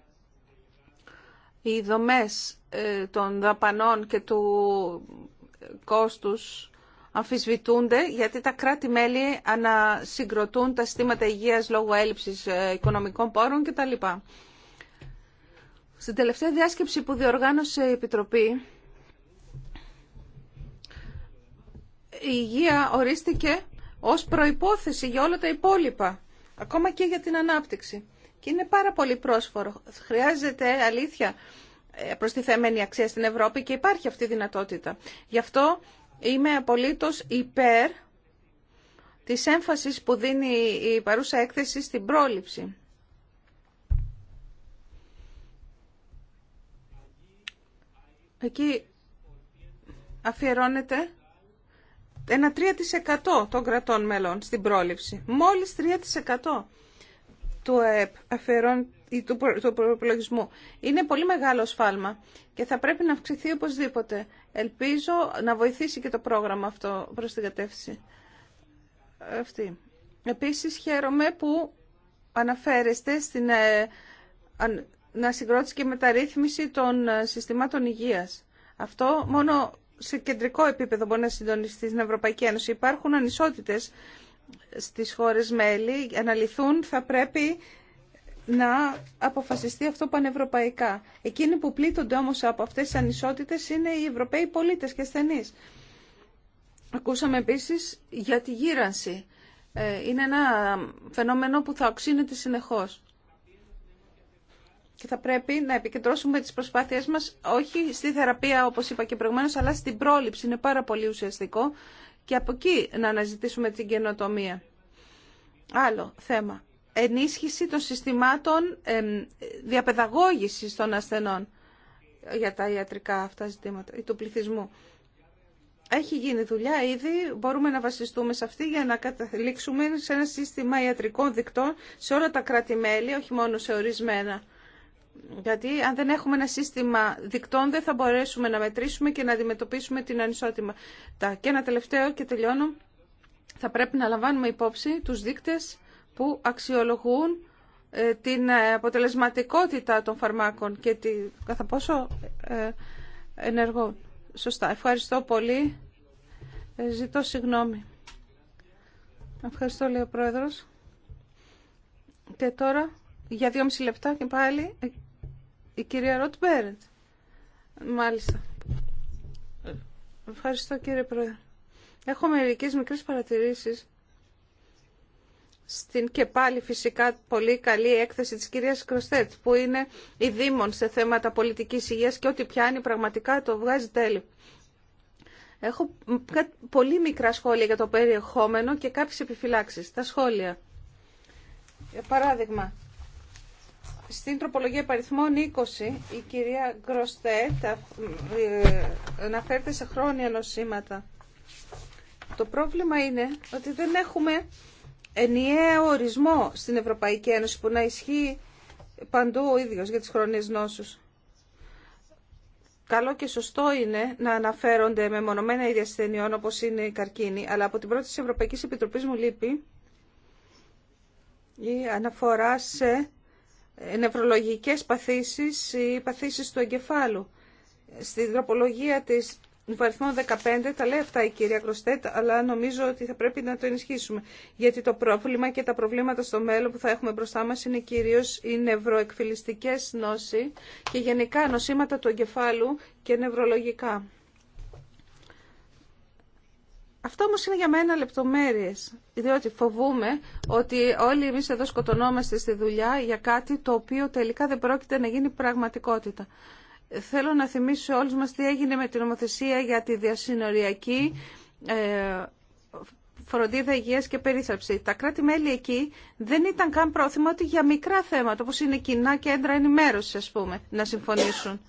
οι δομές ε, των δαπανών και του κόστους αμφισβητούνται γιατί τα κράτη-μέλη ανασυγκροτούν τα συστήματα υγείας λόγω έλλειψης ε, οικονομικών πόρων κτλ. Στην τελευταία διάσκεψη που διοργάνωσε η Επιτροπή, η υγεία ορίστηκε ως προϋπόθεση για όλα τα υπόλοιπα, ακόμα και για την ανάπτυξη και είναι πάρα πολύ πρόσφορο. Χρειάζεται αλήθεια ε, προστιθέμενη αξία στην Ευρώπη και υπάρχει αυτή η δυνατότητα. Γι' αυτό είμαι απολύτως υπέρ της έμφασης που δίνει η παρούσα έκθεση στην πρόληψη. Εκεί αφιερώνεται ένα 3% των κρατών μελών στην πρόληψη. Μόλις 3% του ΕΕΠ αφαιρών, ή του, του προπολογισμού. Είναι πολύ μεγάλο σφάλμα και θα πρέπει να αυξηθεί οπωσδήποτε. Ελπίζω να βοηθήσει και το πρόγραμμα αυτό προς την κατεύθυνση αυτή. Επίσης χαίρομαι που αναφέρεστε στην ε, να συγκρότηση και μεταρρύθμιση των ε, συστημάτων υγείας. Αυτό μόνο σε κεντρικό επίπεδο μπορεί να συντονιστεί στην Ευρωπαϊκή Ένωση. Υπάρχουν ανισότητες στις χώρες μέλη αναλυθούν θα πρέπει να αποφασιστεί αυτό πανευρωπαϊκά. Εκείνοι που πλήττονται όμως από αυτές τις ανισότητες είναι οι Ευρωπαίοι πολίτες και ασθενείς. Ακούσαμε επίσης για τη γύρανση. Ε, είναι ένα φαινόμενο που θα οξύνεται συνεχώς. Και θα πρέπει να επικεντρώσουμε τις προσπάθειές μας όχι στη θεραπεία όπως είπα και προηγουμένως αλλά στην πρόληψη. Είναι πάρα πολύ ουσιαστικό και από εκεί να αναζητήσουμε την καινοτομία. Άλλο θέμα. Ενίσχυση των συστημάτων διαπαιδαγώγησης των ασθενών για τα ιατρικά αυτά ζητήματα ή του πληθυσμού. Έχει γίνει δουλειά ήδη, μπορούμε να βασιστούμε σε αυτή για να καταλήξουμε σε ένα σύστημα ιατρικών δικτών σε όλα τα κράτη-μέλη, όχι μόνο σε ορισμένα. Γιατί αν δεν έχουμε ένα σύστημα δικτών δεν θα μπορέσουμε να μετρήσουμε και να αντιμετωπίσουμε την ανισότητα. Και ένα τελευταίο και τελειώνω. Θα πρέπει να λαμβάνουμε υπόψη τους δείκτες που αξιολογούν ε, την ε, αποτελεσματικότητα των φαρμάκων και τη, κατά πόσο ε, ενεργών. Σωστά. Ευχαριστώ πολύ. Ζητώ συγγνώμη. Ευχαριστώ, λέει ο Πρόεδρος. Και τώρα, για δύο μισή λεπτά και πάλι, η κυρία Ροτ Μάλιστα. Ευχαριστώ κύριε Πρόεδρε. Έχω μερικές μικρές παρατηρήσεις στην και πάλι φυσικά πολύ καλή έκθεση της κυρίας Κροστέτ που είναι η δήμον σε θέματα πολιτικής υγείας και ό,τι πιάνει πραγματικά το βγάζει τέλειο. Έχω πολύ μικρά σχόλια για το περιεχόμενο και κάποιες επιφυλάξεις. Τα σχόλια. Για παράδειγμα, στην τροπολογία παριθμών 20, η κυρία Γκροστέτ ε, αναφέρεται σε χρόνια νοσήματα. Το πρόβλημα είναι ότι δεν έχουμε ενιαίο ορισμό στην Ευρωπαϊκή Ένωση που να ισχύει παντού ο ίδιος για τις χρόνιες νόσους. Καλό και σωστό είναι να αναφέρονται με μονομένα ίδια ασθενειών όπως είναι η καρκίνη, αλλά από την πρώτη της Ευρωπαϊκής Επιτροπής μου λείπει η αναφορά σε νευρολογικές παθήσεις ή παθήσεις του εγκεφάλου. Στην τροπολογία της υπαριθμών 15 τα λέει αυτά η κυρία Κροστέτ, αλλά νομίζω ότι θα πρέπει να το ενισχύσουμε. Γιατί το πρόβλημα και τα προβλήματα στο μέλλον που θα έχουμε μπροστά μας είναι κυρίως οι νευροεκφυλιστικές νόσοι και γενικά νοσήματα του εγκεφάλου και νευρολογικά. Αυτό όμω είναι για μένα λεπτομέρειε. διότι φοβούμε ότι όλοι εμεί εδώ σκοτωνόμαστε στη δουλειά για κάτι το οποίο τελικά δεν πρόκειται να γίνει πραγματικότητα. Θέλω να θυμίσω σε όλους μας τι έγινε με την νομοθεσία για τη διασυνοριακή ε, φροντίδα υγείας και περίθαψη. Τα κράτη-μέλη εκεί δεν ήταν καν πρόθυμα ότι για μικρά θέματα, όπως είναι κοινά κέντρα ενημέρωση, ας πούμε, να συμφωνήσουν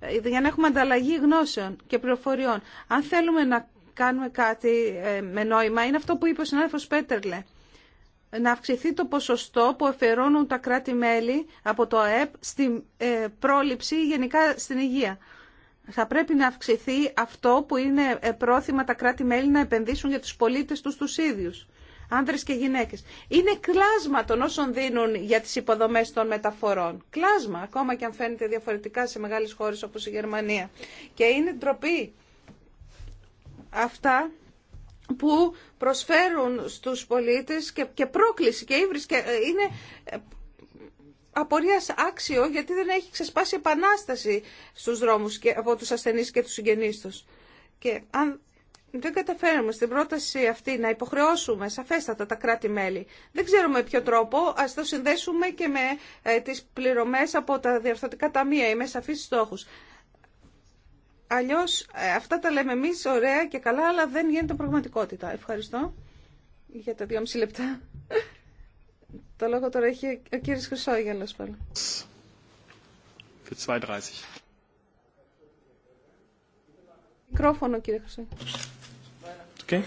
ε, για να έχουμε ανταλλαγή γνώσεων και πληροφοριών. Αν θέλουμε να κάνουμε κάτι ε, με νόημα είναι αυτό που είπε ο συνάδελφος Πέτερλε. Να αυξηθεί το ποσοστό που αφιερώνουν τα κράτη-μέλη από το ΑΕΠ στην ε, πρόληψη γενικά στην υγεία. Θα πρέπει να αυξηθεί αυτό που είναι ε, πρόθυμα τα κράτη-μέλη να επενδύσουν για τους πολίτες τους τους ίδιους άνδρες και γυναίκες. Είναι κλάσμα των όσων δίνουν για τις υποδομές των μεταφορών. Κλάσμα, ακόμα και αν φαίνεται διαφορετικά σε μεγάλες χώρες όπως η Γερμανία. Και είναι ντροπή αυτά που προσφέρουν στους πολίτες και, και πρόκληση και ύβρις και ε, είναι απορίας άξιο γιατί δεν έχει ξεσπάσει επανάσταση στους δρόμους και από τους ασθενείς και τους συγγενείς τους. Και αν δεν καταφέρουμε στην πρόταση αυτή να υποχρεώσουμε σαφέστατα τα κράτη-μέλη, δεν ξέρουμε ποιο τρόπο, ας το συνδέσουμε και με ε, τις πληρωμές από τα διορθωτικά ταμεία ή με σαφείς στόχους. Αλλιώς ε, αυτά τα λέμε εμεί ωραία και καλά, αλλά δεν γίνεται πραγματικότητα. Ευχαριστώ για τα μισή λεπτά. Το λόγο τώρα έχει ο κύριο Χρυσόγελος Μικρόφωνο κύριε Χρυσόγελο. Okay.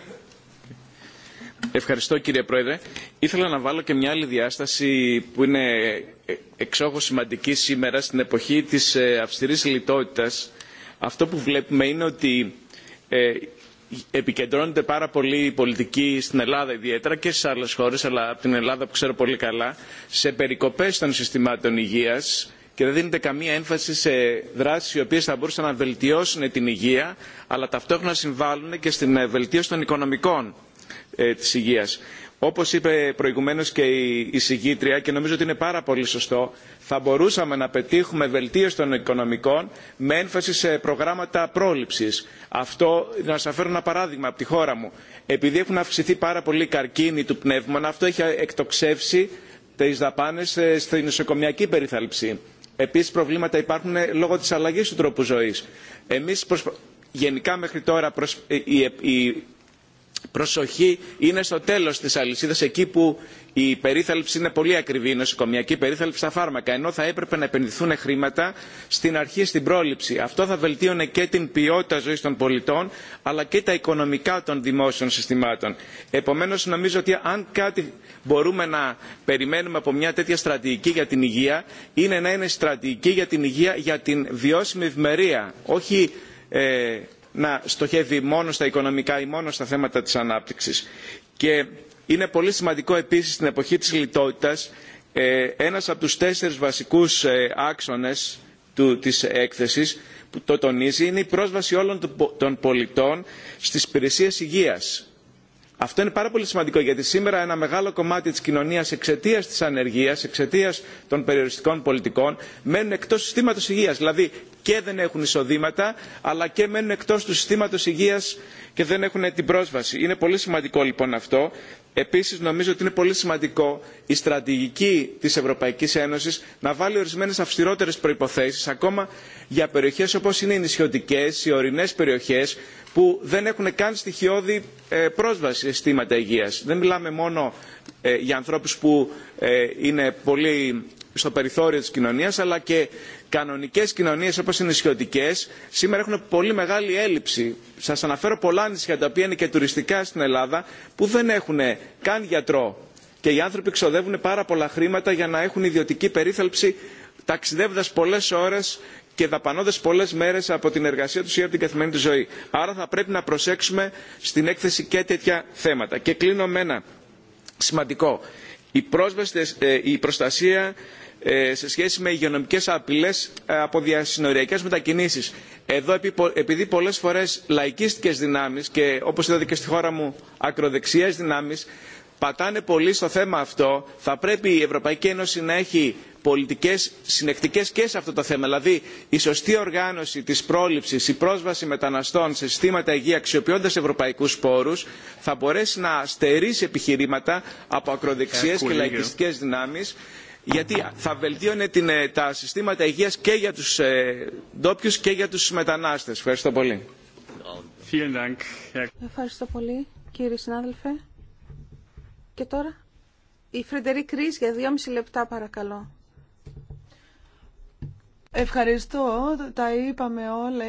Ευχαριστώ κύριε Πρόεδρε. Ήθελα να βάλω και μια άλλη διάσταση που είναι εξόχως σημαντική σήμερα στην εποχή της ε, αυστηρής λιτότητας αυτό που βλέπουμε είναι ότι ε, επικεντρώνεται πάρα πολύ η πολιτική στην Ελλάδα ιδιαίτερα και στις άλλες χώρες, αλλά από την Ελλάδα που ξέρω πολύ καλά, σε περικοπές των συστημάτων υγείας και δεν δίνεται καμία έμφαση σε δράσεις οι οποίες θα μπορούσαν να βελτιώσουν την υγεία, αλλά ταυτόχρονα συμβάλλουν και στην ε, βελτίωση των οικονομικών ε, της υγείας. Όπως είπε προηγουμένως και η συγγήτρια και νομίζω ότι είναι πάρα πολύ σωστό, θα μπορούσαμε να πετύχουμε βελτίωση των οικονομικών με έμφαση σε προγράμματα πρόληψης. Αυτό, να σας φέρω ένα παράδειγμα από τη χώρα μου. Επειδή έχουν αυξηθεί πάρα πολύ οι καρκίνοι του πνεύμονα, αυτό έχει εκτοξεύσει τις δαπάνες ε, στη νοσοκομιακή περίθαλψη. Επίσης προβλήματα υπάρχουν ε, λόγω της αλλαγής του τρόπου ζωής. γενικά μέχρι τώρα ε, προσοχή είναι στο τέλος της αλυσίδας εκεί που η περίθαλψη είναι πολύ ακριβή η νοσοκομιακή περίθαλψη στα φάρμακα ενώ θα έπρεπε να επενδυθούν χρήματα στην αρχή στην πρόληψη. αυτό θα βελτίωνε και την ποιότητα ζωής των πολιτών αλλά και τα οικονομικά των δημόσιων συστημάτων. επομένως νομίζω ότι αν κάτι μπορούμε να περιμένουμε από μια τέτοια στρατηγική για την υγεία είναι να είναι στρατηγική για την υγεία για την βιώσιμη ευημερία όχι ε, να στοχεύει μόνο στα οικονομικά ή μόνο στα θέματα της ανάπτυξης. Και είναι πολύ σημαντικό επίσης στην εποχή της λιτότητας ε, ένας από τους τέσσερις βασικούς ε, άξονες του, της έκθεσης που το τονίζει είναι η πρόσβαση όλων των πολιτών στις υπηρεσίες υγείας αυτό είναι πάρα πολύ σημαντικό γιατί σήμερα ένα μεγάλο κομμάτι τη κοινωνία εξαιτία τη ανεργία, εξαιτία των περιοριστικών πολιτικών μένουν εκτό συστήματο υγεία. Δηλαδή και δεν έχουν εισοδήματα αλλά και μένουν εκτό του συστήματο υγεία και δεν έχουν την πρόσβαση. Είναι πολύ σημαντικό λοιπόν αυτό επίσης νομίζω ότι είναι πολύ σημαντικό η στρατηγική της ευρωπαϊκής ένωσης να βάλει ορισμένες αυστηρότερες προϋποθέσεις ακόμα για περιοχές όπως είναι οι νησιωτικές οι ορεινές περιοχές που δεν έχουν καν στοιχειώδη ε, πρόσβαση σε αισθήματα υγείας. δεν μιλάμε μόνο ε, για ανθρώπους που ε, είναι πολύ στο περιθώριο της κοινωνίας αλλά και κανονικές κοινωνίες όπως οι νησιωτικές σήμερα έχουν πολύ μεγάλη έλλειψη. Σας αναφέρω πολλά νησιά τα οποία είναι και τουριστικά στην Ελλάδα που δεν έχουν καν γιατρό και οι άνθρωποι ξοδεύουν πάρα πολλά χρήματα για να έχουν ιδιωτική περίθαλψη ταξιδεύοντας πολλές ώρες και δαπανώντας πολλές μέρες από την εργασία τους ή από την καθημερινή τους ζωή. Άρα θα πρέπει να προσέξουμε στην έκθεση και τέτοια θέματα. Και κλείνω με ένα σημαντικό. Η, απο την καθημερινη του ζωη αρα θα πρεπει να προσεξουμε στην εκθεση και τετοια θεματα και κλεινω με ενα σημαντικο η προστασία ε, σε σχέση με υγειονομικέ απειλέ ε, από διασυνοριακέ μετακινήσει. Εδώ επειδή πολλέ φορέ λαϊκίστικες δυνάμει, και όπω είδατε και στη χώρα μου ακροδεξιέ δυνάμει, πατάνε πολύ στο θέμα αυτό θα πρέπει η Ευρωπαϊκή Ένωση να έχει πολιτικέ συνεκτικέ και σε αυτό το θέμα. Δηλαδή η σωστή οργάνωση τη πρόληψη, η πρόσβαση μεταναστών σε συστήματα υγεία αξιοποιώντας ευρωπαϊκού πόρου, θα μπορέσει να στερήσει επιχειρήματα από ακροδεξιέ και λαϊκιστικέ δυνάμει γιατί θα βελτίωνε ε, τα συστήματα υγείας και για τους ε, ντόπιου και για τους μετανάστες. Ευχαριστώ πολύ. Ευχαριστώ πολύ κύριε συνάδελφε. Και τώρα η Φρεντερή Κρίς για μισή λεπτά παρακαλώ. Ευχαριστώ. Τα είπαμε όλα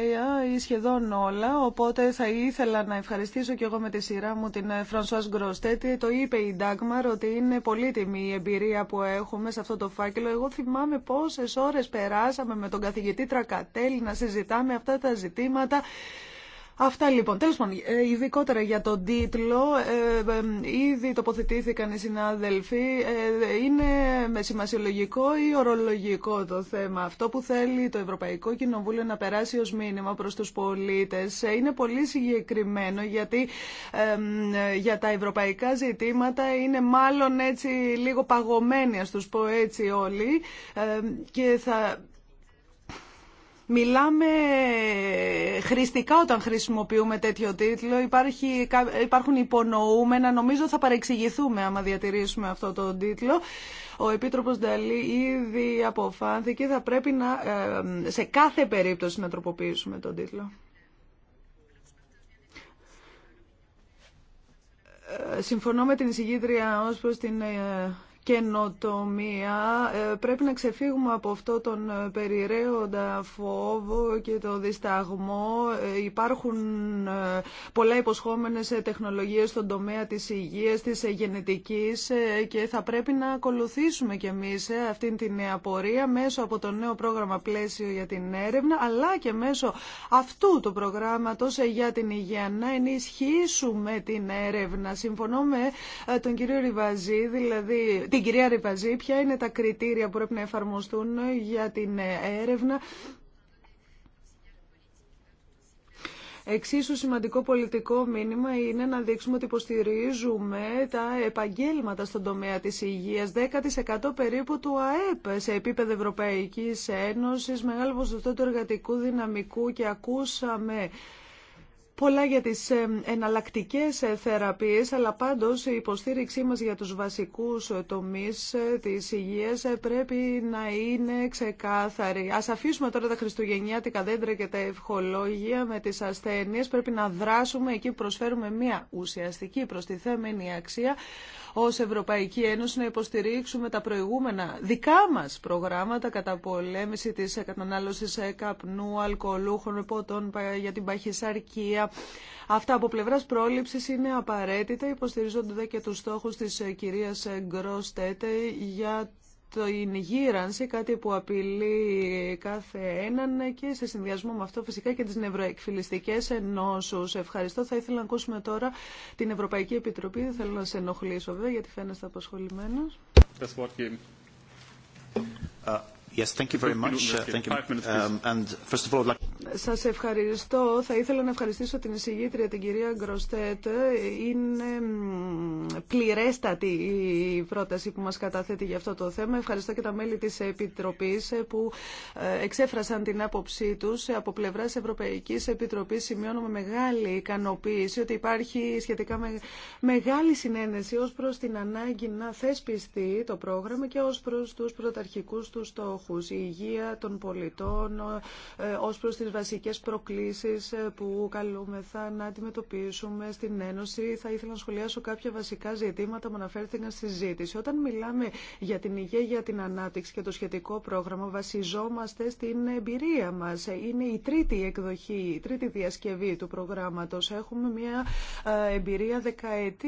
ή σχεδόν όλα, οπότε θα ήθελα να ευχαριστήσω και εγώ με τη σειρά μου την Φρανσουάς ε, Γκροστέτη. Ε, το είπε η Ντάγμαρ ότι είναι πολύτιμη η εμπειρία που έχουμε σε αυτό το φάκελο. Εγώ θυμάμαι πόσες ώρες περάσαμε με τον καθηγητή Τρακατέλη να συζητάμε αυτά τα ζητήματα. Αυτά λοιπόν. Τέλος πάντων, ε, ειδικότερα για τον τίτλο, ε, ε, ήδη τοποθετήθηκαν οι συνάδελφοι, είναι με σημασιολογικό ή ορολογικό το θέμα. Αυτό που θέλει το Ευρωπαϊκό Κοινοβούλιο να περάσει ω μήνυμα προς τους πολίτες είναι πολύ συγκεκριμένο γιατί για τα ευρωπαϊκά ζητήματα είναι μάλλον έτσι λίγο παγωμένοι, α του πω έτσι όλοι και θα Μιλάμε χρηστικά όταν χρησιμοποιούμε τέτοιο τίτλο. Υπάρχει, υπάρχουν υπονοούμενα. Νομίζω θα παρεξηγηθούμε άμα διατηρήσουμε αυτό το τίτλο. Ο Επίτροπος Νταλή ήδη αποφάνθηκε. Θα πρέπει να, ε, σε κάθε περίπτωση να τροποποιήσουμε τον τίτλο. Ε, συμφωνώ με την εισηγήτρια ως προς την ε, καινοτομία. Ε, πρέπει να ξεφύγουμε από αυτό τον ε, περιραίοντα φόβο και το δισταγμό. Ε, υπάρχουν πολλά υποσχόμενες τεχνολογίες στον τομέα της υγείας, της γενετικής και θα πρέπει να ακολουθήσουμε κι εμείς αυτήν την νέα πορεία μέσω από το νέο πρόγραμμα πλαίσιο για την έρευνα αλλά και μέσω αυτού του προγράμματος για την υγεία να ενισχύσουμε την έρευνα. Συμφωνώ με τον κύριο Ριβαζή, δηλαδή την κυρία Ριβαζή, ποια είναι τα κριτήρια που πρέπει να εφαρμοστούν για την έρευνα Εξίσου σημαντικό πολιτικό μήνυμα είναι να δείξουμε ότι υποστηρίζουμε τα επαγγέλματα στον τομέα της υγείας. 10% περίπου του ΑΕΠ σε επίπεδο Ευρωπαϊκής Ένωσης, μεγάλο ποσοστό του εργατικού δυναμικού και ακούσαμε πολλά για τις ε, εναλλακτικές ε, θεραπείες, αλλά πάντως η υποστήριξή μας για τους βασικούς ε, τομείς της υγείας πρέπει να είναι ξεκάθαρη. Ας αφήσουμε τώρα τα χριστουγεννιάτικα δέντρα και τα ευχολόγια με τις ασθένειες. Πρέπει να δράσουμε εκεί που προσφέρουμε μια ουσιαστική προστιθέμενη αξία Ω Ευρωπαϊκή Ένωση να υποστηρίξουμε τα προηγούμενα δικά μα προγράμματα κατά πολέμηση της κατανάλωση καπνού, αλκοολούχων, ποτών για την παχυσαρκία. Αυτά από πλευρά πρόληψη είναι απαραίτητα, υποστηρίζονται και τους στόχους της ε, κυρίας Γκροστέτε για το γύρανση, κάτι που απειλεί κάθε έναν και σε συνδυασμό με αυτό φυσικά και τις νευροεκφυλιστικές ενώσους. Ευχαριστώ. Θα ήθελα να ακούσουμε τώρα την Ευρωπαϊκή Επιτροπή. Δεν θέλω να σε ενοχλήσω βέβαια γιατί φαίνεστε απασχολημένος. Uh, σας ευχαριστώ. Θα ήθελα να ευχαριστήσω την εισηγήτρια, την κυρία Γκροστέτ. Είναι πληρέστατη η πρόταση που μας καταθέτει για αυτό το θέμα. Ευχαριστώ και τα μέλη της Επιτροπής ε, που ε, εξέφρασαν την άποψή τους. Από πλευρά Ευρωπαϊκής Επιτροπής σημειώνουμε μεγάλη ικανοποίηση ότι υπάρχει σχετικά μεγάλη συνένεση ως προς την ανάγκη να θεσπιστεί το πρόγραμμα και ως προς τους πρωταρχικούς του στόχους η υγεία των πολιτών ε, ως προς τις βασικές προκλήσεις ε, που καλούμεθα να αντιμετωπίσουμε στην Ένωση. Θα ήθελα να σχολιάσω κάποια βασικά ζητήματα που αναφέρθηκαν στη συζήτηση. Όταν μιλάμε για την υγεία, για την ανάπτυξη και το σχετικό πρόγραμμα, βασιζόμαστε στην εμπειρία μας. Είναι η τρίτη εκδοχή, η τρίτη διασκευή του προγράμματος. Έχουμε μια ε, εμπειρία δεκαετή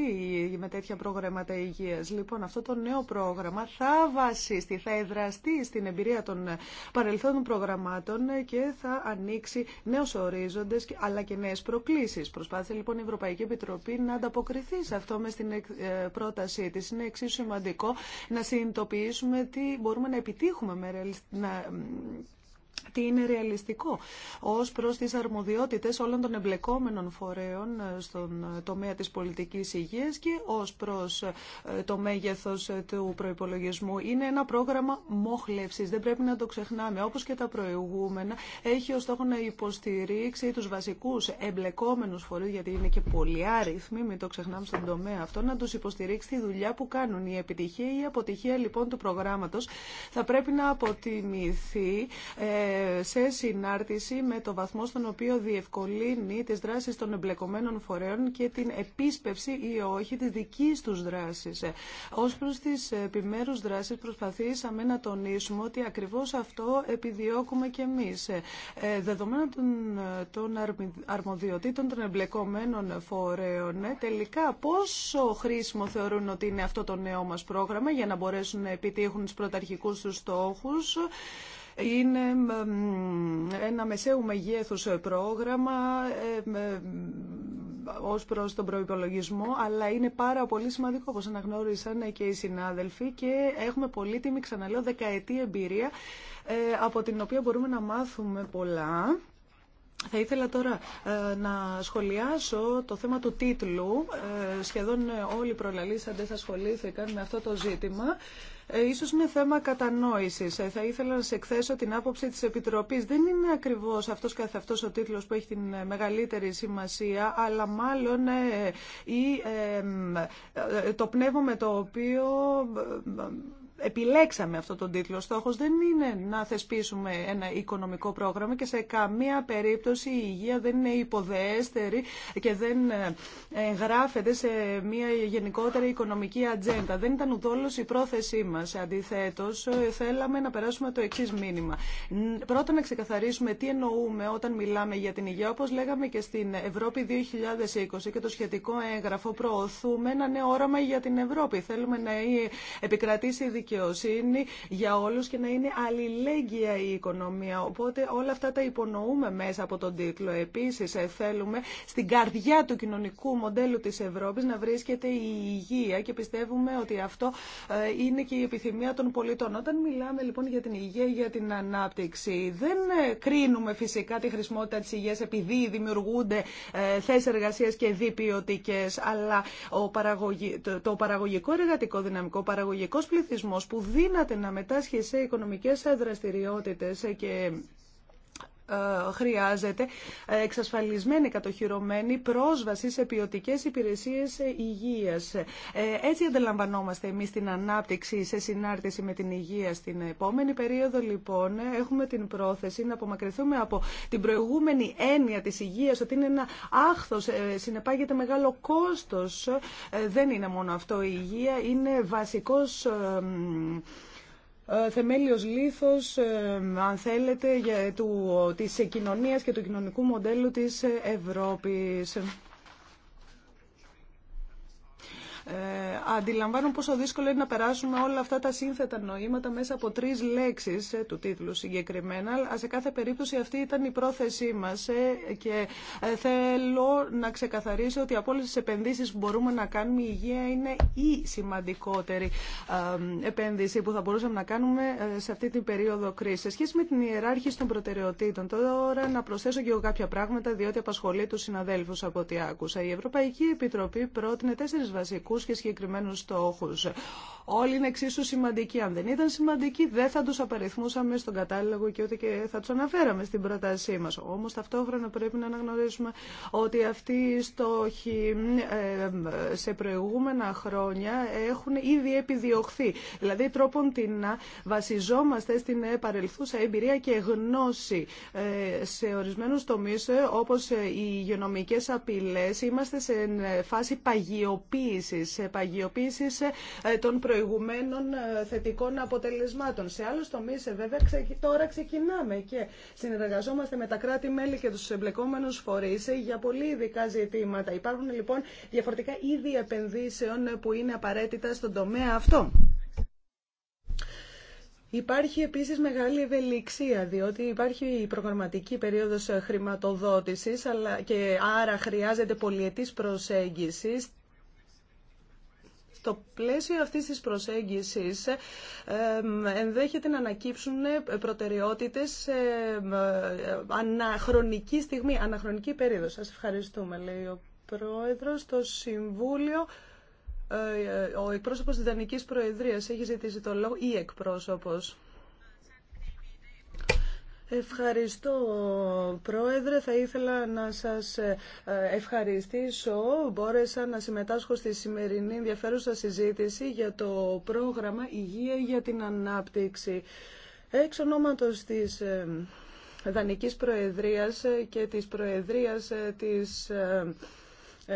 με τέτοια προγράμματα υγείας. Λοιπόν, αυτό το νέο πρόγραμμα θα βασιστεί, θα εδραστεί στην εμπειρία εμπειρία των ε, παρελθόντων προγραμμάτων ε, και θα ανοίξει νέους ορίζοντες αλλά και νέες προκλήσεις. Προσπάθησε λοιπόν η Ευρωπαϊκή Επιτροπή να ανταποκριθεί σε αυτό με στην ε, πρότασή της. Είναι εξίσου σημαντικό να συνειδητοποιήσουμε τι μπορούμε να επιτύχουμε με, να, τι είναι ρεαλιστικό ως προς τις αρμοδιότητες όλων των εμπλεκόμενων φορέων ε, στον ε, τομέα της πολιτικής υγείας και ως προς ε, το μέγεθος του προϋπολογισμού. Είναι ένα πρόγραμμα μόχλευσης, δεν πρέπει να το ξεχνάμε. Όπως και τα προηγούμενα, έχει ως στόχο να υποστηρίξει τους βασικούς εμπλεκόμενους φορείς, γιατί είναι και πολλοί άριθμοι, μην το ξεχνάμε στον τομέα αυτό, να τους υποστηρίξει τη δουλειά που κάνουν. Η επιτυχία ή η αποτυχία λοιπόν του προγράμματος θα πρέπει να αποτιμηθεί σε συνάρτηση με το βαθμό στον οποίο διευκολύνει τις δράσεις των εμπλεκομένων φορέων και την επίσπευση ή όχι της δικής τους δράσης. Ως προς τις επιμέρους δράσεις προσπαθήσαμε να τονίσουμε ότι ακριβώς αυτό επιδιώκουμε και εμείς. Ε, Δεδομένα των αρμοδιοτήτων των εμπλεκομένων φορέων, ε, τελικά πόσο χρήσιμο θεωρούν ότι είναι αυτό το νέο μας πρόγραμμα για να μπορέσουν να επιτύχουν τους πρωταρχικούς τους στόχους. Είναι ένα μεσαίου μεγέθους πρόγραμμα ε, ως προς τον προϋπολογισμό, αλλά είναι πάρα πολύ σημαντικό, όπως αναγνώρισαν και οι συνάδελφοι και έχουμε πολύτιμη, ξαναλέω, δεκαετή εμπειρία ε, από την οποία μπορούμε να μάθουμε πολλά. Θα ήθελα τώρα ε, να σχολιάσω το θέμα του τίτλου. Σχεδόν όλοι οι προλαλήσαντες ασχολήθηκαν με αυτό το ζήτημα. Ε, ίσως είναι θέμα κατανόησης. Ε, θα ήθελα να σε εκθέσω την άποψη της Επιτροπής. Δεν είναι ακριβώς αυτός καθ' αυτός ο τίτλος που έχει την ε, μεγαλύτερη σημασία, αλλά μάλλον ή, το πνεύμα με το οποίο επιλέξαμε αυτό τον τίτλο. Ο στόχος δεν είναι να θεσπίσουμε ένα οικονομικό πρόγραμμα και σε καμία περίπτωση η υγεία δεν είναι υποδεέστερη και δεν ε, γράφεται σε μια γενικότερη οικονομική ατζέντα. Δεν ήταν ουδόλως η πρόθεσή μας. Αντιθέτως, ε, θέλαμε να περάσουμε το εξή μήνυμα. Πρώτα να ξεκαθαρίσουμε τι εννοούμε όταν μιλάμε για την υγεία. Όπως λέγαμε και στην Ευρώπη 2020 και το σχετικό έγγραφο προωθούμε ένα νέο όραμα για την Ευρώπη. Θέλουμε να επικρατήσει δικαιοσύνη για όλους και να είναι αλληλέγγυα η οικονομία. Οπότε όλα αυτά τα υπονοούμε μέσα από τον τίτλο. Επίσης ε, θέλουμε στην καρδιά του κοινωνικού μοντέλου της Ευρώπης να βρίσκεται η υγεία και πιστεύουμε ότι αυτό ε, είναι και η επιθυμία των πολιτών. Όταν μιλάμε λοιπόν για την υγεία, για την ανάπτυξη, δεν ε, κρίνουμε φυσικά τη χρησιμότητα της υγείας επειδή δημιουργούνται θέσεις εργασίας και διπιωτικές, αλλά το παραγωγικό εργατικό δυναμικό, ο παραγωγικό πληθυσμό που δύναται να μετάσχει σε οικονομικές δραστηριότητες και ε, χρειάζεται ε, εξασφαλισμένη, κατοχυρωμένη πρόσβαση σε ποιοτικέ υπηρεσίε υγεία. Ε, έτσι αντιλαμβανόμαστε εμεί την ανάπτυξη σε συνάρτηση με την υγεία στην επόμενη περίοδο. Λοιπόν, έχουμε την πρόθεση να απομακρυνθούμε από την προηγούμενη έννοια τη υγεία ότι είναι ένα άχθο, συνεπάγεται μεγάλο κόστο. Δεν είναι μόνο αυτό η υγεία, είναι βασικό ε, θεμέλιος λίθος, ε, αν θέλετε, για, του, της κοινωνίας και του κοινωνικού μοντέλου της Ευρώπης. Ε, αντιλαμβάνω πόσο δύσκολο είναι να περάσουμε όλα αυτά τα σύνθετα νοήματα μέσα από τρεις λέξεις ε, του τίτλου συγκεκριμένα. Αλλά σε κάθε περίπτωση αυτή ήταν η πρόθεσή μας ε, και θέλω να ξεκαθαρίσω ότι από όλε τι επενδύσει που μπορούμε να κάνουμε η υγεία είναι η σημαντικότερη επένδυση που θα μπορούσαμε να κάνουμε σε αυτή την περίοδο κρίση. Σε σχέση με την ιεράρχηση των προτεραιοτήτων, τώρα να προσθέσω και εγώ κάποια πράγματα διότι απασχολεί του συναδέλφου από ό,τι άκουσα. Η Ευρωπαϊκή Επιτροπή πρότεινε τέσσερι βασικού και συγκεκριμένους στόχους. Όλοι είναι εξίσου σημαντικοί. Αν δεν ήταν σημαντικοί, δεν θα τους απαριθμούσαμε στον κατάλληλο και ούτε και θα του αναφέραμε στην πρότασή μα. Όμω ταυτόχρονα πρέπει να αναγνωρίσουμε ότι αυτοί οι στόχοι ε, σε προηγούμενα χρόνια έχουν ήδη επιδιωχθεί. Δηλαδή, τρόπον την να βασιζόμαστε στην παρελθούσα εμπειρία και γνώση ε, σε ορισμένου τομείς, ε, όπως οι υγειονομικές απειλέ, είμαστε σε φάση παγιοποίηση της παγιοποίηση ε, των προηγουμένων ε, θετικών αποτελεσμάτων. Σε άλλους τομείς ε, βέβαια τώρα ξεκινάμε και συνεργαζόμαστε με τα κράτη-μέλη και τους εμπλεκόμενους φορείς για πολύ ειδικά ζητήματα. Υπάρχουν λοιπόν διαφορετικά είδη επενδύσεων που είναι απαραίτητα στον τομέα αυτό. Υπάρχει επίσης μεγάλη ευελιξία, διότι υπάρχει η προγραμματική περίοδος χρηματοδότησης αλλά και άρα χρειάζεται πολυετής προσέγγισης. Στο πλαίσιο αυτής της προσέγγισης ενδέχεται να ανακύψουν προτεραιότητες αναχρονική στιγμή, αναχρονική περίοδο. Σας ευχαριστούμε, λέει ο Πρόεδρος, το Συμβούλιο ε, ε, ο εκπρόσωπος της Δανικής Προεδρίας έχει ζητήσει το λόγο ή εκπρόσωπος. Ευχαριστώ Πρόεδρε. Θα ήθελα να σας ε, ευχαριστήσω. Μπόρεσα να συμμετάσχω στη σημερινή ενδιαφέρουσα συζήτηση για το πρόγραμμα Υγεία για την Ανάπτυξη. Εξ ονόματος της ε, Δανικής Προεδρίας ε, και της Προεδρίας της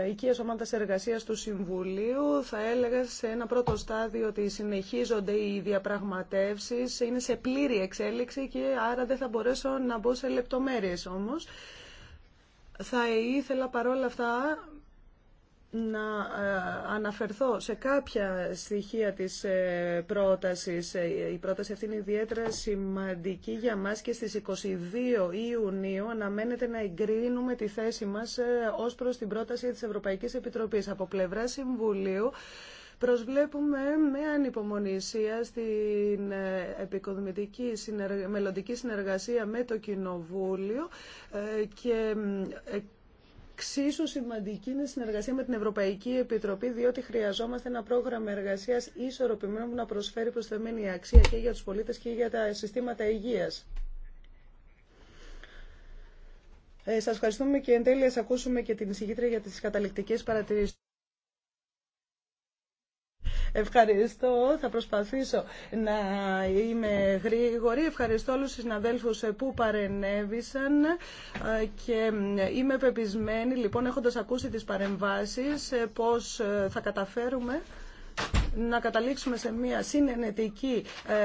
οικίας ομάδα εργασία του Συμβουλίου. Θα έλεγα σε ένα πρώτο στάδιο ότι συνεχίζονται οι διαπραγματεύσεις, είναι σε πλήρη εξέλιξη και άρα δεν θα μπορέσω να μπω σε λεπτομέρειες όμως. Θα ήθελα παρόλα αυτά να ε, αναφερθώ σε κάποια στοιχεία της ε, πρότασης. Ε, η πρόταση αυτή είναι ιδιαίτερα σημαντική για μας και στις 22 Ιουνίου αναμένεται να εγκρίνουμε τη θέση μας ως προς την πρόταση της Ευρωπαϊκής Επιτροπής. Από πλευρά Συμβουλίου Προσβλέπουμε με ανυπομονησία στην επικοδομητική μελλοντική συνεργασία με το Κοινοβούλιο και Εξίσου σημαντική είναι η συνεργασία με την Ευρωπαϊκή Επιτροπή, διότι χρειαζόμαστε ένα πρόγραμμα εργασία ισορροπημένο που να προσφέρει προσθεμένη αξία και για του πολίτε και για τα συστήματα υγεία. Ε, σας ευχαριστούμε και εν τέλει ακούσουμε και την συγκίτρια για τις καταληκτικές παρατηρήσεις. Ευχαριστώ. Θα προσπαθήσω να είμαι γρήγορη. Ευχαριστώ όλους τους συναδέλφους που παρενέβησαν ε, και ε, είμαι πεπισμένη, λοιπόν, έχοντας ακούσει τις παρεμβάσεις, ε, πώς θα καταφέρουμε να καταλήξουμε σε μια συνενετική ε,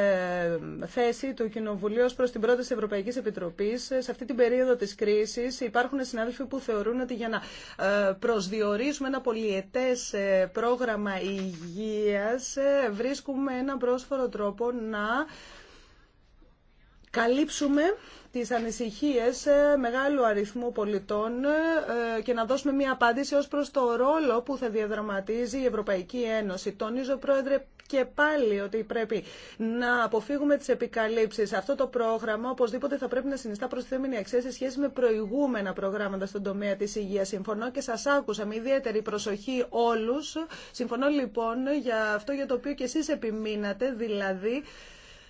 θέση του Κοινοβουλίου προς την πρόταση Ευρωπαϊκή Ευρωπαϊκής Σε αυτή την περίοδο της κρίσης υπάρχουν συνάδελφοι που θεωρούν ότι για να ε, προσδιορίσουμε ένα πολιετές ε, πρόγραμμα υγείας βρίσκουμε ένα πρόσφορο τρόπο να καλύψουμε τις ανησυχίες ε, μεγάλου αριθμού πολιτών ε, και να δώσουμε μια απάντηση ως προς το ρόλο που θα διαδραματίζει η Ευρωπαϊκή Ένωση. Τονίζω, Πρόεδρε, και πάλι ότι πρέπει να αποφύγουμε τις επικαλύψεις. Αυτό το πρόγραμμα οπωσδήποτε θα πρέπει να συνιστά προσθέμενη αξία σε σχέση με προηγούμενα προγράμματα στον τομέα της υγείας. Συμφωνώ και σας άκουσα με ιδιαίτερη προσοχή όλους. Συμφωνώ λοιπόν για αυτό για το οποίο και εσείς επιμείνατε, δηλαδή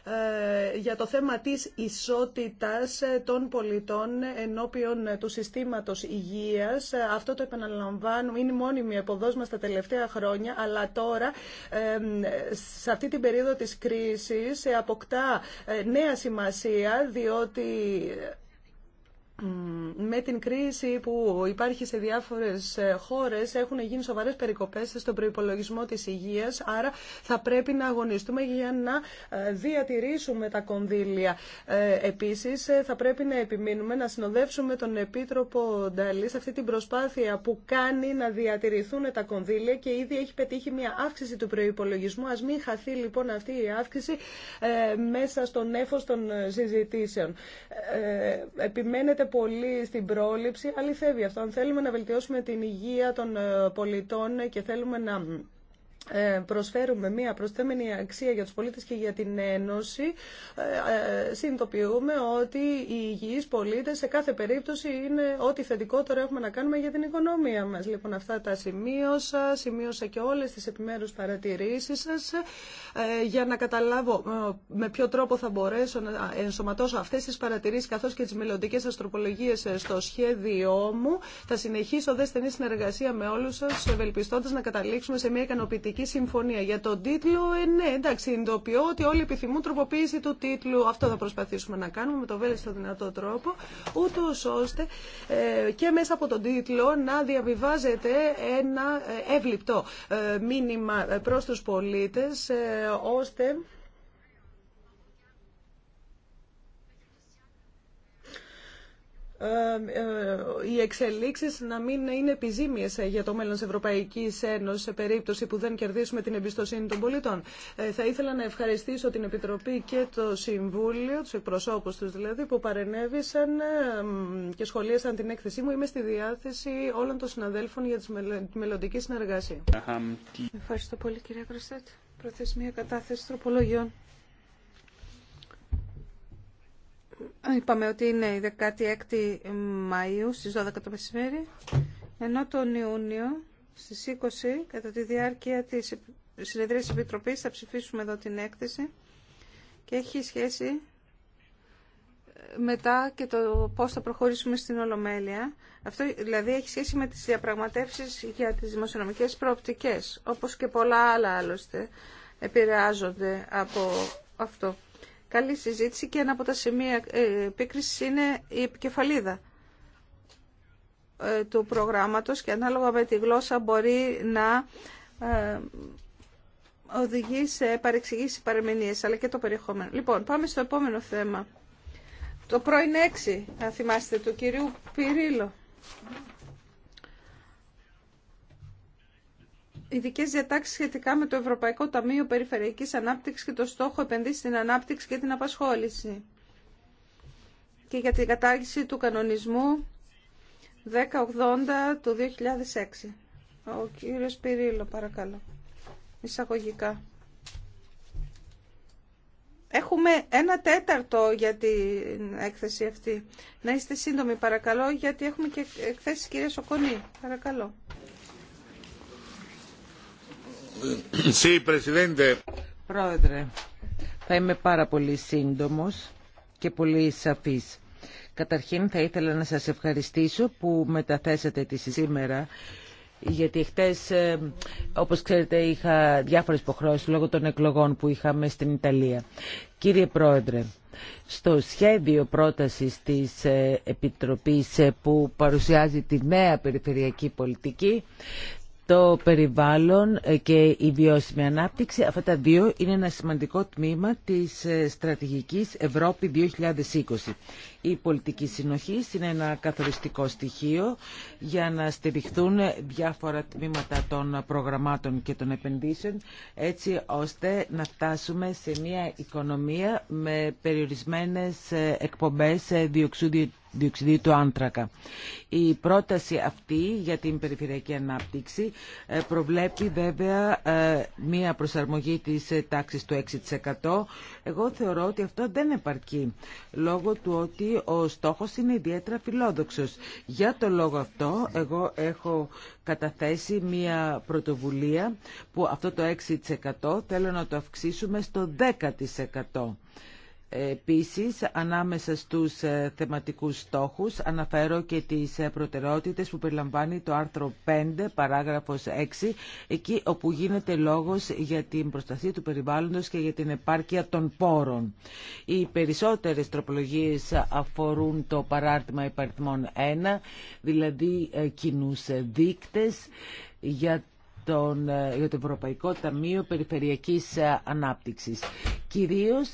ε, για το θέμα της ισότητας ε, των πολιτών ενώπιον ε, του συστήματος υγείας. Αυτό το επαναλαμβάνουμε, είναι η μόνιμη εποδός μας τα τελευταία χρόνια, αλλά τώρα σε αυτή την περίοδο της κρίσης αποκτά νέα σημασία, διότι με την κρίση που υπάρχει σε διάφορες ε, χώρες έχουν γίνει σοβαρές περικοπές στον προϋπολογισμό της υγείας άρα θα πρέπει να αγωνιστούμε για να ε, διατηρήσουμε τα κονδύλια. Ε, επίσης θα πρέπει να επιμείνουμε να συνοδεύσουμε τον Επίτροπο Νταλή σε αυτή την προσπάθεια που κάνει να διατηρηθούν τα κονδύλια και ήδη έχει πετύχει μια αύξηση του προϋπολογισμού. Ας μην χαθεί λοιπόν αυτή η αύξηση μέσα στον έφος των συζητήσεων. Επιμένετε πολύ στην πρόληψη. Αληθεύει αυτό. Αν θέλουμε να βελτιώσουμε την υγεία των ε, πολιτών και θέλουμε να ε, προσφέρουμε μία προσθέμενη αξία για τους πολίτες και για την Ένωση, ε, ε, συνειδητοποιούμε ότι οι υγιείς πολίτες σε κάθε περίπτωση είναι ό,τι θετικότερο έχουμε να κάνουμε για την οικονομία μας. Λοιπόν, αυτά τα σημείωσα, σημείωσα και όλες τις επιμέρους παρατηρήσεις σας για να καταλάβω με ποιο τρόπο θα μπορέσω να ενσωματώσω αυτές τις παρατηρήσεις καθώς και τις μελλοντικέ αστροπολογίες στο σχέδιό μου. Θα συνεχίσω δε στενή συνεργασία με όλους σας, ευελπιστώντας να καταλήξουμε σε μια ικανοποιητική Συμφωνία. Για τον τίτλο, ε, ναι, εντάξει, συνειδητοποιώ ότι όλοι επιθυμούν τροποποίηση του τίτλου. Αυτό θα προσπαθήσουμε να κάνουμε με το βέλτιστο δυνατό τρόπο, ούτω ώστε ε, και μέσα από τον τίτλο να διαβιβάζεται ένα ε, εύληπτο ε, μήνυμα ε, προς τους πολίτες, ώστε Ε, ε, οι εξελίξεις να μην είναι επιζήμιες ε, για το μέλλον της Ευρωπαϊκής Ένωσης σε περίπτωση που δεν κερδίσουμε την εμπιστοσύνη των πολιτών. Θα ήθελα να ευχαριστήσω την Επιτροπή και το Συμβούλιο, τους εκπροσώπους τους δηλαδή, που παρενέβησαν και σχολίασαν την έκθεσή μου. Είμαι στη διάθεση όλων των συναδέλφων για τη μελλοντική συνεργασία. Ευχαριστώ πολύ κυρία Κροσέτ. Προθεσμία κατάθεση τροπολογιών. Είπαμε ότι είναι η 16η Μαΐου στις 12 το μεσημέρι, ενώ τον Ιούνιο στις 20, κατά τη διάρκεια της συνεδρίας Επιτροπής, θα ψηφίσουμε εδώ την έκθεση και έχει σχέση ε, μετά και το πώς θα προχωρήσουμε στην Ολομέλεια. Αυτό δηλαδή έχει σχέση με τις διαπραγματεύσεις για τις δημοσιονομικές προοπτικές, όπως και πολλά άλλα άλλωστε επηρεάζονται από αυτό καλή συζήτηση και ένα από τα σημεία ε, επίκρισης είναι η επικεφαλίδα ε, του προγράμματος και ανάλογα με τη γλώσσα μπορεί να ε, οδηγεί σε παρεξηγήσει παρεμηνίες, αλλά και το περιεχόμενο. Λοιπόν, πάμε στο επόμενο θέμα. Το πρώην έξι, αν θυμάστε, του κυρίου Πυρίλο. ειδικέ διατάξει σχετικά με το Ευρωπαϊκό Ταμείο Περιφερειακής Ανάπτυξης και το στόχο επενδύσει στην ανάπτυξη και την απασχόληση και για την κατάργηση του κανονισμού 1080 του 2006. Ο κύριος Πυρίλο, παρακαλώ. Εισαγωγικά. Έχουμε ένα τέταρτο για την έκθεση αυτή. Να είστε σύντομοι, παρακαλώ, γιατί έχουμε και εκθέσει κυρία Σοκονή. Παρακαλώ. Πρόεδρε, θα είμαι πάρα πολύ σύντομος και πολύ σαφής. Καταρχήν θα ήθελα να σας ευχαριστήσω που μεταθέσατε τη σήμερα γιατί χτες, ε, όπως ξέρετε, είχα διάφορες υποχρεώσεις λόγω των εκλογών που είχαμε στην Ιταλία. Κύριε Πρόεδρε, στο σχέδιο πρότασης της ε, Επιτροπής ε, που παρουσιάζει τη νέα περιφερειακή πολιτική το περιβάλλον ε, και η βιώσιμη ανάπτυξη. Αυτά τα δύο είναι ένα σημαντικό τμήμα της ε, στρατηγικής Ευρώπη 2020. Η πολιτική συνοχή είναι ένα καθοριστικό στοιχείο για να στηριχθούν διάφορα τμήματα των προγραμμάτων και των επενδύσεων έτσι ώστε να φτάσουμε σε μια οικονομία με περιορισμένες ε, εκπομπές διοξούδιου διοξιδίου άνθρακα. Η πρόταση αυτή για την περιφερειακή ανάπτυξη ε, προβλέπει βέβαια ε, μία προσαρμογή της ε, τάξης του 6%. Εγώ θεωρώ ότι αυτό δεν επαρκεί λόγω του ότι ο στόχος είναι ιδιαίτερα φιλόδοξος. Για το λόγο αυτό εγώ έχω καταθέσει μία πρωτοβουλία που αυτό το 6% θέλω να το αυξήσουμε στο 10%. Επίσης, ανάμεσα στους ε, θεματικούς στόχους αναφέρω και τις ε, προτεραιότητες που περιλαμβάνει το άρθρο 5, παράγραφος 6, εκεί όπου γίνεται λόγος για την προστασία του περιβάλλοντος και για την επάρκεια των πόρων. Οι περισσότερες τροπολογίες αφορούν το παράρτημα υπαριθμών 1, δηλαδή ε, κοινού δείκτες για τον, για το Ευρωπαϊκό Ταμείο Περιφερειακής Ανάπτυξης. Κυρίως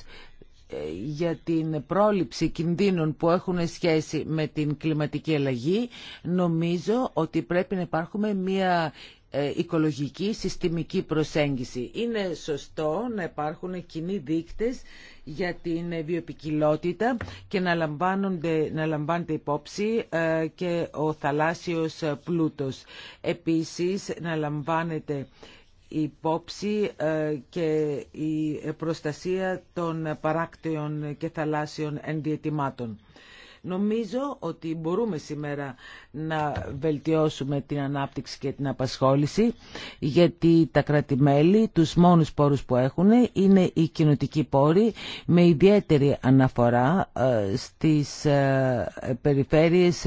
για την πρόληψη κινδύνων που έχουν σχέση με την κλιματική αλλαγή, νομίζω ότι πρέπει να υπάρχουμε μια ε, οικολογική συστημική προσέγγιση. Είναι σωστό να υπάρχουν κοινοί δείκτες για την βιοπικιλότητα και να, λαμβάνονται, να λαμβάνεται υπόψη ε, και ο θαλάσσιος πλούτος. Επίσης, να λαμβάνεται υπόψη ε, και η προστασία των παράκτειων και θαλάσσιων ενδιαιτημάτων. Νομίζω ότι μπορούμε σήμερα να βελτιώσουμε την ανάπτυξη και την απασχόληση γιατί τα κρατημέλη, τους μόνους πόρους που έχουν είναι οι κοινοτικοί πόροι με ιδιαίτερη αναφορά ε, στις ε, περιφέρειες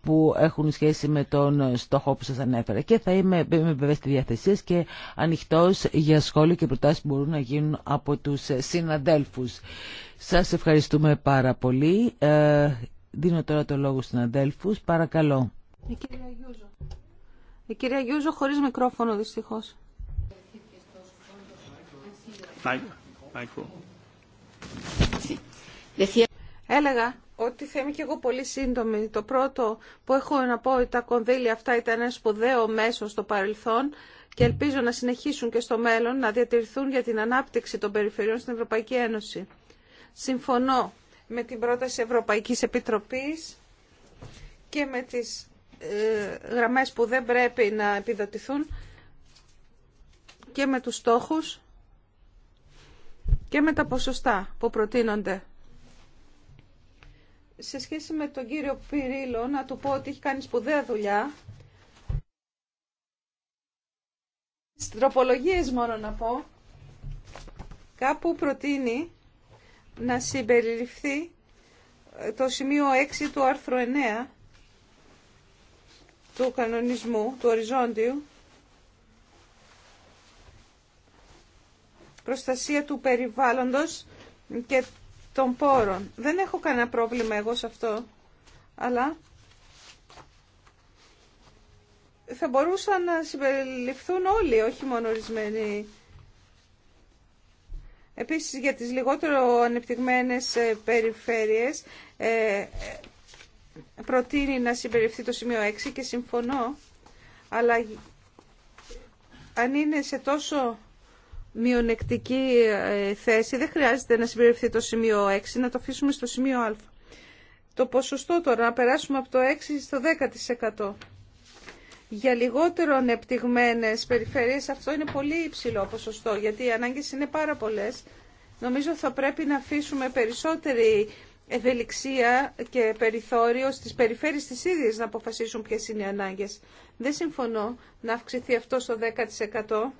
που έχουν σχέση με τον στόχο που σας ανέφερα. Και θα είμαι βέβαια στη διαθεσία και ανοιχτός για σχόλια και προτάσεις που μπορούν να γίνουν από τους συναδέλφους. Σας ευχαριστούμε πάρα πολύ. Ε, δίνω τώρα το λόγο στους συναδέλφους. Παρακαλώ. Η κυρία Γιούζο. Η κυρία Γιούζο χωρίς μικρόφωνο δυστυχώς. Έλεγα ότι θα είμαι και εγώ πολύ σύντομη. Το πρώτο που έχω να πω ότι τα κονδύλια αυτά ήταν ένα σπουδαίο μέσο στο παρελθόν και ελπίζω να συνεχίσουν και στο μέλλον να διατηρηθούν για την ανάπτυξη των περιφερειών στην Ευρωπαϊκή Ένωση. Συμφωνώ με την πρόταση Ευρωπαϊκής Επιτροπής και με τις ε, γραμμές που δεν πρέπει να επιδοτηθούν και με τους στόχους και με τα ποσοστά που προτείνονται σε σχέση με τον κύριο Πυρίλο να του πω ότι έχει κάνει σπουδαία δουλειά. Στροπολογίες μόνο να πω. Κάπου προτείνει να συμπεριληφθεί ε, το σημείο 6 του άρθρου 9 του κανονισμού, του οριζόντιου, προστασία του περιβάλλοντος και των πόρων. Δεν έχω κανένα πρόβλημα εγώ σε αυτό, αλλά θα μπορούσαν να συμπεριληφθούν όλοι, όχι μόνο ορισμένοι. Επίσης για τις λιγότερο ανεπτυγμένες ε, περιφέρειες ε, προτείνει να συμπεριφθεί το σημείο 6 και συμφωνώ, αλλά αν είναι σε τόσο μειονεκτική ε, θέση. Δεν χρειάζεται να συμπεριφθεί το σημείο 6, να το αφήσουμε στο σημείο α. Το ποσοστό τώρα, να περάσουμε από το 6% στο 10%. Για λιγότερο ανεπτυγμένες περιφέρειες αυτό είναι πολύ υψηλό ποσοστό, γιατί οι ανάγκες είναι πάρα πολλές. Νομίζω θα πρέπει να αφήσουμε περισσότερη ευελιξία και περιθώριο στις περιφέρειες της ίδιας να αποφασίσουν ποιες είναι οι ανάγκες. Δεν συμφωνώ να αυξηθεί αυτό στο 10%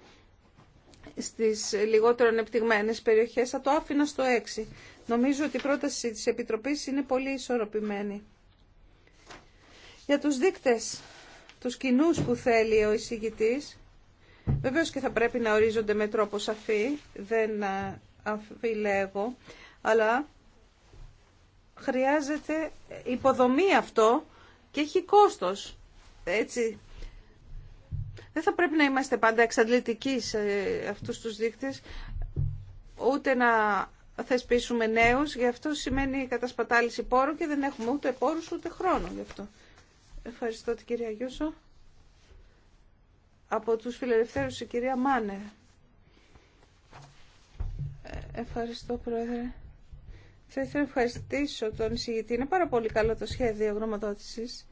στις λιγότερο ανεπτυγμένες περιοχές, θα το άφηνα στο 6. Νομίζω ότι η πρόταση της Επιτροπής είναι πολύ ισορροπημένη. Για τους δείκτες, τους κοινού που θέλει ο εισηγητής, βεβαίως και θα πρέπει να ορίζονται με τρόπο σαφή, δεν ε, αμφιλέγω, αλλά χρειάζεται υποδομή αυτό και έχει κόστος. Έτσι, δεν θα πρέπει να είμαστε πάντα εξαντλητικοί σε αυτούς τους δείκτες, ούτε να θεσπίσουμε νέους, γι' αυτό σημαίνει κατασπατάληση πόρου και δεν έχουμε ούτε πόρους ούτε χρόνο γι' αυτό. Ευχαριστώ την κυρία Γιούσο. Από τους φιλελευθέρους η κυρία Μάνε. Ε, ευχαριστώ πρόεδρε. Θα ήθελα να ευχαριστήσω τον εισηγητή. Είναι πάρα πολύ καλό το σχέδιο γνωματότησης.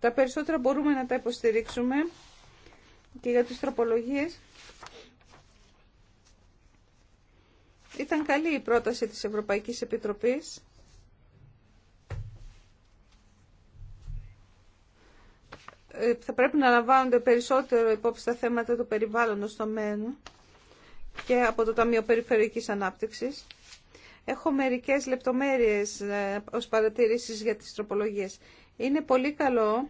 Τα περισσότερα μπορούμε να τα υποστηρίξουμε και για τις τροπολογίες. Ήταν καλή η πρόταση της Ευρωπαϊκής Επιτροπής. Ε, θα πρέπει να λαμβάνονται περισσότερο υπόψη τα θέματα του περιβάλλοντος στο ΜΕΝ και από το Ταμείο Περιφερειακής Ανάπτυξης. Έχω μερικές λεπτομέρειες ε, ως παρατηρήσεις για τις τροπολογίες. Είναι πολύ καλό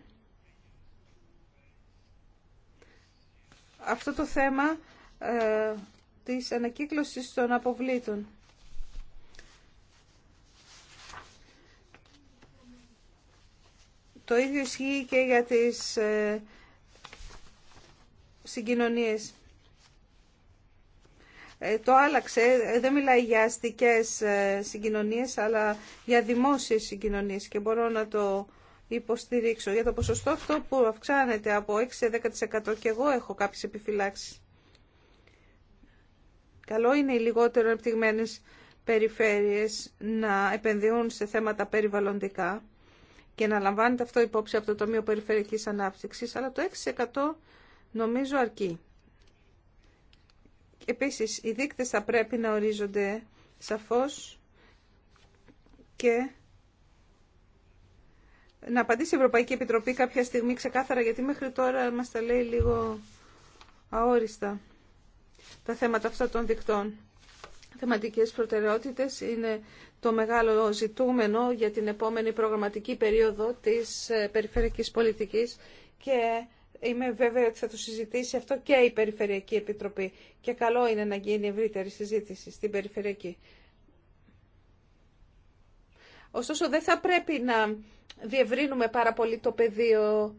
αυτό το θέμα ε, της ανακύκλωσης των αποβλήτων. Το ίδιο ισχύει και για τις ε, συγκοινωνίες. Ε, το άλλαξε, ε, δεν μιλάει για αστικές ε, συγκοινωνίες, αλλά για δημόσιες συγκοινωνίες και μπορώ να το υποστηρίξω. Για το ποσοστό αυτό που αυξάνεται από 6 10% και εγώ έχω κάποιες επιφυλάξεις. Καλό είναι οι λιγότερο επιτυγμένες περιφέρειες να επενδύουν σε θέματα περιβαλλοντικά και να λαμβάνεται αυτό υπόψη από το Τομείο Περιφερειακής Ανάπτυξης, αλλά το 6% νομίζω αρκεί. Επίσης, οι δείκτες θα πρέπει να ορίζονται σαφώς και να απαντήσει η Ευρωπαϊκή Επιτροπή κάποια στιγμή ξεκάθαρα, γιατί μέχρι τώρα μας τα λέει λίγο αόριστα τα θέματα αυτά των δικτών. Θεματικές προτεραιότητες είναι το μεγάλο ζητούμενο για την επόμενη προγραμματική περίοδο της ε, περιφερειακής πολιτικής και είμαι βέβαια ότι θα το συζητήσει αυτό και η Περιφερειακή Επιτροπή και καλό είναι να γίνει ευρύτερη συζήτηση στην Περιφερειακή. Ωστόσο δεν θα πρέπει να διευρύνουμε πάρα πολύ το πεδίο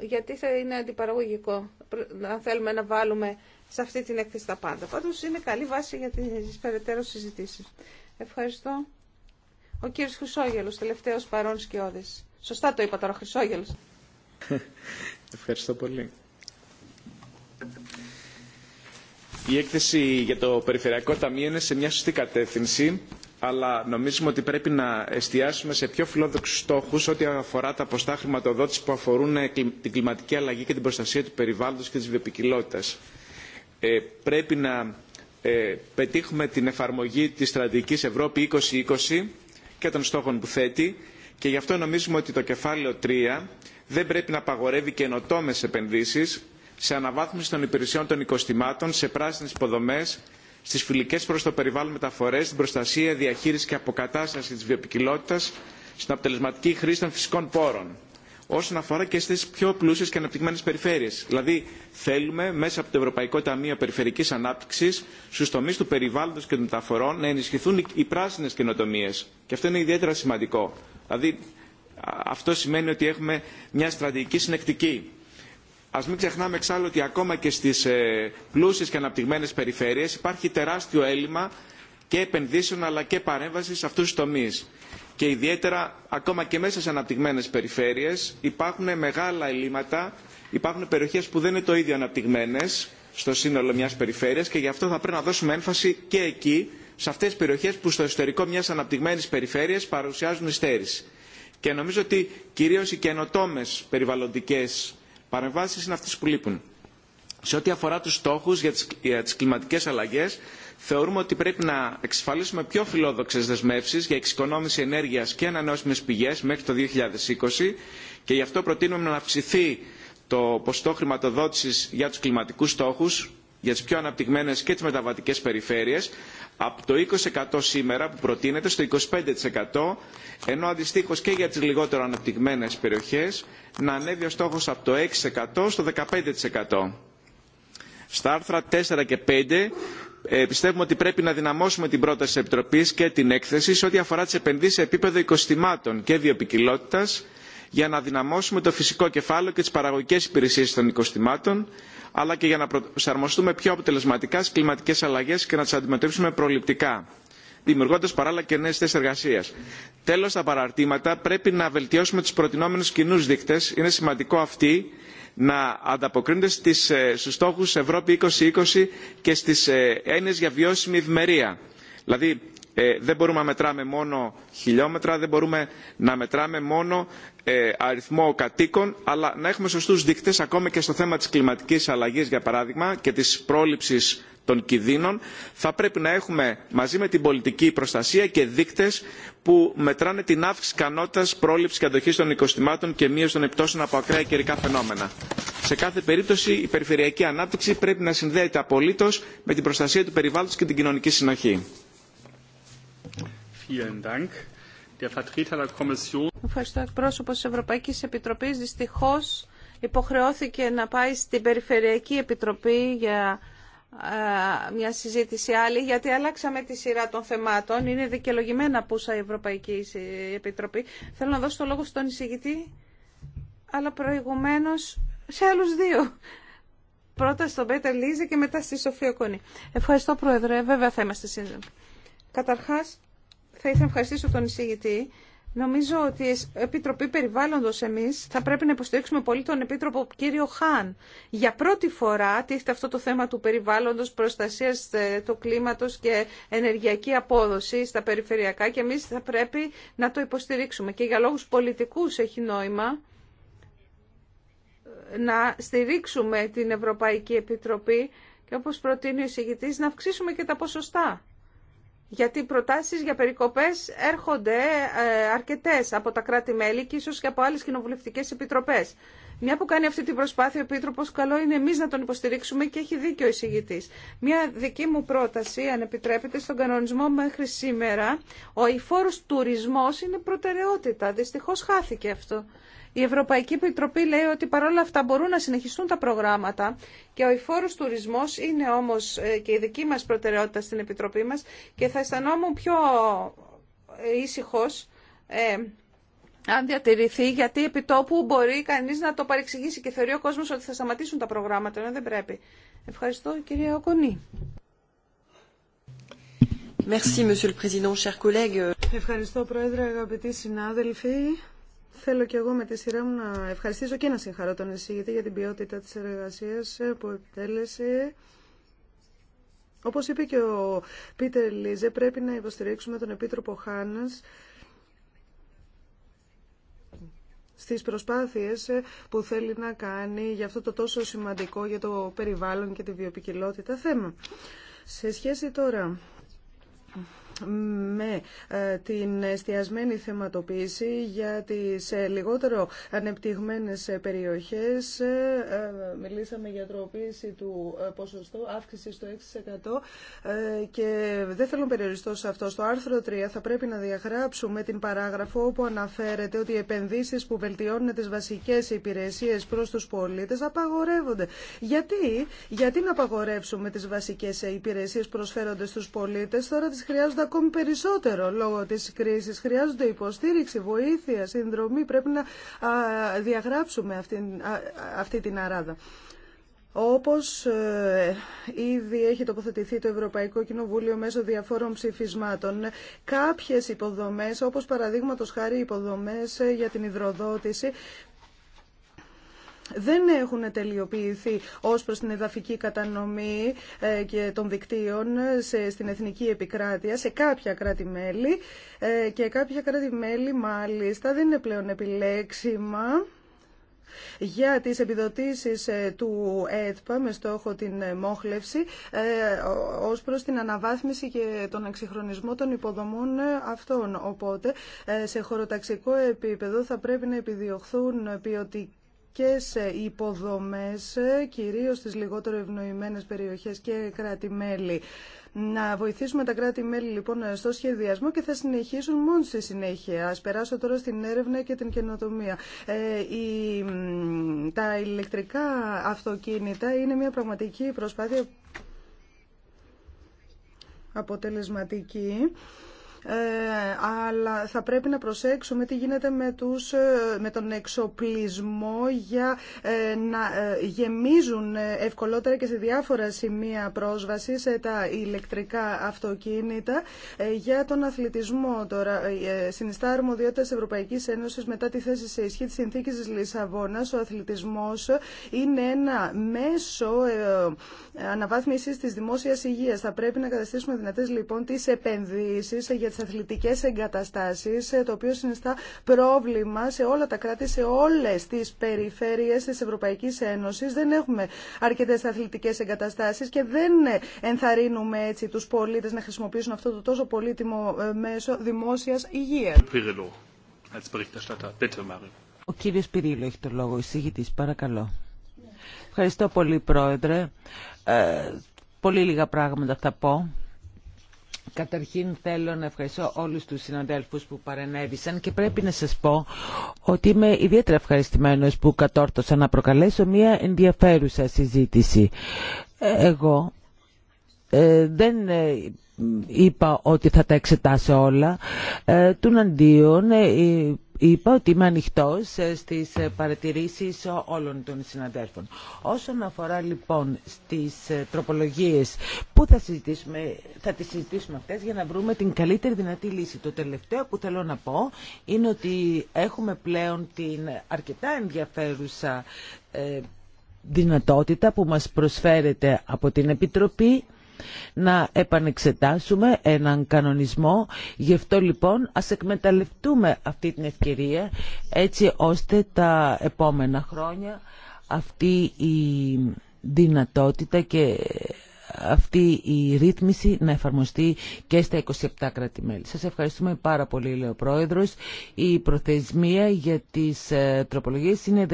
γιατί θα είναι αντιπαραγωγικό να θέλουμε να βάλουμε σε αυτή την έκθεση τα πάντα. Πάντως είναι καλή βάση για τις περαιτέρω συζητήσεις. Ευχαριστώ. Ο κύριος Χρυσόγελος, τελευταίος παρόν σκιώδης. Σωστά το είπα τώρα, Χρυσόγελος. Ευχαριστώ πολύ. Η έκθεση για το Περιφερειακό Ταμείο είναι σε μια σωστή κατεύθυνση αλλά νομίζουμε ότι πρέπει να εστιάσουμε σε πιο φιλόδοξου στόχους ό,τι αφορά τα ποστά χρηματοδότηση που αφορούν ε, την κλιματική αλλαγή και την προστασία του περιβάλλοντος και τη βιοπικιλότητα. Ε, πρέπει να ε, πετύχουμε την εφαρμογή τη στρατηγικη Ευρώπη 2020 και των στόχων που θέτει και γι' αυτό νομίζουμε ότι το κεφάλαιο 3 δεν πρέπει να απαγορεύει καινοτόμε επενδύσει σε αναβάθμιση των υπηρεσιών των οικοστημάτων, σε πράσινε υποδομέ. Στι φιλικέ προ το περιβάλλον μεταφορέ, στην προστασία, διαχείριση και αποκατάσταση τη βιοπικιλότητα, στην αποτελεσματική χρήση των φυσικών πόρων όσον αφορά και στι πιο πλούσιε και αναπτυγμένε περιφέρειε. Δηλαδή θέλουμε μέσα από το Ευρωπαϊκό Ταμείο Περιφερική ανάπτυξη, στου τομεί του περιβάλλοντο και των μεταφορών να ενισχυθούν οι πράσινε καινοτομίε. Και αυτό είναι ιδιαίτερα σημαντικό. Δηλαδή αυτό σημαίνει ότι έχουμε μια στρατηγική συνεκτική Α μην ξεχνάμε εξάλλου ότι ακόμα και στι ε, πλούσιε και αναπτυγμένε περιφέρειε υπάρχει τεράστιο έλλειμμα και επενδύσεων αλλά και παρέμβαση σε αυτού του τομεί. Και ιδιαίτερα ακόμα και μέσα σε αναπτυγμένε περιφέρειε υπάρχουν μεγάλα ελλείμματα, υπάρχουν περιοχέ που δεν είναι το ίδιο αναπτυγμένε στο σύνολο μια περιφέρεια και γι' αυτό θα πρέπει να δώσουμε έμφαση και εκεί, σε αυτέ τι περιοχέ που στο εσωτερικό μια αναπτυγμένη περιφέρεια παρουσιάζουν υστέρηση. Και νομίζω ότι κυρίω οι καινοτόμε περιβαλλοντικέ παρεμβάσεις είναι αυτέ που λείπουν. Σε ό,τι αφορά του στόχου για τι κλιματικέ αλλαγέ, θεωρούμε ότι πρέπει να εξασφαλίσουμε πιο φιλόδοξε δεσμεύσει για εξοικονόμηση ενέργεια και ανανεώσιμε πηγέ μέχρι το 2020 και γι' αυτό προτείνουμε να αυξηθεί το ποστό χρηματοδότηση για του κλιματικού στόχου για τις πιο αναπτυγμένες και τις μεταβατικές περιφέρειες από το 20% σήμερα που προτείνεται στο 25% ενώ αντιστοίχως και για τις λιγότερο αναπτυγμένες περιοχές να ανέβει ο στόχος από το 6% στο 15%. Στα άρθρα 4 και 5 ε, πιστεύουμε ότι πρέπει να δυναμώσουμε την πρόταση της Επιτροπής και την έκθεση σε ό,τι αφορά τις επενδύσεις σε επίπεδο οικοστημάτων και βιοπικιλότητας για να δυναμώσουμε το φυσικό κεφάλαιο και τις παραγωγικές υπηρεσίες των οικοστημάτων αλλά και για να προσαρμοστούμε πιο αποτελεσματικά στι κλιματικέ αλλαγέ και να τι αντιμετωπίσουμε προληπτικά, δημιουργώντα παράλληλα και νέε θέσει εργασία. Τέλο, τα παραρτήματα πρέπει να βελτιώσουμε του προτινόμενου κοινού δείκτε. Είναι σημαντικό αυτοί να ανταποκρίνονται ε, στου στόχου Ευρώπη 2020 και στι ε, έννοιε για βιώσιμη ευημερία. Δηλαδή, ε, δεν μπορούμε να μετράμε μόνο χιλιόμετρα, δεν μπορούμε να μετράμε μόνο ε, αριθμό κατοίκων, αλλά να έχουμε σωστούς δείκτες ακόμα και στο θέμα της κλιματικής αλλαγής, για παράδειγμα, και της πρόληψης των κινδύνων, θα πρέπει να έχουμε μαζί με την πολιτική προστασία και δείκτες που μετράνε την αύξηση ικανότητας πρόληψης και αντοχής των οικοστημάτων και μείωση των επιπτώσεων από ακραία καιρικά φαινόμενα. Σε κάθε περίπτωση η περιφερειακή ανάπτυξη πρέπει να συνδέεται απολύτως με την προστασία του περιβάλλοντος και την κοινωνική συνοχή. Vielen Dank. Der Vertreter der Kommission... Ευχαριστώ. υποχρεώθηκε να πάει στην Περιφερειακή Επιτροπή για ε, μια συζήτηση άλλη, γιατί αλλάξαμε τη σειρά των θεμάτων. Είναι δικαιολογημένα που η Ευρωπαϊκή Επιτροπή. Θέλω να δώσω το λόγο στον εισηγητή, αλλά προηγουμένω σε άλλου δύο. Πρώτα στον Πέτερ Λίζε και μετά στη Σοφία Κονή. Ευχαριστώ, Πρόεδρε. Βέβαια θα είμαστε σύντομοι. Καταρχάς, θα ήθελα να ευχαριστήσω τον εισηγητή. Νομίζω ότι η Επιτροπή περιβάλλοντο εμεί θα πρέπει να υποστηρίξουμε πολύ τον Επίτροπο κύριο Χάν. Για πρώτη φορά τίθεται αυτό το θέμα του περιβάλλοντο προστασία ε, του κλίματο και ενεργειακή απόδοση στα περιφερειακά και εμεί θα πρέπει να το υποστηρίξουμε. Και για λόγου πολιτικού έχει νόημα να στηρίξουμε την Ευρωπαϊκή Επιτροπή και όπως προτείνει ο εισηγητής να αυξήσουμε και τα ποσοστά γιατί προτάσεις για περικοπές έρχονται ε, αρκετές από τα κράτη-μέλη και ίσως και από άλλες κοινοβουλευτικές επιτροπές. Μια που κάνει αυτή την προσπάθεια ο Επίτροπος, καλό είναι εμείς να τον υποστηρίξουμε και έχει δίκιο ο εισηγητής. Μια δική μου πρόταση, αν επιτρέπετε, στον κανονισμό μέχρι σήμερα, ο υφόρος τουρισμός είναι προτεραιότητα. Δυστυχώς χάθηκε αυτό. Η Ευρωπαϊκή Επιτροπή λέει ότι παρόλα αυτά μπορούν να συνεχιστούν τα προγράμματα και ο υφόρο τουρισμό είναι όμως ε, και η δική μας προτεραιότητα στην Επιτροπή μας και θα αισθανόμουν πιο ε, ήσυχο ε, αν διατηρηθεί, γιατί επί τόπου μπορεί κανείς να το παρεξηγήσει και θεωρεί ο κόσμος ότι θα σταματήσουν τα προγράμματα, ενώ δεν πρέπει. Ευχαριστώ, κυρία Οκονή. Ευχαριστώ, Πρόεδρε, αγαπητοί συνάδελφοι. Θέλω και εγώ με τη σειρά μου να ευχαριστήσω και να συγχαρώ τον εισηγητή για την ποιότητα της εργασίας που επιτέλεσε. Όπως είπε και ο Πίτερ Λίζε, πρέπει να υποστηρίξουμε τον Επίτροπο Χάνας στις προσπάθειες που θέλει να κάνει για αυτό το τόσο σημαντικό για το περιβάλλον και τη βιοπικιλότητα θέμα. Σε σχέση τώρα με ε, την εστιασμένη θεματοποίηση για τις ε, λιγότερο ανεπτυγμένες περιοχές. Ε, μιλήσαμε για τροποίηση του ποσοστού, αύξηση στο 6% και δεν θέλω να περιοριστώ σε αυτό. Στο άρθρο 3 θα πρέπει να διαγράψουμε την παράγραφο όπου αναφέρεται ότι οι επενδύσεις που βελτιώνουν τις βασικές υπηρεσίες προς τους πολίτες απαγορεύονται. Γιατί, Γιατί να απαγορεύσουμε τις βασικές υπηρεσίες προσφέρονται στους πολίτες, τώρα τις χρειάζονται ακόμη περισσότερο λόγω της κρίσης. Χρειάζονται υποστήριξη, βοήθεια, συνδρομή. Πρέπει να διαγράψουμε αυτή, την αράδα. Όπως ε, ήδη έχει τοποθετηθεί το Ευρωπαϊκό Κοινοβούλιο μέσω διαφόρων ψηφισμάτων, κάποιες υποδομές, όπως παραδείγματος χάρη υποδομές για την υδροδότηση, δεν έχουν τελειοποιηθεί ως προς την εδαφική κατανομή ε, και των δικτύων ε, στην εθνική επικράτεια, σε κάποια κράτη-μέλη ε, και κάποια κράτη-μέλη μάλιστα δεν είναι πλέον επιλέξιμα για τις επιδοτήσεις του ΕΤΠΑ με στόχο την μόχλευση ως προς την αναβάθμιση και τον εξυγχρονισμό των υποδομών αυτών. Οπότε σε χωροταξικό επίπεδο θα πρέπει να επιδιωχθούν ποιοτικά και σε υποδομές, κυρίως στις λιγότερο ευνοημένες περιοχές και κράτη-μέλη. Να βοηθήσουμε τα κράτη-μέλη λοιπόν στο σχεδιασμό και θα συνεχίσουν μόνο στη συνέχεια. Ας περάσω τώρα στην έρευνα και την καινοτομία. Ε, τα ηλεκτρικά αυτοκίνητα είναι μια πραγματική προσπάθεια αποτελεσματική. Ε, αλλά θα πρέπει να προσέξουμε τι γίνεται με, τους, ε, με τον εξοπλισμό για ε, να γεμίζουν ευκολότερα και σε διάφορα σημεία πρόσβαση σε τα ηλεκτρικά αυτοκίνητα. Για τον αθλητισμό τώρα, συνιστά αρμοδιότητα της Ευρωπαϊκής Ένωσης μετά τη θέση σε ισχύ της συνθήκης της Λισαβόνας, ο αθλητισμός είναι ένα μέσο αναβάθμισης της δημόσιας υγείας. Θα πρέπει να καταστήσουμε δυνατές λοιπόν τις επενδύσεις για τις αθλητικές εγκαταστάσεις, ε, το οποίο συνιστά πρόβλημα σε όλα τα κράτη, σε όλες τις περιφέρειες της Ευρωπαϊκής Ένωσης. Δεν έχουμε αρκετές αθλητικές εγκαταστάσεις και δεν ενθαρρύνουμε έτσι τους πολίτες να χρησιμοποιήσουν αυτό το τόσο πολύτιμο ε, μέσο δημόσιας υγείας. Ο κύριος Πυρίλο έχει το λόγο, εισηγητής, παρακαλώ. Ευχαριστώ πολύ, Πρόεδρε. Ε, πολύ λίγα πράγματα θα πω. Καταρχήν θέλω να ευχαριστώ όλους τους συναδέλφους που παρενέβησαν και πρέπει να σας πω ότι είμαι ιδιαίτερα ευχαριστημένος που κατόρθωσα να προκαλέσω μια ενδιαφέρουσα συζήτηση. Εγώ ε, δεν ε, είπα ότι θα τα εξετάσω όλα. Ε, αντίον... Ε, είπα ότι είμαι ανοιχτό ε, στις ε, παρατηρήσεις όλων των συναδέλφων. Όσον αφορά λοιπόν στις ε, τροπολογίες που θα συζητήσουμε, θα τις συζητήσουμε αυτές για να βρούμε την καλύτερη δυνατή λύση. Το τελευταίο που θέλω να πω είναι ότι έχουμε πλέον την αρκετά ενδιαφέρουσα δυνατότητα που μας προσφέρεται από την Επιτροπή να επανεξετάσουμε έναν κανονισμό. Γι' αυτό λοιπόν ας εκμεταλλευτούμε αυτή την ευκαιρία έτσι ώστε τα επόμενα χρόνια αυτή η δυνατότητα και αυτή η ρύθμιση να εφαρμοστεί και στα 27 κράτη-μέλη. Σας ευχαριστούμε πάρα πολύ, λέει ο Πρόεδρος. Η προθεσμία για τις ε, τροπολογίες είναι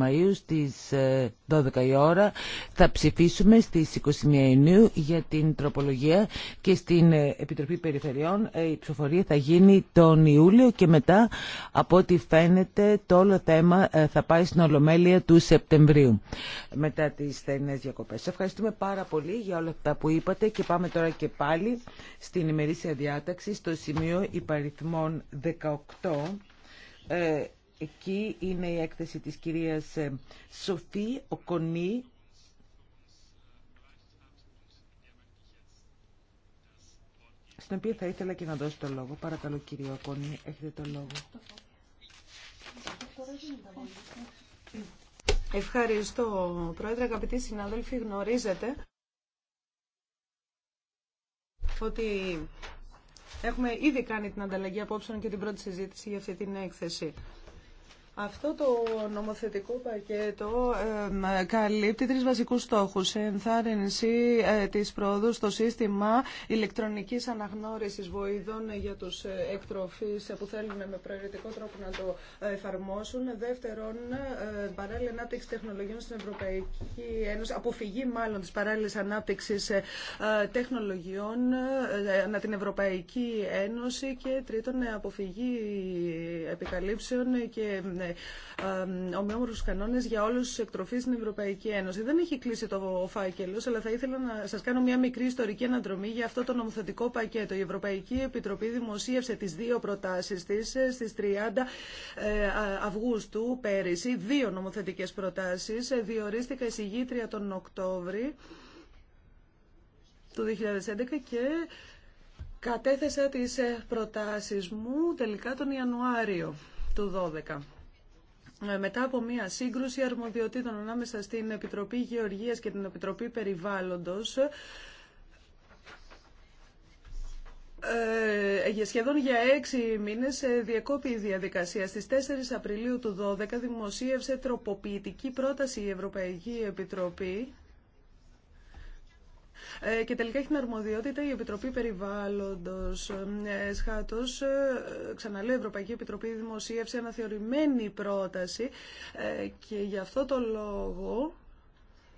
Μαΐου στις 12 ε, η ώρα. Θα ψηφίσουμε στις 21 Ιουνίου για την τροπολογία και στην ε, Επιτροπή Περιφερειών η ψηφοφορία θα γίνει τον Ιούλιο και μετά από ό,τι φαίνεται το όλο θέμα θα πάει στην Ολομέλεια του Σεπτεμβρίου μετά τις θερινές διακοπές. ευχαριστούμε πάρα πολύ πολύ για όλα αυτά που είπατε και πάμε τώρα και πάλι στην ημερήσια διάταξη στο σημείο υπαριθμών 18. Ε, εκεί είναι η έκθεση της κυρίας ε, Σοφή Οκονή στην οποία θα ήθελα και να δώσω το λόγο. Παρακαλώ κυρία Οκονή, έχετε το λόγο. Ευχαριστώ, Πρόεδρε. Αγαπητοί συνάδελφοι, γνωρίζετε ότι έχουμε ήδη κάνει την ανταλλαγή απόψεων και την πρώτη συζήτηση για αυτή την έκθεση. Αυτό το νομοθετικό πακέτο καλύπτει τρεις βασικούς στόχους. Ενθάρρυνση ε, της πρόοδου στο σύστημα ηλεκτρονικής αναγνώρισης βοηδών για τους ε, εκτροφείς που θέλουν με προαιρετικό τρόπο να το ε, εφαρμόσουν. Δεύτερον, ε, παράλληλη ανάπτυξη τεχνολογιών στην Ευρωπαϊκή Ένωση, αποφυγή μάλλον της παράλληλης ανάπτυξης ε, τεχνολογιών ανά την Ευρωπαϊκή Ένωση και τρίτον, αποφυγή επικαλύψεων και ε, ομοιόμορου Κανόνε για όλου του εκτροφείς στην Ευρωπαϊκή Ένωση. Δεν έχει κλείσει το φάκελο, αλλά θα ήθελα να σα κάνω μια μικρή ιστορική αναδρομή για αυτό το νομοθετικό πακέτο. Η Ευρωπαϊκή Επιτροπή δημοσίευσε τι δύο προτάσει τη ε, στι 30 ε, Αυγούστου πέρυσι, δύο νομοθετικέ προτάσει. Διορίστηκα εισηγήτρια τον Οκτώβρη του 2011 και κατέθεσα τις προτάσεις μου τελικά τον Ιανουάριο του 2012. Ε, μετά από μια σύγκρουση αρμοδιοτήτων ανάμεσα στην Επιτροπή Γεωργίας και την Επιτροπή Περιβάλλοντος, ε, σχεδόν για έξι μήνες ε, διεκόπη η διαδικασία. Στις 4 Απριλίου του 2012 δημοσίευσε τροποποιητική πρόταση η Ευρωπαϊκή Επιτροπή ε, και τελικά έχει την αρμοδιότητα η Επιτροπή Περιβάλλοντος. ε, ε ξαναλέω, η Ευρωπαϊκή Επιτροπή δημοσίευσε αναθεωρημένη πρόταση ε, και γι' αυτό το λόγο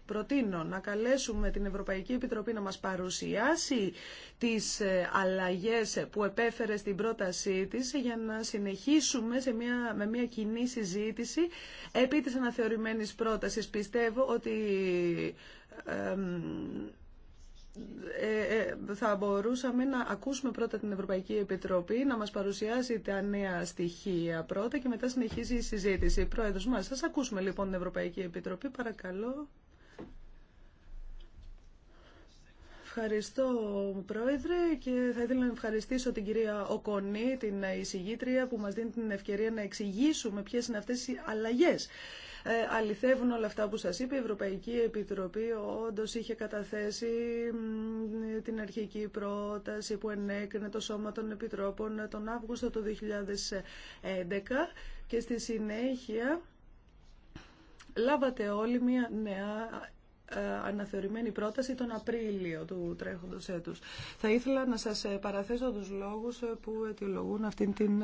προτείνω να καλέσουμε την Ευρωπαϊκή Επιτροπή να μας παρουσιάσει τις αλλαγές που επέφερε στην πρότασή της για να συνεχίσουμε μια, με μια κοινή συζήτηση επί της αναθεωρημένης πρότασης. Πιστεύω ότι... Ε, ε, θα μπορούσαμε να ακούσουμε πρώτα την Ευρωπαϊκή Επιτροπή να μας παρουσιάσει τα νέα στοιχεία πρώτα και μετά συνεχίζει η συζήτηση. Πρόεδρος μας, σας ακούσουμε λοιπόν την Ευρωπαϊκή Επιτροπή, παρακαλώ. Ευχαριστώ, Πρόεδρε, και θα ήθελα να ευχαριστήσω την κυρία Οκονή, την εισηγήτρια, που μας δίνει την ευκαιρία να εξηγήσουμε ποιες είναι αυτές οι αλλαγές ε, αληθεύουν όλα αυτά που σας είπε. Η Ευρωπαϊκή Επιτροπή όντως είχε καταθέσει την αρχική πρόταση που ενέκρινε το Σώμα των Επιτρόπων τον Αύγουστο του 2011 και στη συνέχεια λάβατε όλοι μια νέα ε, αναθεωρημένη πρόταση τον Απρίλιο του τρέχοντος έτους. Θα ήθελα να σας ε, παραθέσω τους λόγους ε, που αιτιολογούν αυτήν την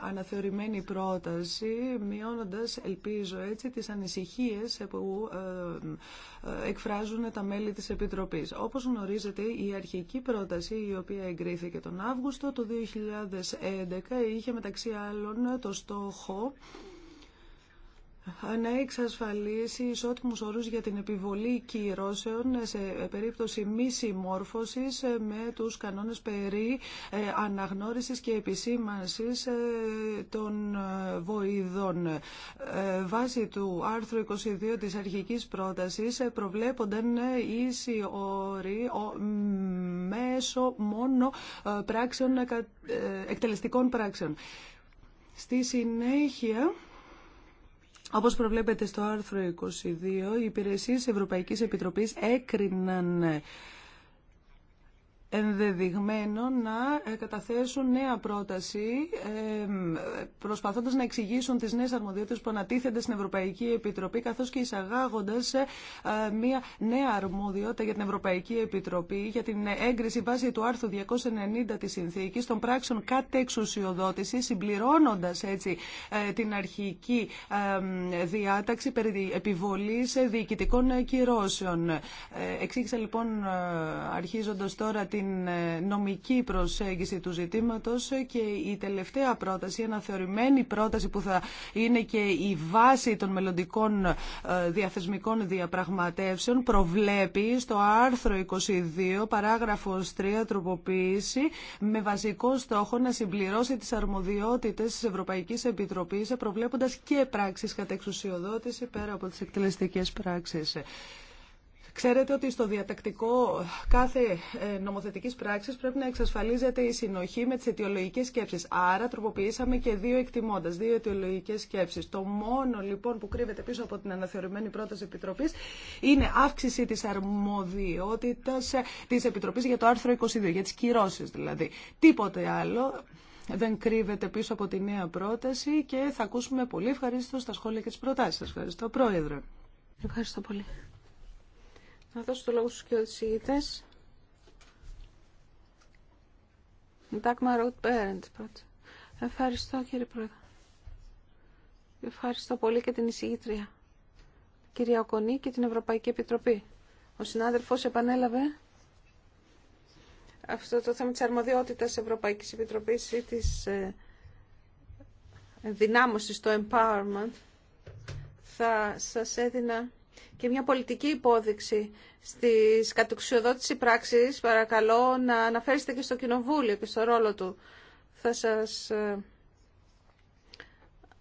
αναθεωρημένη πρόταση, μειώνοντας, ελπίζω έτσι, τις ανησυχίες που εκφράζουν τα μέλη της Επιτροπής. Όπως γνωρίζετε, η αρχική πρόταση, η οποία εγκρίθηκε τον Αύγουστο του 2011, είχε μεταξύ άλλων το στόχο να εξασφαλίσει ισότιμους όρους για την επιβολή κυρώσεων σε περίπτωση μη συμμόρφωσης με τους κανόνες περί ε, αναγνώρισης και επισήμανσης ε, των ε, βοηδών. Βάσει του άρθρου 22 της αρχικής πρότασης προβλέπονταν ίσοι όροι μέσω μόνο πράξεων, εκτελεστικών πράξεων. Στη συνέχεια όπως προβλέπετε στο άρθρο 22, οι υπηρεσίες Ευρωπαϊκής Επιτροπής έκριναν ενδεδειγμένο να ε, καταθέσουν νέα πρόταση ε, προσπαθώντας να εξηγήσουν τις νέες αρμοδιότητες που ανατίθενται στην Ευρωπαϊκή Επιτροπή καθώς και εισαγάγοντας ε, μια νέα αρμοδιότητα για την Ευρωπαϊκή Επιτροπή για την έγκριση βάσει του άρθρου 290 της Συνθήκης των πράξεων εξουσιοδότηση συμπληρώνοντας έτσι την αρχική διάταξη περί επιβολής διοικητικών κυρώσεων. Εξήγησα λοιπόν αρχίζοντας τώρα τη την ε, νομική προσέγγιση του ζητήματος και η τελευταία πρόταση, η αναθεωρημένη πρόταση που θα είναι και η βάση των μελλοντικών ε, διαθεσμικών διαπραγματεύσεων προβλέπει στο άρθρο 22 παράγραφος 3 τροποποίηση με βασικό στόχο να συμπληρώσει τις αρμοδιότητες της Ευρωπαϊκής Επιτροπής προβλέποντας και πράξεις κατεξουσιοδότηση πέρα από τις εκτελεστικές πράξεις. Ξέρετε ότι στο διατακτικό κάθε ε, νομοθετικής πράξης πρέπει να εξασφαλίζεται η συνοχή με τις αιτιολογικές σκέψεις. Άρα τροποποιήσαμε και δύο εκτιμώντα, δύο αιτιολογικές σκέψεις. Το μόνο λοιπόν που κρύβεται πίσω από την αναθεωρημένη πρόταση Επιτροπής είναι αύξηση της αρμοδιότητας ε, της Επιτροπής για το άρθρο 22, για τις κυρώσεις δηλαδή. Τίποτε άλλο δεν κρύβεται πίσω από τη νέα πρόταση και θα ακούσουμε πολύ ευχαρίστω τα σχόλια και τις προτάσεις. Ευχαριστώ Πρόεδρε. Ευχαριστώ πολύ. Θα δώσω το λόγο στους και οδησίγητες. Ευχαριστώ κύριε Πρόεδρε. Ευχαριστώ πολύ και την εισηγήτρια. Κυρία Οκονή και την Ευρωπαϊκή Επιτροπή. Ο συνάδελφος επανέλαβε αυτό το θέμα της αρμοδιότητας Ευρωπαϊκής Επιτροπής ή της ε, δυνάμωσης, το empowerment. Θα σας έδινα και μια πολιτική υπόδειξη στις κατοξιοδότηση πράξης, παρακαλώ να αναφέρεστε και στο Κοινοβούλιο και στο ρόλο του. Θα σας ε,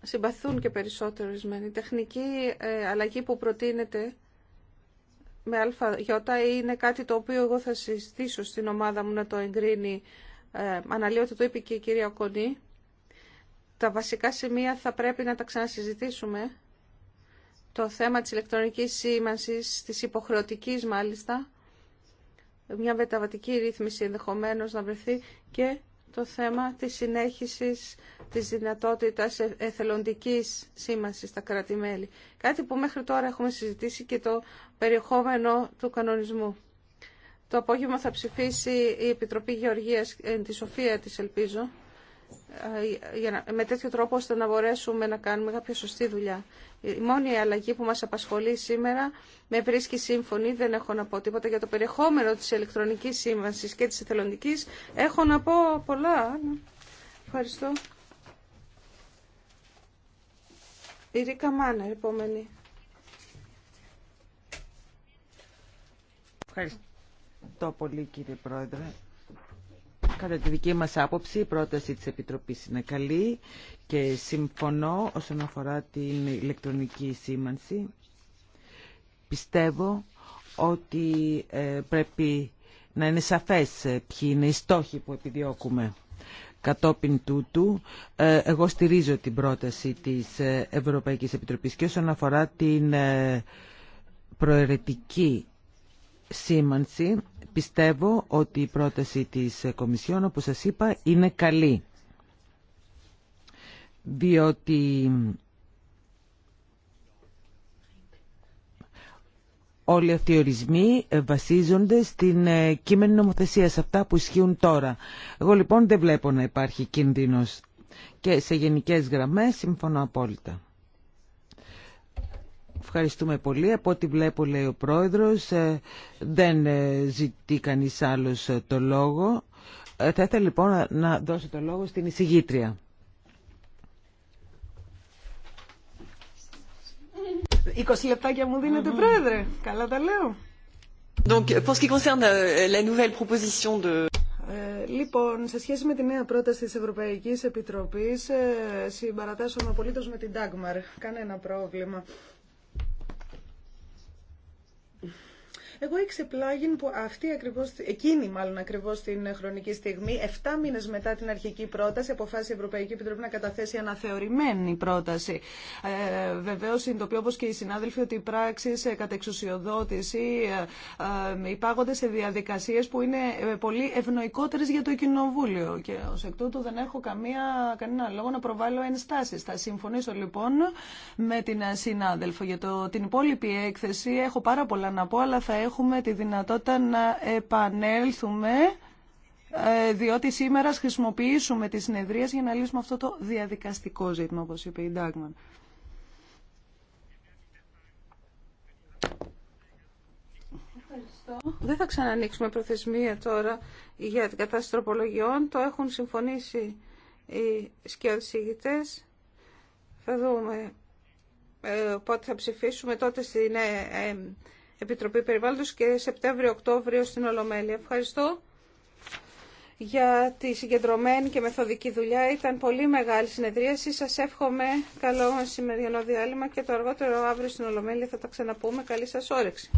συμπαθούν και περισσότερο ορισμένοι. Η τεχνική ε, αλλαγή που προτείνεται με ΑΙ είναι κάτι το οποίο εγώ θα συζητήσω στην ομάδα μου να το εγκρίνει. Ε, αναλύω ότι το είπε και η κυρία Κονή. Τα βασικά σημεία θα πρέπει να τα ξανασυζητήσουμε το θέμα της ηλεκτρονικής σήμανσης, της υποχρεωτικής μάλιστα, μια μεταβατική ρύθμιση ενδεχομένως να βρεθεί και το θέμα της συνέχισης της δυνατότητας ε, εθελοντικής σήμανσης στα κράτη-μέλη. Κάτι που μέχρι τώρα έχουμε συζητήσει και το περιεχόμενο του κανονισμού. Το απόγευμα θα ψηφίσει η Επιτροπή Γεωργίας, ε, τη Σοφία της ελπίζω, ε, με τέτοιο τρόπο ώστε να μπορέσουμε να κάνουμε κάποια σωστή δουλειά. Η μόνη αλλαγή που μας απασχολεί σήμερα με βρίσκει σύμφωνη, δεν έχω να πω τίποτα για το περιεχόμενο της ηλεκτρονικής σύμβασης και της εθελοντικής. Έχω να πω πολλά. Ευχαριστώ. Η Ρίκα Μάνα, επόμενη. Ευχαριστώ πολύ κύριε Πρόεδρε. Κατά τη δική μας άποψη, η πρόταση της Επιτροπής είναι καλή και συμφωνώ όσον αφορά την ηλεκτρονική σήμανση. Πιστεύω ότι ε, πρέπει να είναι σαφές ε, ποιοι είναι οι στόχοι που επιδιώκουμε. Κατόπιν τούτου, ε, εγώ στηρίζω την πρόταση της Ευρωπαϊκής Επιτροπής και όσον αφορά την προαιρετική σήμανση, Πιστεύω ότι η πρόταση της Κομισιόν, όπως σας είπα, είναι καλή. Διότι όλοι αυτοί οι ορισμοί βασίζονται στην ε, κείμενη νομοθεσία, σε αυτά που ισχύουν τώρα. Εγώ λοιπόν δεν βλέπω να υπάρχει κίνδυνος και σε γενικές γραμμές συμφωνώ απόλυτα. Ευχαριστούμε πολύ. Από ό,τι βλέπω, λέει ο πρόεδρος, ε, δεν ε, ζητεί κανείς άλλος ε, το λόγο. Θα ήθελα λοιπόν να δώσω το λόγο στην εισηγήτρια. Είκοσι λεπτάκια μου δίνετε, πρόεδρε. Καλά τα λέω. Donc, pour ce qui concerne euh, la nouvelle proposition de... λοιπόν, σε σχέση με τη νέα πρόταση της Ευρωπαϊκής Επιτροπής, ε, συμπαρατάσσομαι απολύτως με την Dagmar. Κανένα πρόβλημα. Εγώ πλάγιν που αυτή ακριβώς, εκείνη μάλλον ακριβώς την χρονική στιγμή, 7 μήνες μετά την αρχική πρόταση, αποφάσισε η Ευρωπαϊκή Επιτροπή να καταθέσει αναθεωρημένη πρόταση. Ε, Βεβαίω συνειδητοποιώ όπως και οι συνάδελφοι ότι οι πράξεις ε, κατά εξουσιοδότηση ε, ε, υπάγονται σε διαδικασίες που είναι ε, πολύ ευνοϊκότερες για το Κοινοβούλιο και ως εκ τούτου δεν έχω καμία, κανένα λόγο να προβάλλω ενστάσεις. Θα συμφωνήσω λοιπόν με την συνάδελφο για το, την υπόλοιπη έκθεση. Έχω πάρα πολλά να πω, αλλά θα έχουμε τη δυνατότητα να επανέλθουμε ε, διότι σήμερα χρησιμοποιήσουμε τις συνεδρίες για να λύσουμε αυτό το διαδικαστικό ζήτημα, όπως είπε η Ντάγμαν. Δεν θα ξανανοίξουμε προθεσμία τώρα για την κατάσταση τροπολογιών. Το έχουν συμφωνήσει οι σκιοδησίγητες. Θα δούμε ε, πότε θα ψηφίσουμε τότε στην ε, Επιτροπή Περιβάλλοντος και Σεπτέμβριο-Οκτώβριο στην Ολομέλεια. Ευχαριστώ για τη συγκεντρωμένη και μεθοδική δουλειά. Ήταν πολύ μεγάλη συνεδρίαση. Σας εύχομαι καλό σημερινό διάλειμμα και το αργότερο αύριο στην Ολομέλεια θα τα ξαναπούμε. Καλή σας όρεξη.